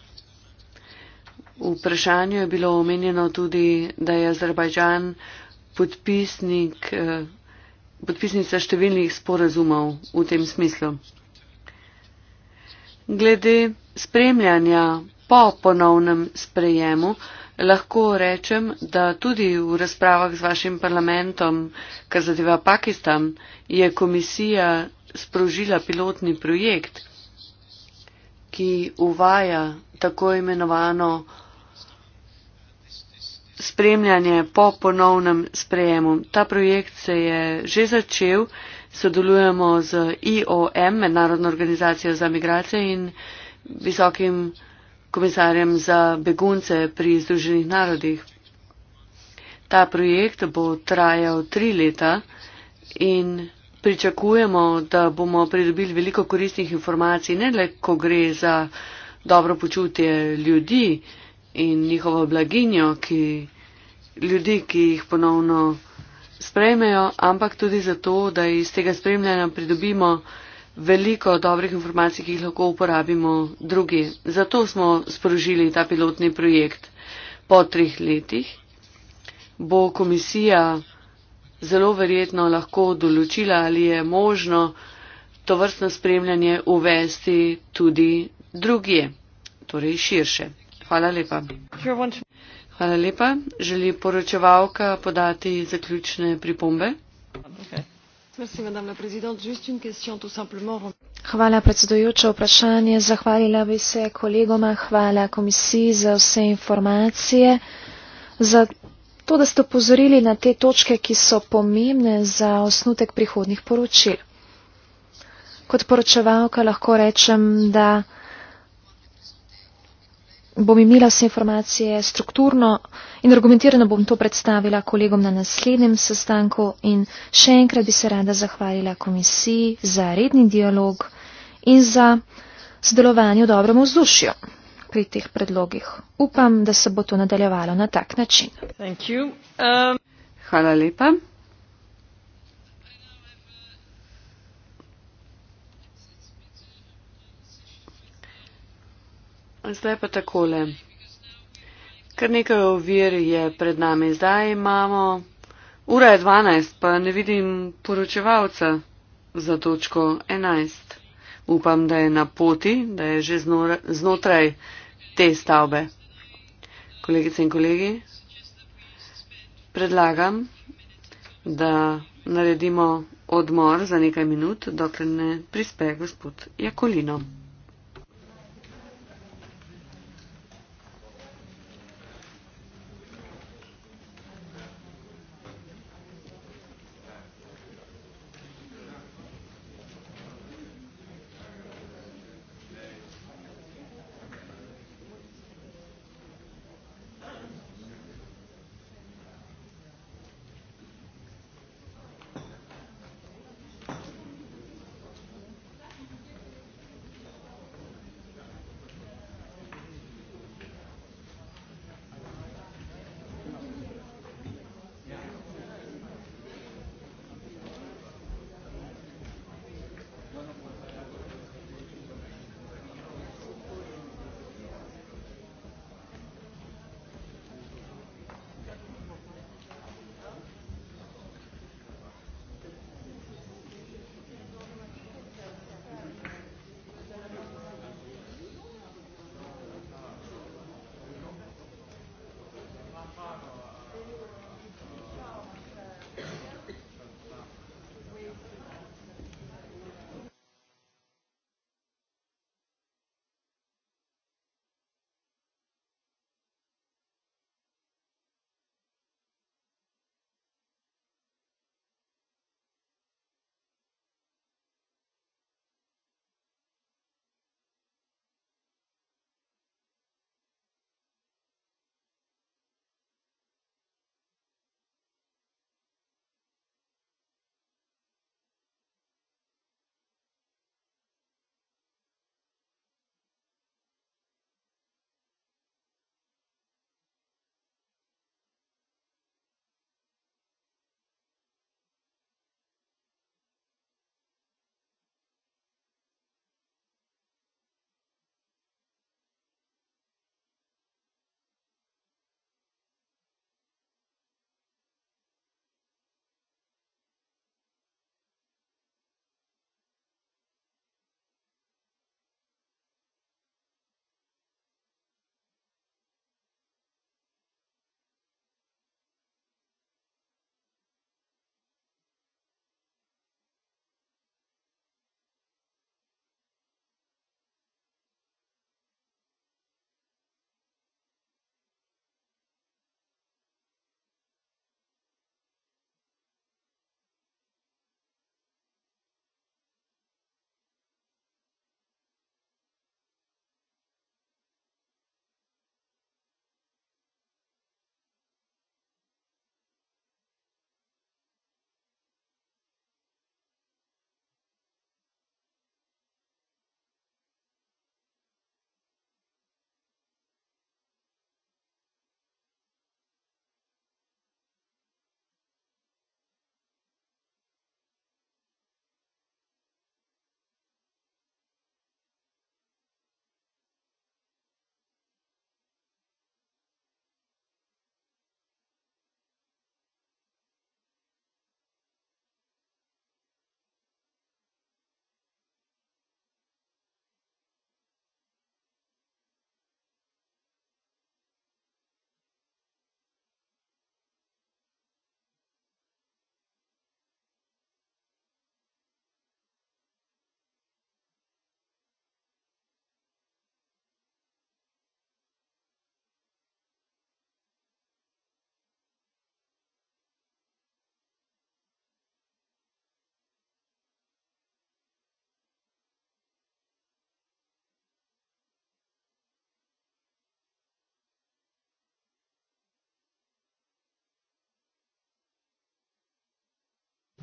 V vprašanju je bilo omenjeno tudi, da je Azerbajdžan podpisnik, eh, podpisnica številnih sporazumov v tem smislu. Glede spremljanja po ponovnem sprejemu, lahko rečem, da tudi v razpravah z vašim parlamentom, kar zadeva Pakistan, je komisija sprožila pilotni projekt, ki uvaja tako imenovano spremljanje po ponovnem sprejemu. Ta projekt se je že začel, sodelujemo z IOM, Mednarodno organizacijo za migracije in visokim komisarjem za begunce pri Združenih narodih. Ta projekt bo trajal tri leta in pričakujemo, da bomo pridobili veliko koristnih informacij, ne le, ko gre za dobro počutje ljudi in njihovo blaginjo, ki, ljudi, ki jih ponovno sprejmejo, ampak tudi zato, da iz tega spremljanja pridobimo veliko dobrih informacij, ki jih lahko uporabimo drugi. Zato smo sprožili ta pilotni projekt. Po treh letih bo komisija zelo verjetno lahko določila, ali je možno to vrstno spremljanje uvesti tudi drugje, torej širše. Hvala lepa. Hvala lepa. Želi poročevalka podati zaključne pripombe? Okay. Hvala predsedujoče vprašanje. Zahvalila bi se kolegoma, hvala komisiji za vse informacije, za to, da ste upozorili na te točke, ki so pomembne za osnutek prihodnih poročil. Kot poročevalka lahko rečem, da bom imela vse informacije strukturno in argumentirano bom to predstavila kolegom na naslednjem sestanku in še enkrat bi se rada zahvalila komisiji za redni dialog in za sodelovanje v dobrem vzdušju pri teh predlogih. Upam, da se bo to nadaljevalo na tak način. Um, Hvala lepa. Zdaj pa takole. Kar nekaj ovir je pred nami. Zdaj imamo. Ura je 12, pa ne vidim poročevalca za točko 11. Upam, da je na poti, da je že znotraj te stavbe. Kolegice in kolegi, predlagam, da naredimo odmor za nekaj minut, dokler ne prispe gospod Jakolino.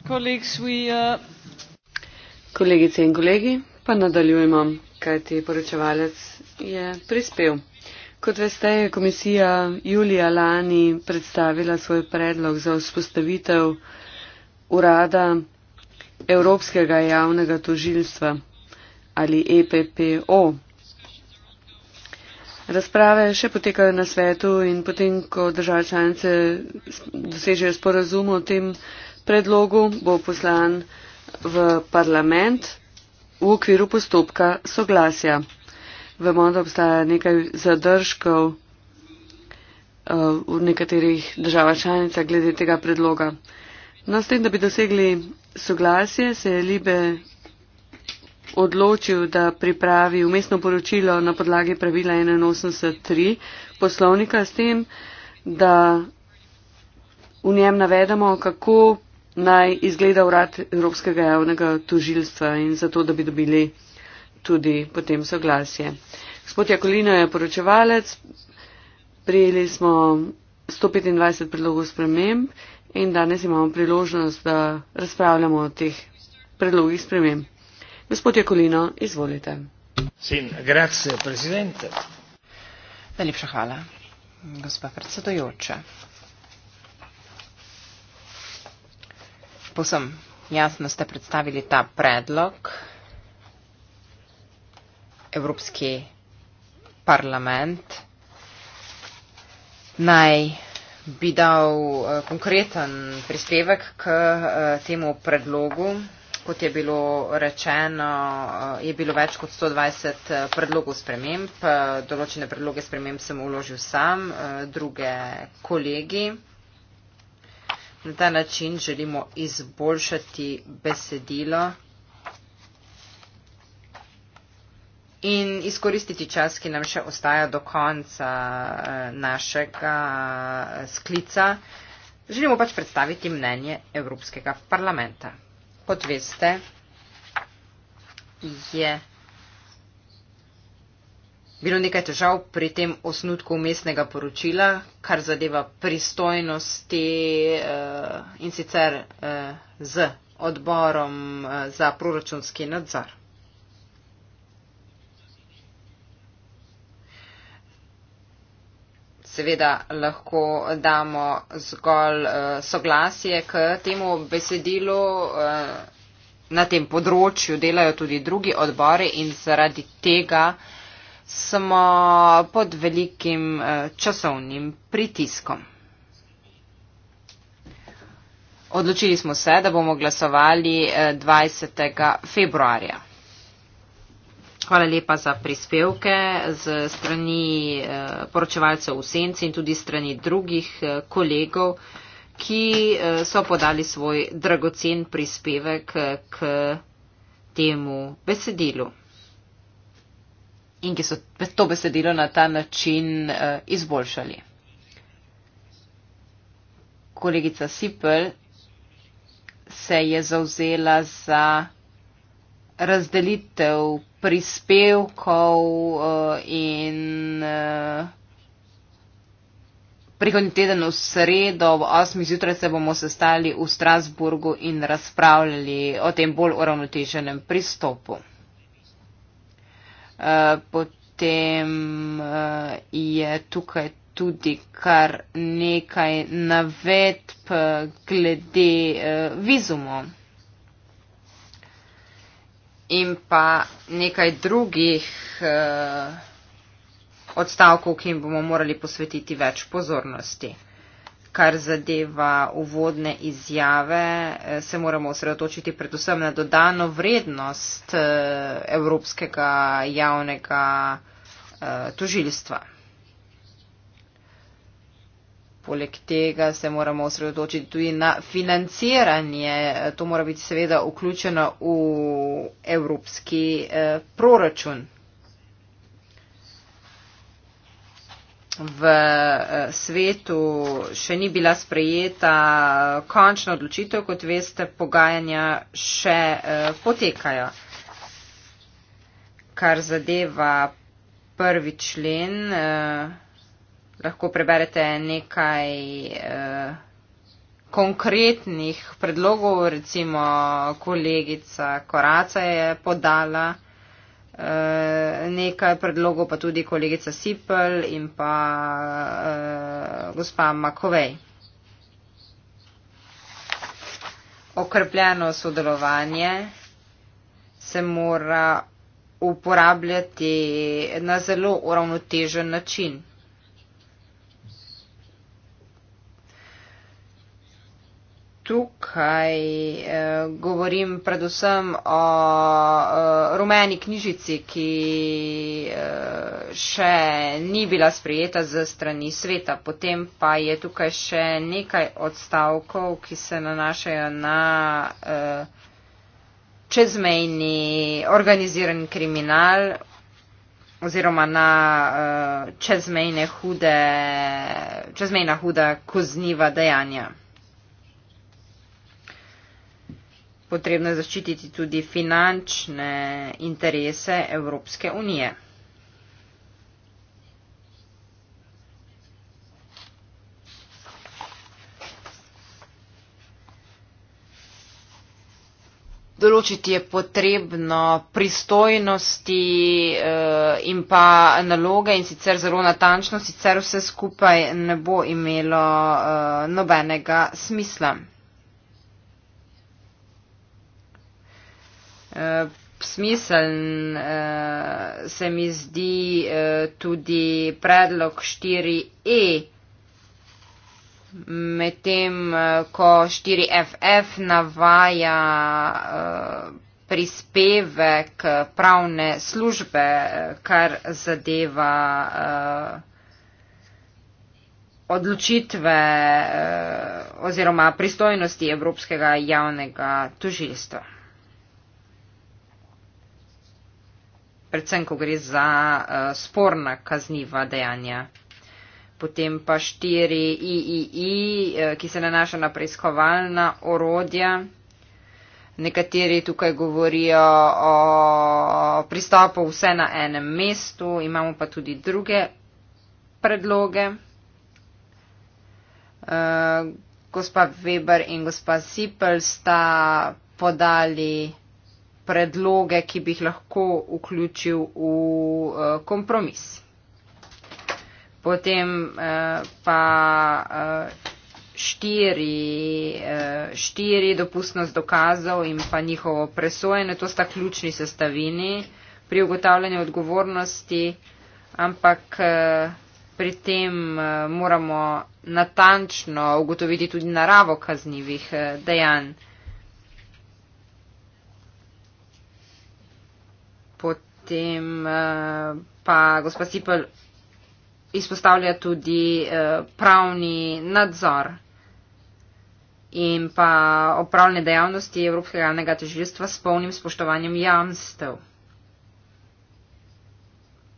Uh, Kolegice in kolegi, pa nadaljujemo, kaj ti poročevalec je prispel. Kot veste, je komisija julija lani predstavila svoj predlog za vzpostavitev urada Evropskega javnega tožilstva ali EPPO. Razprave še potekajo na svetu in potem, ko države članice dosežejo sporazum o tem predlogu bo poslan v parlament v okviru postopka soglasja. Vemo, da obstaja nekaj zadržkov eh, v nekaterih državah članica glede tega predloga. No, s tem, da bi dosegli soglasje, se je Libe odločil, da pripravi umestno poročilo na podlagi pravila 81.3 poslovnika s tem, da v njem navedemo, kako naj izgleda urad Evropskega javnega tožilstva in zato, da bi dobili tudi potem soglasje. Gospod Jakolino je poročevalec, prijeli smo 125 predlogov sprememb in danes imamo priložnost, da razpravljamo o teh predlogih sprememb. Gospod Jakolino, izvolite. Sin, grazie, Najlepša hvala, gospa predsedojoča. posem jasno ste predstavili ta predlog. Evropski parlament naj bi dal eh, konkreten prispevek k eh, temu predlogu. Kot je bilo rečeno, eh, je bilo več kot 120 predlogov sprememb. Določene predloge sprememb sem uložil sam, druge kolegi. Na ta način želimo izboljšati besedilo in izkoristiti čas, ki nam še ostaja do konca eh, našega eh, sklica. Želimo pač predstaviti mnenje Evropskega parlamenta. Kot veste, je bilo nekaj težav pri tem osnutku umestnega poročila, kar zadeva pristojnosti uh, in sicer uh, z odborom uh, za proračunski nadzor. Seveda lahko damo zgolj uh, soglasje k temu besedilu. Uh, na tem področju delajo tudi drugi odbori in zaradi tega uh, smo pod velikim eh, časovnim pritiskom. Odločili smo se, da bomo glasovali 20. Eh, februarja. Hvala lepa za prispevke z strani eh, poročevalcev v senci in tudi strani drugih kolegov, ki so podali svoj dragocen prispevek k temu besedilu in ki so to besedilo na ta način uh, izboljšali. Kolegica Sipel se je zauzela za razdelitev prispevkov uh, in uh, prihodnji teden v sredo ob 8. zjutraj se bomo sestali v Strasburgu in razpravljali o tem bolj uravnoteženem pristopu. Eh, potem eh, je tukaj tudi kar nekaj navedb eh, glede vizumov. In pa nekaj drugih odstavkov, ki jim bomo morali posvetiti več pozornosti kar zadeva uvodne izjave, eh, se moramo osredotočiti predvsem na dodano vrednost eh, Evropskega javnega eh, tožilstva. Poleg tega se moramo osredotočiti tudi na financiranje. To mora biti seveda vključeno v evropski proračun. v eh, svetu še ni bila sprejeta končna odločitev, kot veste, pogajanja še eh, potekajo. Kar zadeva prvi člen, eh, lahko preberete nekaj konkretnih predlogov, recimo kolegica Koraca je podala. Eh, nekaj predlogov pa tudi kolegica Sipel in pa uh, gospa Makovej. Okrepljeno sodelovanje se mora uporabljati na zelo uravnotežen način. tukaj eh, govorim predvsem o eh, rumeni knjižici, ki eh, še ni bila sprijeta z strani sveta. Potem pa je tukaj še nekaj odstavkov, ki se nanašajo na eh, čezmejni organiziran kriminal oziroma na uh, čezmejna hude, huda kozniva dejanja. potrebno zaščititi tudi finančne interese Evropske unije. Določiti je potrebno pristojnosti eh, in pa naloge in sicer zelo natančno, sicer vse skupaj ne bo imelo eh, nobenega smisla. Eh, smiseln eh, se mi zdi eh, tudi predlog 4E, medtem ko 4FF navaja prispevek pravne službe, kar zadeva odločitve oziroma pristojnosti Evropskega javnega tužilstva. predvsem, ko gre za uh, sporna kazniva dejanja. Potem pa štiri III, eh, ki se nanaša na preiskovalna orodja. Nekateri tukaj govorijo o pristopu vse na enem mestu, imamo pa tudi druge predloge. Eh, gospa Weber in gospa Sipel sta podali predloge, ki bi jih lahko vključil v eh, kompromis. Potem eh, pa eh, štiri, štiri dopustnost dokazov in pa njihovo presojene, to sta ključni sestavini pri ugotavljanju odgovornosti, ampak pri tem moramo natančno ugotoviti tudi naravo kaznjivih dejanj. potem eh, pa gospa Sipel izpostavlja tudi eh, pravni nadzor in pa opravljanje dejavnosti Evropskega javnega težilstva s polnim spoštovanjem jamstev.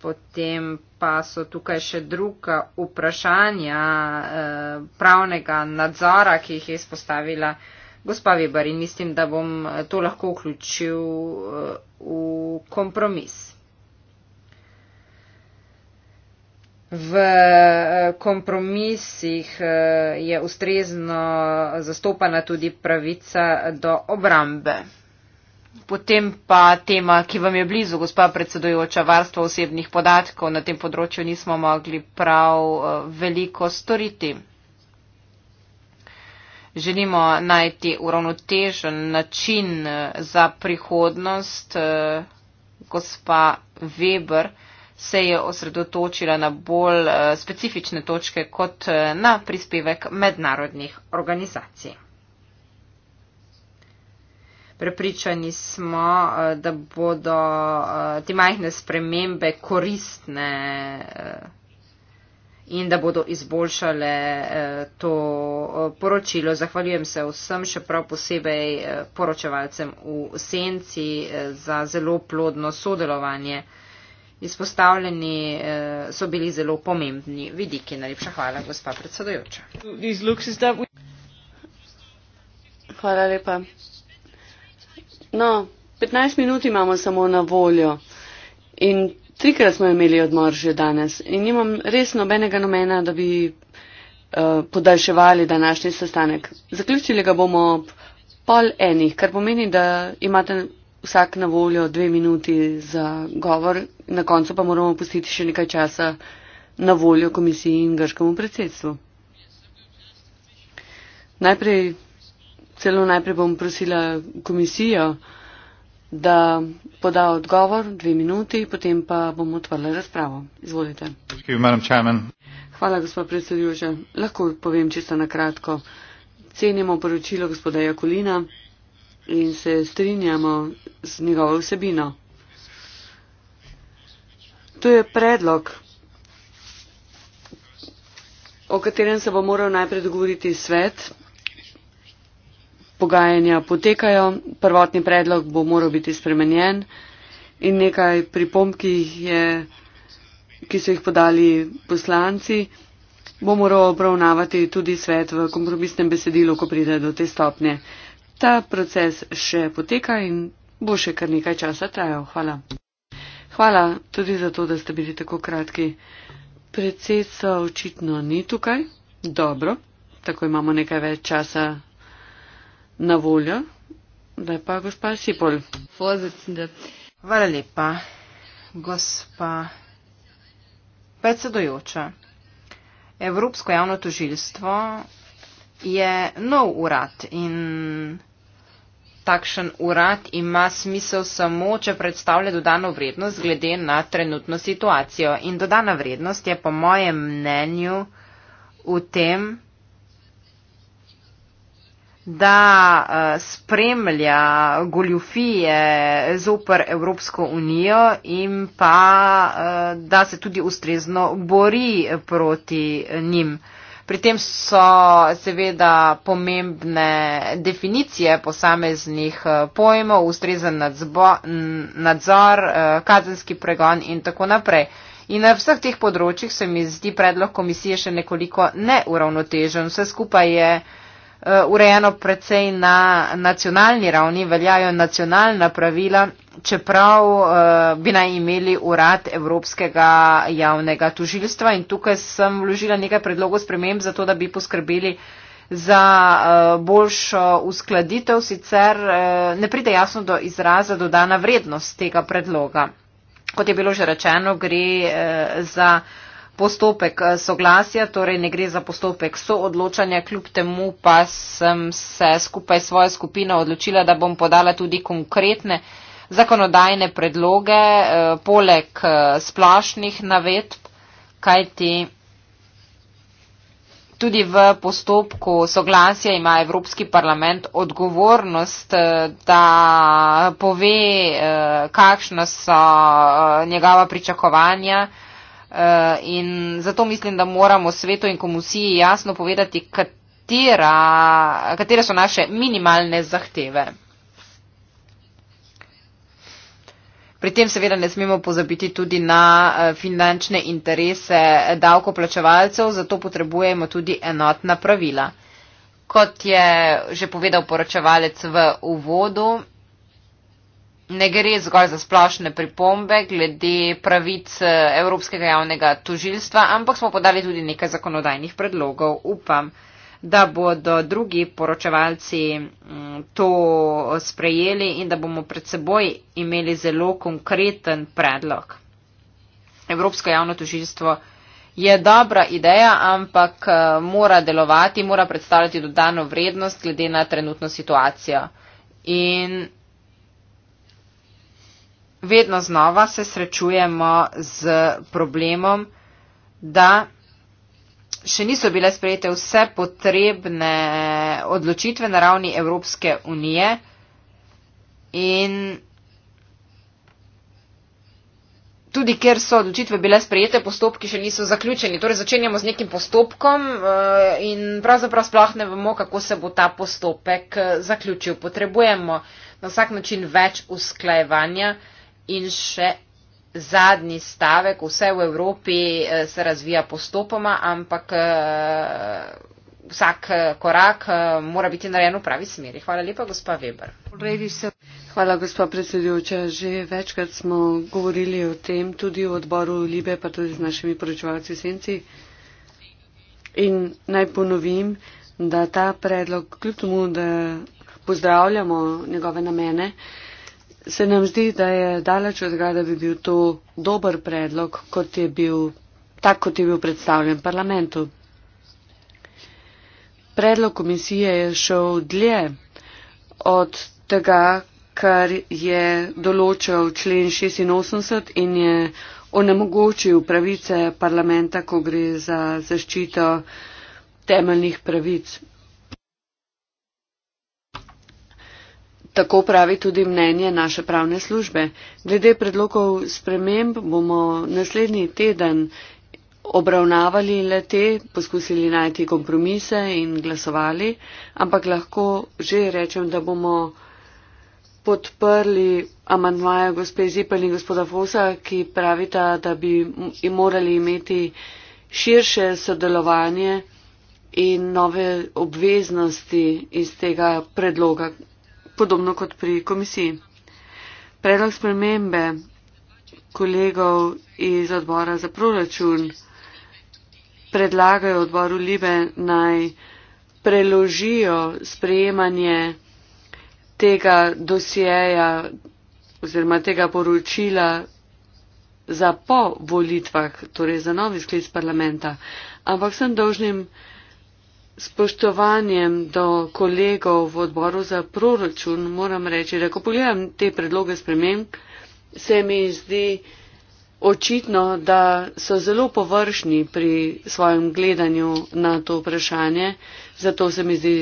Potem pa so tukaj še druga vprašanja eh, pravnega nadzora, ki jih je izpostavila eh, Gospa Vibar, in mislim, da bom eh, to lahko vključil eh, v kompromis. V eh, kompromisih je ustrezno zastopana tudi pravica do obrambe. Potem pa tema, ki vam je blizu, gospa predsedujoča, varstvo osebnih podatkov. Na tem področju nismo mogli prav veliko storiti želimo najti uravnotežen način eh, za prihodnost. Eh, gospa Weber se je osredotočila na bolj eh, specifične točke kot na prispevek mednarodnih organizacij. Prepričani smo, da bodo te majhne spremembe koristne in da bodo izboljšale eh, to eh, poročilo. Zahvaljujem se vsem, še prav posebej eh, poročevalcem v senci za zelo plodno sodelovanje. Izpostavljeni so bili zelo pomembni vidiki. Najlepša hvala, gospa predsedojoča. Hvala lepa. No, 15 minut imamo samo na voljo. In Trikrat smo imeli odmor že danes in nimam res nobenega namena, da bi uh, podaljševali današnji sestanek. Zaključili ga bomo pol enih, kar pomeni, da imate vsak na voljo dve minuti za govor, na koncu pa moramo pustiti še nekaj časa na voljo komisiji in grškemu predsedstvu. Najprej, celo najprej bom prosila komisijo, da poda odgovor dve minuti, potem pa bomo odprli razpravo. Izvolite. Hvala, gospod predsedujoča. Lahko povem čisto na kratko. Cenimo poročilo gospoda Jakolina in se strinjamo z njegovo vsebino. To je predlog, o katerem se bo moral najprej dogovoriti svet Pogajanja potekajo, prvotni predlog bo moral biti spremenjen in nekaj pripomb, ki, ki so jih podali poslanci, bo moral obravnavati tudi svet v kompromisnem besedilu, ko pride do te stopnje. Ta proces še poteka in bo še kar nekaj časa trajal. Hvala. Hvala tudi za to, da ste bili tako kratki. Predsedstva očitno ni tukaj. Dobro, tako imamo nekaj več časa na voljo. Zdaj pa gospa Šipol. Hvala lepa, gospa predsedojoča. Evropsko javno tožilstvo je nov urad in takšen urad ima smisel samo, če predstavlja dodano vrednost glede na trenutno situacijo. In dodana vrednost je po mojem mnenju v tem, da eh, spremlja goljufije zoper Evropsko unijo in pa eh, da se tudi ustrezno bori proti eh, njim. Pri tem so seveda pomembne definicije posameznih pojmov, ustrezen nadzor, kazenski pregon in tako naprej. In na vseh teh področjih se mi zdi predlog komisije še nekoliko neuravnotežen. Vse skupaj je uh, Eh, urejeno precej na nacionalni ravni, veljajo nacionalna pravila, čeprav eh, bi naj imeli urad Evropskega javnega tužilstva. In tukaj sem vložila nekaj predlogov sprememb za to, da bi poskrbeli za eh, boljšo uskladitev, sicer ne pride jasno do izraza dodana vrednost tega predloga. Kot je bilo že rečeno, gre za postopek eh, soglasja, torej ne gre za postopek soodločanja, kljub temu pa sem se skupaj s svojo skupino odločila, da bom podala tudi konkretne zakonodajne predloge, eh, poleg eh, splošnih navedb, kajti tudi v postopku soglasja ima Evropski parlament odgovornost, da pove, kakšna so njegova pričakovanja, Eh, in zato mislim, da moramo svetu in komisiji jasno povedati, katera, katere so naše minimalne zahteve. Pri tem seveda ne smemo pozabiti tudi na eh, finančne interese davkoplačevalcev, zato potrebujemo tudi enotna pravila. Kot je že povedal poročevalec v uvodu, ne gre zgolj za splošne pripombe glede pravic eh, Evropskega javnega tožilstva, ampak smo podali tudi nekaj zakonodajnih predlogov. Upam, da bodo drugi poročevalci mm, to sprejeli in da bomo pred seboj imeli zelo konkreten predlog. Evropsko javno tožilstvo je dobra ideja, ampak eh, mora delovati, mora predstavljati dodano vrednost glede na trenutno situacijo. In vedno znova se srečujemo z problemom, da še niso bile sprejete vse potrebne odločitve na ravni Evropske unije in tudi ker so odločitve bile sprejete, postopki še niso zaključeni. Torej začenjamo z nekim postopkom eh, in pravzaprav sploh ne vemo, kako se bo ta postopek eh, zaključil. Potrebujemo na vsak način več usklajevanja. In še zadnji stavek, vse v Evropi eh, se razvija postopoma, ampak eh, vsak eh, korak mora biti narejen v pravi smeri. Hvala lepa, gospa Weber. Hvala, gospa predsedujoča. Že večkrat smo govorili o tem, tudi v odboru Libe, pa tudi z našimi poročevalci Senci. In naj ponovim, da ta predlog, kljub temu, da pozdravljamo njegove namene, uh, se nam zdi, da je daleč od tega, da bi bil to dober predlog, kot je bil, tak, kot je bil predstavljen parlamentu. Predlog komisije je šel dlje od tega, kar je določal člen 86 in je onemogočil pravice parlamenta, ko gre za zaščito temeljnih pravic Tako pravi tudi mnenje naše pravne službe. Glede predlogov sprememb bomo naslednji teden obravnavali le te, poskusili najti kompromise in glasovali, ampak lahko že rečem, da bomo podprli amantmaja gospe Zipel in gospoda Fosa, ki pravita, da bi morali imeti širše sodelovanje in nove obveznosti iz tega predloga podobno kot pri komisiji. Predlog spremembe kolegov iz odbora za proračun predlagajo odboru Libe naj preložijo sprejemanje tega dosjeja oziroma tega poročila za po volitvah, torej za novi sklic parlamenta. Ampak sem dolžnim spoštovanjem do kolegov v odboru za proračun moram reči, da ko pogledam te predloge sprememb, se mi zdi očitno, da so zelo površni pri svojem gledanju na to vprašanje. Zato se mi zdi,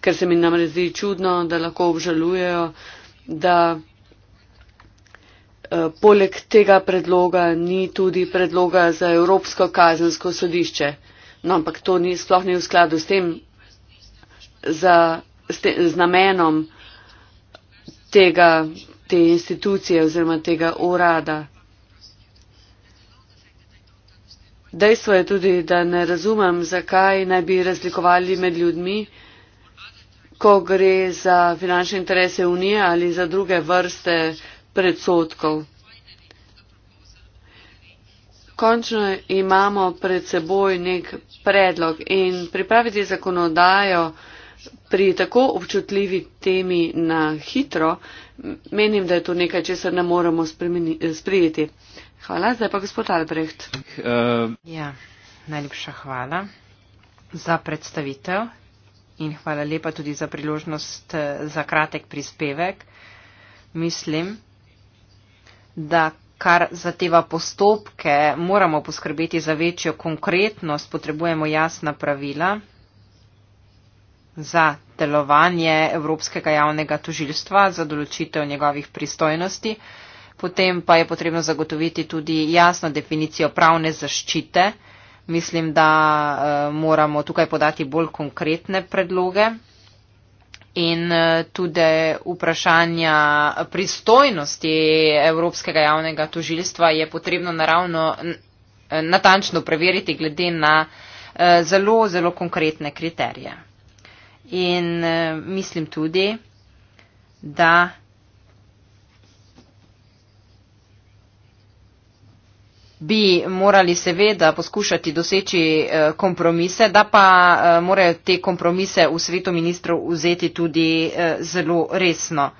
ker se mi namreč zdi čudno, da lahko obžalujejo, da eh, Poleg tega predloga ni tudi predloga za Evropsko kazensko sodišče. No, ampak to ni sploh ni v skladu s tem, za, s te, z namenom tega, te institucije oziroma tega urada. Dejstvo je tudi, da ne razumem, zakaj naj bi razlikovali med ljudmi, ko gre za finančne interese Unije ali za druge vrste predsotkov. Končno imamo pred seboj nek predlog in pripraviti zakonodajo pri tako občutljivi temi na hitro, menim, da je to nekaj, česar ne moremo sprijeti. Hvala, zdaj pa gospod Albrecht. Eh. Ja, najlepša hvala za predstavitev in hvala lepa tudi za priložnost eh, za kratek prispevek. Mislim, da kar zateva postopke, moramo poskrbeti za večjo konkretnost, potrebujemo jasna pravila za delovanje Evropskega javnega tožilstva, za določitev njegovih pristojnosti. Potem pa je potrebno zagotoviti tudi jasno definicijo pravne zaščite. Mislim, da eh, moramo tukaj podati bolj konkretne predloge in eh, tudi vprašanja pristojnosti Evropskega javnega tožilstva je potrebno naravno eh, natančno preveriti glede na eh, zelo, zelo konkretne kriterije. In mislim tudi, da bi morali seveda poskušati doseči eh, kompromise, da pa eh, morajo te kompromise v svetu ministrov vzeti tudi eh, zelo resno.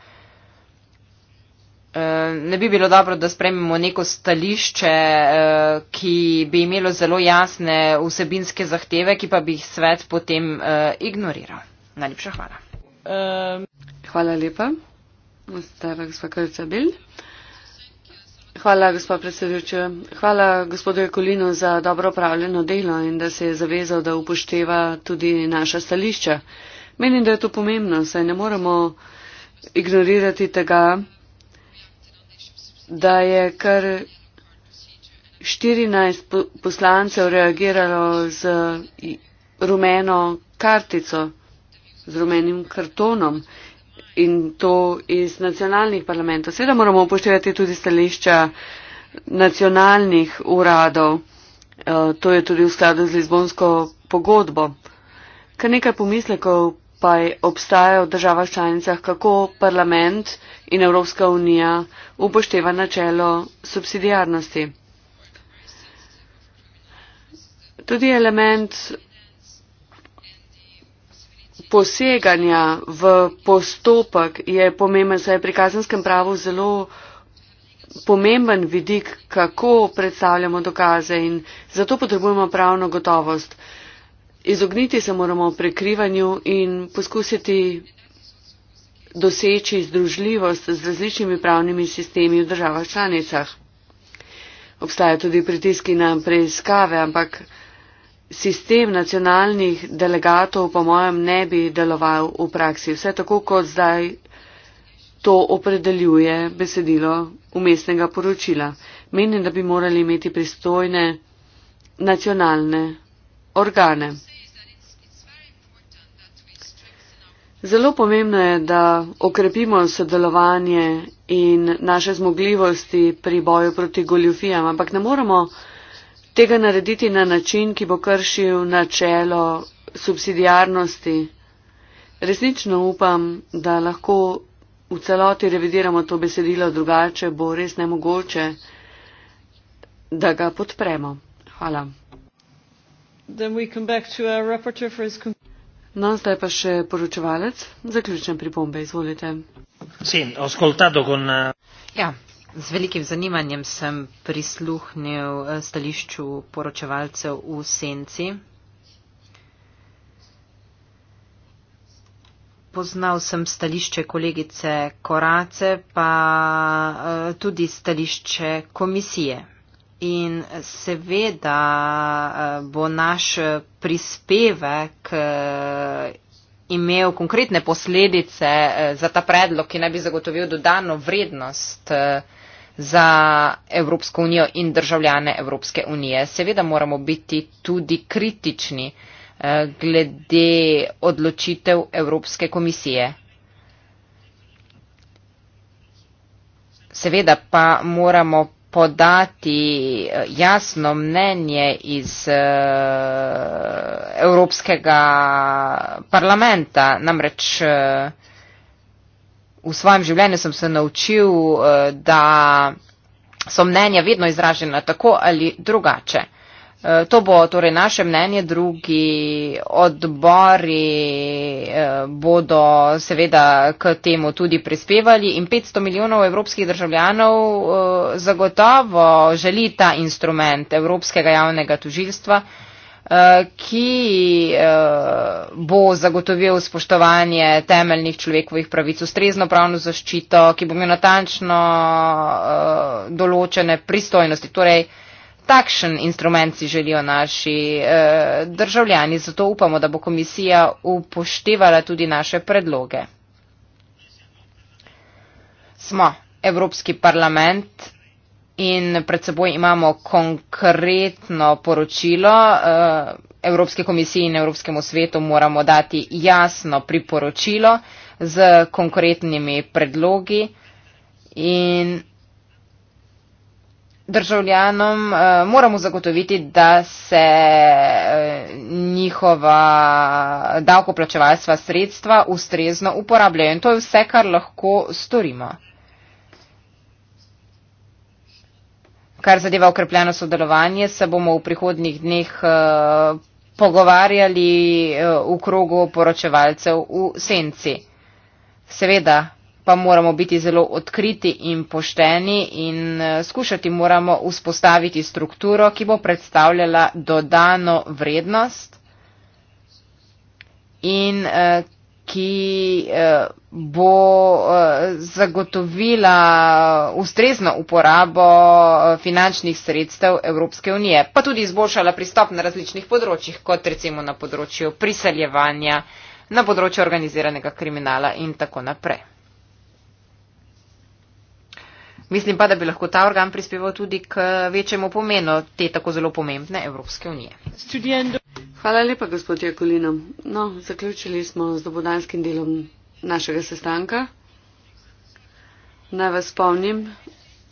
Ne bi bilo dobro, da sprememo neko stališče, ki bi imelo zelo jasne vsebinske zahteve, ki pa bi jih svet potem ignoriral. Najlepša hvala. Ehm. Hvala lepa. Ostala gospa Krca Bel. Hvala, gospod predsedujoče. Hvala gospodu Jekolinu za dobro upravljeno delo in da se je zavezal, da upošteva tudi naša stališča. Menim, da je to pomembno, saj ne moremo ignorirati tega, da je kar 14 poslancev reagiralo z rumeno kartico, z rumenim kartonom in to iz nacionalnih parlamentov. Seveda moramo upoštevati tudi stališča nacionalnih uradov. Eh, to je tudi v skladu z Lizbonsko pogodbo. Kar nekaj pomislekov pa je obstajalo v državah članicah, kako parlament in Evropska unija upošteva načelo subsidijarnosti. Tudi element poseganja v postopek je pomemben, saj je pri kazenskem pravu zelo pomemben vidik, kako predstavljamo dokaze in zato potrebujemo pravno gotovost. Izogniti se moramo prekrivanju in poskusiti doseči združljivost z različnimi pravnimi sistemi v državah članicah. Obstaja tudi pritiski na preiskave, ampak sistem nacionalnih delegatov, po mojem, ne bi deloval v praksi. Vse tako, kot zdaj to opredeljuje besedilo umestnega poročila. Menim, da bi morali imeti pristojne nacionalne organe. Zelo pomembno je, da okrepimo sodelovanje in naše zmogljivosti pri boju proti goljufijam, ampak ne moramo tega narediti na način, ki bo kršil načelo subsidijarnosti. Resnično upam, da lahko v celoti revidiramo to besedilo, drugače bo res nemogoče, da ga podpremo. Hvala. No, zdaj pa še poročevalec. Zaključne pripombe, izvolite. Sì, ho ascoltato con. Yeah. Ja, Z velikim zanimanjem sem prisluhnil eh, stališču poročevalcev v senci. Poznal sem stališče kolegice Korace, pa eh, tudi stališče komisije. In seveda eh, bo naš prispevek imel konkretne posledice za ta predlog, ki naj bi zagotovil dodano vrednost za Evropsko unijo in državljane Evropske unije. Seveda moramo biti tudi kritični eh, glede odločitev Evropske komisije. Seveda pa moramo podati eh, jasno mnenje iz eh, Evropskega parlamenta, namreč v svojem življenju sem se naučil, eh, da so mnenja vedno izražena tako ali drugače. Eh, to bo torej naše mnenje, drugi odbori eh, bodo seveda k temu tudi prispevali in 500 milijonov evropskih državljanov zagotovo želi ta instrument Evropskega javnega tužilstva, Eh, ki eh, bo zagotovil spoštovanje temeljnih človekovih pravic, ustrezno pravno zaščito, ki bo imel natančno eh, določene pristojnosti. Torej, takšen instrument si želijo naši državljani, zato upamo, da bo komisija upoštevala tudi naše predloge. Smo Evropski parlament In pred seboj imamo konkretno poročilo eh, Evropske komisije in Evropskemu svetu, moramo dati jasno priporočilo z konkretnimi predlogi in državljanom eh, moramo zagotoviti, da se eh, njihova davkoplačevalstva sredstva ustrezno uporabljajo in to je vse, kar lahko storimo. Kar zadeva okrepljeno sodelovanje, se bomo v prihodnih dneh eh, pogovarjali eh, v krogu poročevalcev v senci. Seveda pa moramo biti zelo odkriti in pošteni in eh, skušati moramo vzpostaviti strukturo, ki bo predstavljala dodano vrednost in ki eh, bo eh, zagotovila ustrezno uporabo eh, finančnih sredstev Evropske unije, pa tudi izboljšala pristop na različnih področjih, kot recimo na področju priseljevanja, na področju organiziranega kriminala in tako naprej. Mislim pa, da bi lahko ta organ prispeval tudi k večjemu pomenu te tako zelo pomembne Evropske unije. Hvala lepa, gospod Jakolino. No, zaključili smo z dobodanskim delom našega sestanka. Naj vas spomnim,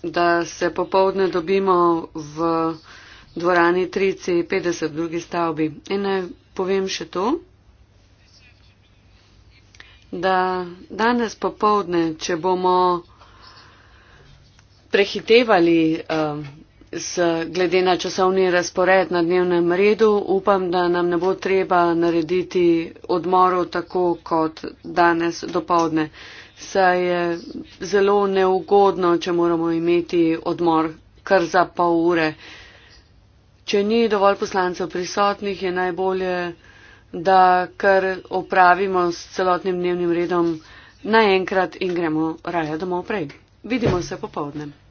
da se popovdne dobimo v dvorani 3C50 v drugi stavbi. In naj povem še to, da danes popovdne, če bomo prehitevali. Uh, z, glede na časovni razpored na dnevnem redu. Upam, da nam ne bo treba narediti odmorov tako kot danes dopovdne. Saj je zelo neugodno, če moramo imeti odmor kar za pol ure. Če ni dovolj poslancev prisotnih, je najbolje, da kar opravimo s celotnim dnevnim redom naenkrat in gremo raje domov prej. Vidimo se popovdnem.